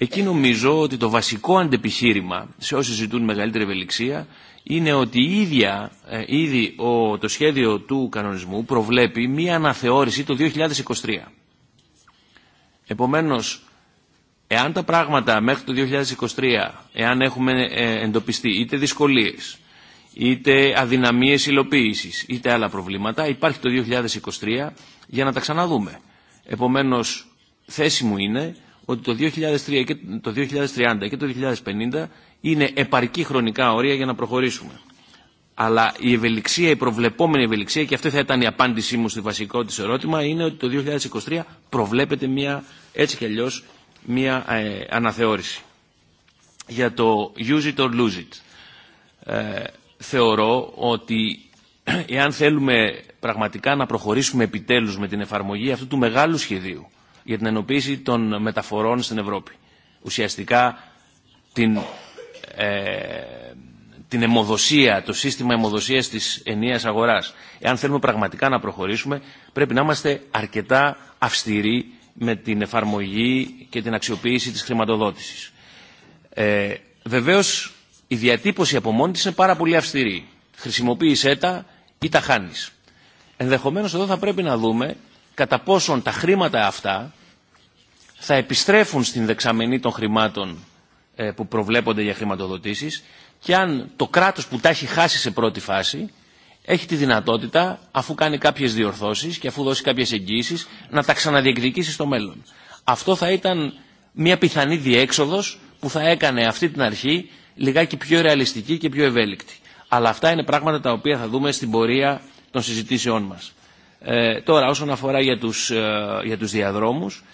Εκεί νομίζω ότι το βασικό αντεπιχείρημα σε όσοι ζητούν μεγαλύτερη ευελιξία είναι ότι ίδια, ε, ήδη το σχέδιο του κανονισμού προβλέπει μία αναθεώρηση το 2023. Επομένως, εάν τα πράγματα μέχρι το 2023, εάν έχουμε ε, εντοπιστεί είτε δυσκολίες, είτε αδυναμίες υλοποίησης, είτε άλλα προβλήματα, υπάρχει το 2023 για να τα ξαναδούμε. Επομένως, θέση μου είναι ότι το 2003 το 2030 και το 2050 είναι επαρκή χρονικά όρια για να προχωρήσουμε. Αλλά η ευελιξία, η προβλεπόμενη ευελιξία, και αυτή θα ήταν η απάντησή μου στη βασικό της ερώτημα, είναι ότι το 2023 προβλέπεται μια, έτσι κι αλλιώς, μια ε, αναθεώρηση. Για το use it or lose it. Ε, θεωρώ ότι εάν θέλουμε πραγματικά να προχωρήσουμε επιτέλους με την εφαρμογή αυτού του μεγάλου σχεδίου, για την ενοποίηση των μεταφορών στην Ευρώπη. Ουσιαστικά την, ε, την το σύστημα αιμοδοσίας της ενίας αγοράς. Εάν θέλουμε πραγματικά να προχωρήσουμε, πρέπει να είμαστε αρκετά αυστηροί με την εφαρμογή και την αξιοποίηση της χρηματοδότησης. Ε, βεβαίως, η διατύπωση από μόνη της είναι πάρα πολύ αυστηρή. Χρησιμοποίησέ τα ή τα χάνεις. Ενδεχομένως εδώ θα πρέπει να δούμε κατά πόσον τα χρήματα αυτά θα επιστρέφουν στην δεξαμενή των χρημάτων ε, που προβλέπονται για χρηματοδοτήσεις και αν το κράτος που τα έχει χάσει σε πρώτη φάση έχει τη δυνατότητα, αφού κάνει κάποιες διορθώσεις και αφού δώσει κάποιες εγγύησεις, να τα ξαναδιεκδικήσει στο μέλλον. Αυτό θα ήταν μια πιθανή διέξοδος που θα έκανε αυτή την αρχή λιγάκι πιο ρεαλιστική και πιο ευέλικτη. Αλλά αυτά είναι πράγματα τα οποία θα δούμε στην πορεία των συζητήσεών μας. Ε, τώρα όσον αφορά για τους, ε, για τους διαδρόμους,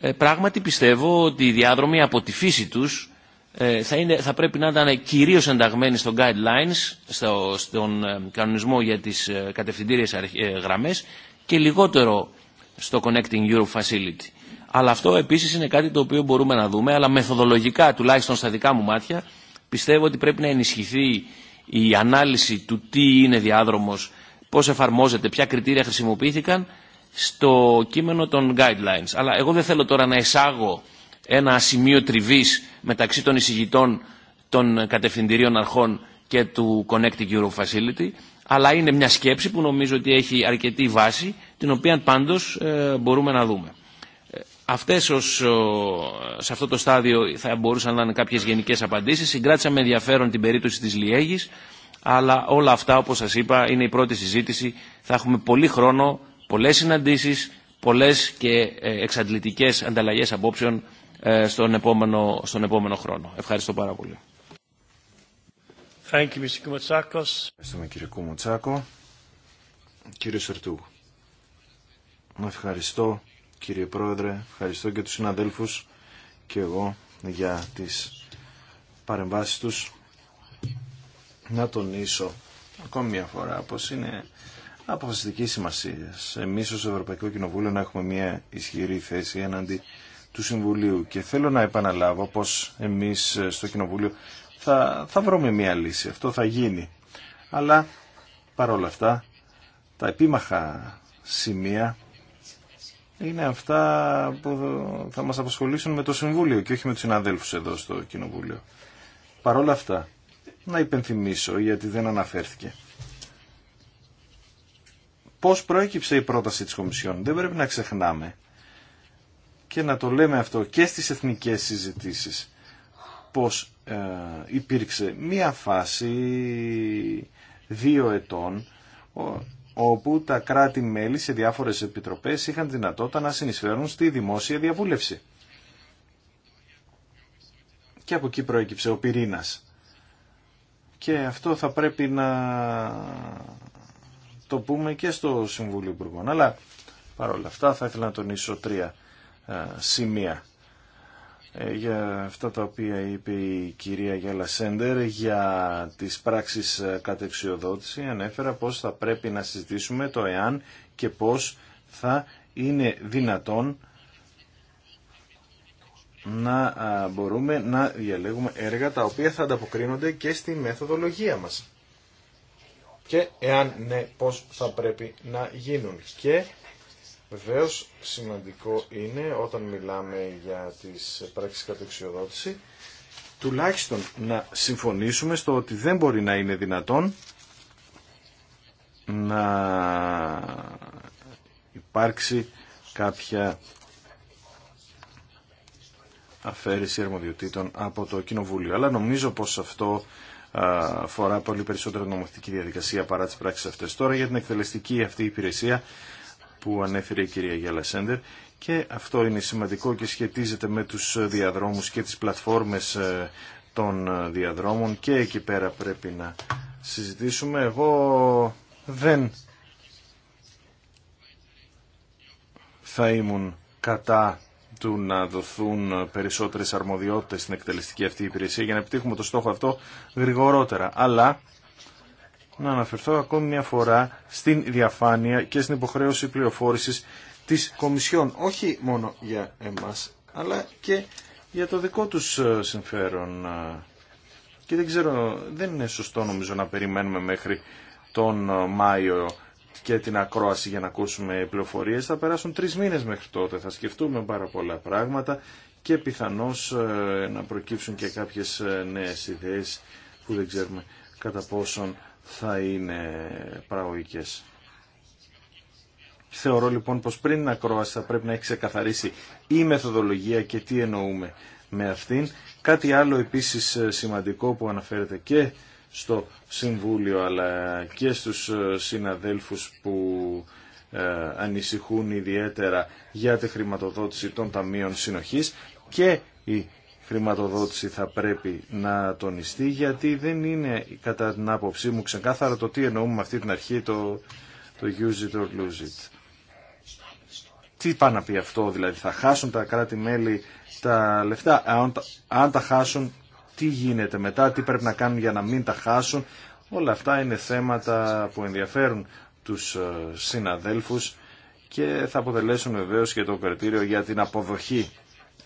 ε, πράγματι πιστεύω ότι οι διάδρομοι από τη φύση τους ε, θα, είναι, θα πρέπει να ήταν κυρίως ενταγμένοι στο guidelines, στον ε, κανονισμό για τις κατευθυντήριες γραμμές και λιγότερο στο Connecting Europe Facility. Αλλά αυτό επίσης είναι κάτι το οποίο μπορούμε να δούμε, αλλά μεθοδολογικά, τουλάχιστον στα δικά μου μάτια, πιστεύω ότι πρέπει να ενισχυθεί η ανάλυση του τι είναι διάδρομος πώς εφαρμόζεται, ποια κριτήρια χρησιμοποιήθηκαν στο κείμενο των guidelines. Αλλά εγώ δεν θέλω τώρα να εισάγω ένα σημείο τριβής μεταξύ των εισηγητών των κατευθυντηρίων αρχών και του Connecting Euro Facility, αλλά είναι μια σκέψη που νομίζω ότι έχει αρκετή βάση, την οποία πάντως ε, μπορούμε να δούμε. Ε, αυτές σε αυτό το στάδιο θα μπορούσαν να είναι κάποιες γενικές απαντήσεις. Συγκράτησα με ενδιαφέρον την περίπτωση της Λιέγης, αλλά όλα αυτά όπως σας είπα είναι η πρώτη συζήτηση. Θα έχουμε πολύ χρόνο, πολλές συναντήσεις, πολλές και ε, εξαντλητικές ανταλλαγές απόψεων ε, στον επόμενο, στον επόμενο χρόνο. Ευχαριστώ πάρα πολύ. Thank you, Mr. Ευχαριστούμε κύριε Κουμουτσάκο. Κύριε Σερτού, ευχαριστώ κύριε Πρόεδρε, ευχαριστώ και τους συναδέλφους και εγώ για τις παρεμβάσεις τους να τονίσω ακόμη μια φορά πως είναι αποφασιστική σημασία εμείς ως Ευρωπαϊκό Κοινοβούλιο να έχουμε μια ισχυρή θέση έναντι του Συμβουλίου και θέλω να επαναλάβω πως εμείς στο Κοινοβούλιο θα, θα βρούμε μια λύση, αυτό θα γίνει. Αλλά παρόλα αυτά τα επίμαχα σημεία είναι αυτά που θα μας απασχολήσουν με το Συμβούλιο και όχι με τους συναδέλφους εδώ στο Κοινοβούλιο. Παρόλα αυτά να υπενθυμίσω γιατί δεν αναφέρθηκε. Πώς προέκυψε η πρόταση της Κομισιόν. Δεν πρέπει να ξεχνάμε και να το λέμε αυτό και στις εθνικές συζητήσεις πως ε, υπήρξε μία φάση δύο ετών όπου τα κράτη-μέλη σε διάφορες επιτροπές είχαν δυνατότητα να συνεισφέρουν στη δημόσια διαβούλευση. Και από εκεί προέκυψε ο πυρήνας και αυτό θα πρέπει να το πούμε και στο Συμβούλιο Υπουργών. Αλλά παρόλα αυτά θα ήθελα να τονίσω τρία ε, σημεία ε, για αυτά τα οποία είπε η κυρία Γιάλα Σέντερ για τις πράξεις ε, κατεξιοδότηση ανέφερα πως θα πρέπει να συζητήσουμε το εάν και πως θα είναι δυνατόν να μπορούμε να διαλέγουμε έργα τα οποία θα ανταποκρίνονται και στη μεθοδολογία μας. Και εάν ναι, πώς θα πρέπει να γίνουν. Και βεβαίω σημαντικό είναι όταν μιλάμε για τις πράξεις κατεξιοδότηση, τουλάχιστον να συμφωνήσουμε στο ότι δεν μπορεί να είναι δυνατόν να υπάρξει κάποια αφαίρεση αρμοδιοτήτων από το Κοινοβούλιο. Αλλά νομίζω πως αυτό αφορά πολύ περισσότερο νομοθετική διαδικασία παρά τις πράξεις αυτές. Τώρα για την εκτελεστική αυτή υπηρεσία που ανέφερε η κυρία Γιάλα Σέντερ και αυτό είναι σημαντικό και σχετίζεται με τους διαδρόμους και τις πλατφόρμες ε, των διαδρόμων και εκεί πέρα πρέπει να συζητήσουμε. Εγώ δεν θα ήμουν κατά του να δοθούν περισσότερε αρμοδιότητε στην εκτελεστική αυτή υπηρεσία για να επιτύχουμε το στόχο αυτό γρηγορότερα. Αλλά να αναφερθώ ακόμη μια φορά στην διαφάνεια και στην υποχρέωση πληροφόρηση της Κομισιόν, όχι μόνο για εμάς, αλλά και για το δικό του ε, συμφέρον. Και δεν ξέρω, δεν είναι σωστό νομίζω να περιμένουμε μέχρι τον ε, Μάιο και την ακρόαση για να ακούσουμε πληροφορίες. Θα περάσουν τρεις μήνες μέχρι τότε. Θα σκεφτούμε πάρα πολλά πράγματα και πιθανώς ε, να προκύψουν και κάποιες ε, νέες ιδέες που δεν ξέρουμε κατά πόσον θα είναι παραγωγικές. Θεωρώ λοιπόν πως πριν την ακρόαση θα πρέπει να έχει ξεκαθαρίσει η μεθοδολογία και τι εννοούμε με αυτήν. Κάτι άλλο επίσης ε, σημαντικό που αναφέρεται και στο Συμβούλιο αλλά και στους ε, συναδέλφους που ε, ανησυχούν ιδιαίτερα για τη χρηματοδότηση των ταμείων συνοχής και η χρηματοδότηση θα πρέπει να τονιστεί γιατί δεν είναι κατά την άποψή μου ξεκάθαρα το τι εννοούμε με αυτή την αρχή το, το use it or lose it. Τι πάει να πει αυτό δηλαδή, θα χάσουν τα κράτη-μέλη τα λεφτά. Αν, αν τα χάσουν τι γίνεται μετά, τι πρέπει να κάνουν για να μην τα χάσουν. Όλα αυτά είναι θέματα που ενδιαφέρουν τους ε, συναδέλφους και θα αποτελέσουν βεβαίω και το κριτήριο για την αποδοχή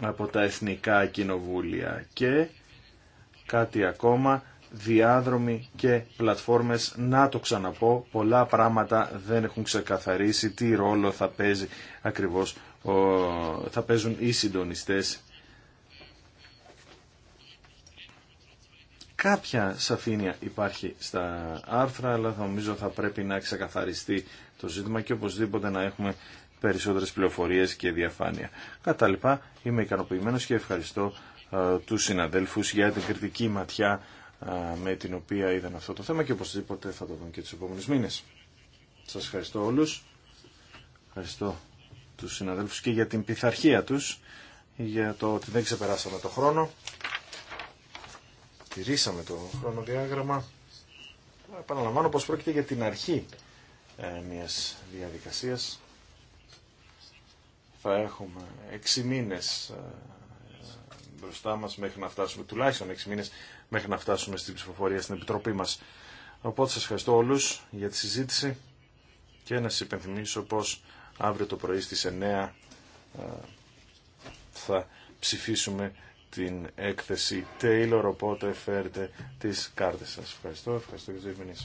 από τα εθνικά κοινοβούλια και κάτι ακόμα διάδρομοι και πλατφόρμες να το ξαναπώ πολλά πράγματα δεν έχουν ξεκαθαρίσει τι ρόλο θα παίζει ακριβώς θα παίζουν οι συντονιστές κάποια σαφήνεια υπάρχει στα άρθρα, αλλά νομίζω θα πρέπει να ξεκαθαριστεί το ζήτημα και οπωσδήποτε να έχουμε περισσότερες πληροφορίες και διαφάνεια. Κατά λοιπά, είμαι ικανοποιημένος και ευχαριστώ ε, τους συναδέλφους για την κριτική ματιά ε, με την οποία είδαν αυτό το θέμα και οπωσδήποτε θα το δουν και τους επόμενους μήνες. Σας ευχαριστώ όλους. Ευχαριστώ τους συναδέλφους και για την πειθαρχία τους, για το ότι δεν ξεπεράσαμε το χρόνο τηρήσαμε το χρονοδιάγραμμα. Επαναλαμβάνω πως πρόκειται για την αρχή ε, μιας διαδικασίας. Θα έχουμε έξι μήνες ε, μπροστά μας μέχρι να φτάσουμε, τουλάχιστον έξι μήνες μέχρι να φτάσουμε στην ψηφοφορία στην Επιτροπή μας. Οπότε σας ευχαριστώ όλους για τη συζήτηση και να σας υπενθυμίσω πως αύριο το πρωί στις 9 ε, θα ψηφίσουμε την έκθεση Taylor, οπότε φέρτε τις κάρτες σας. Ευχαριστώ, ευχαριστώ και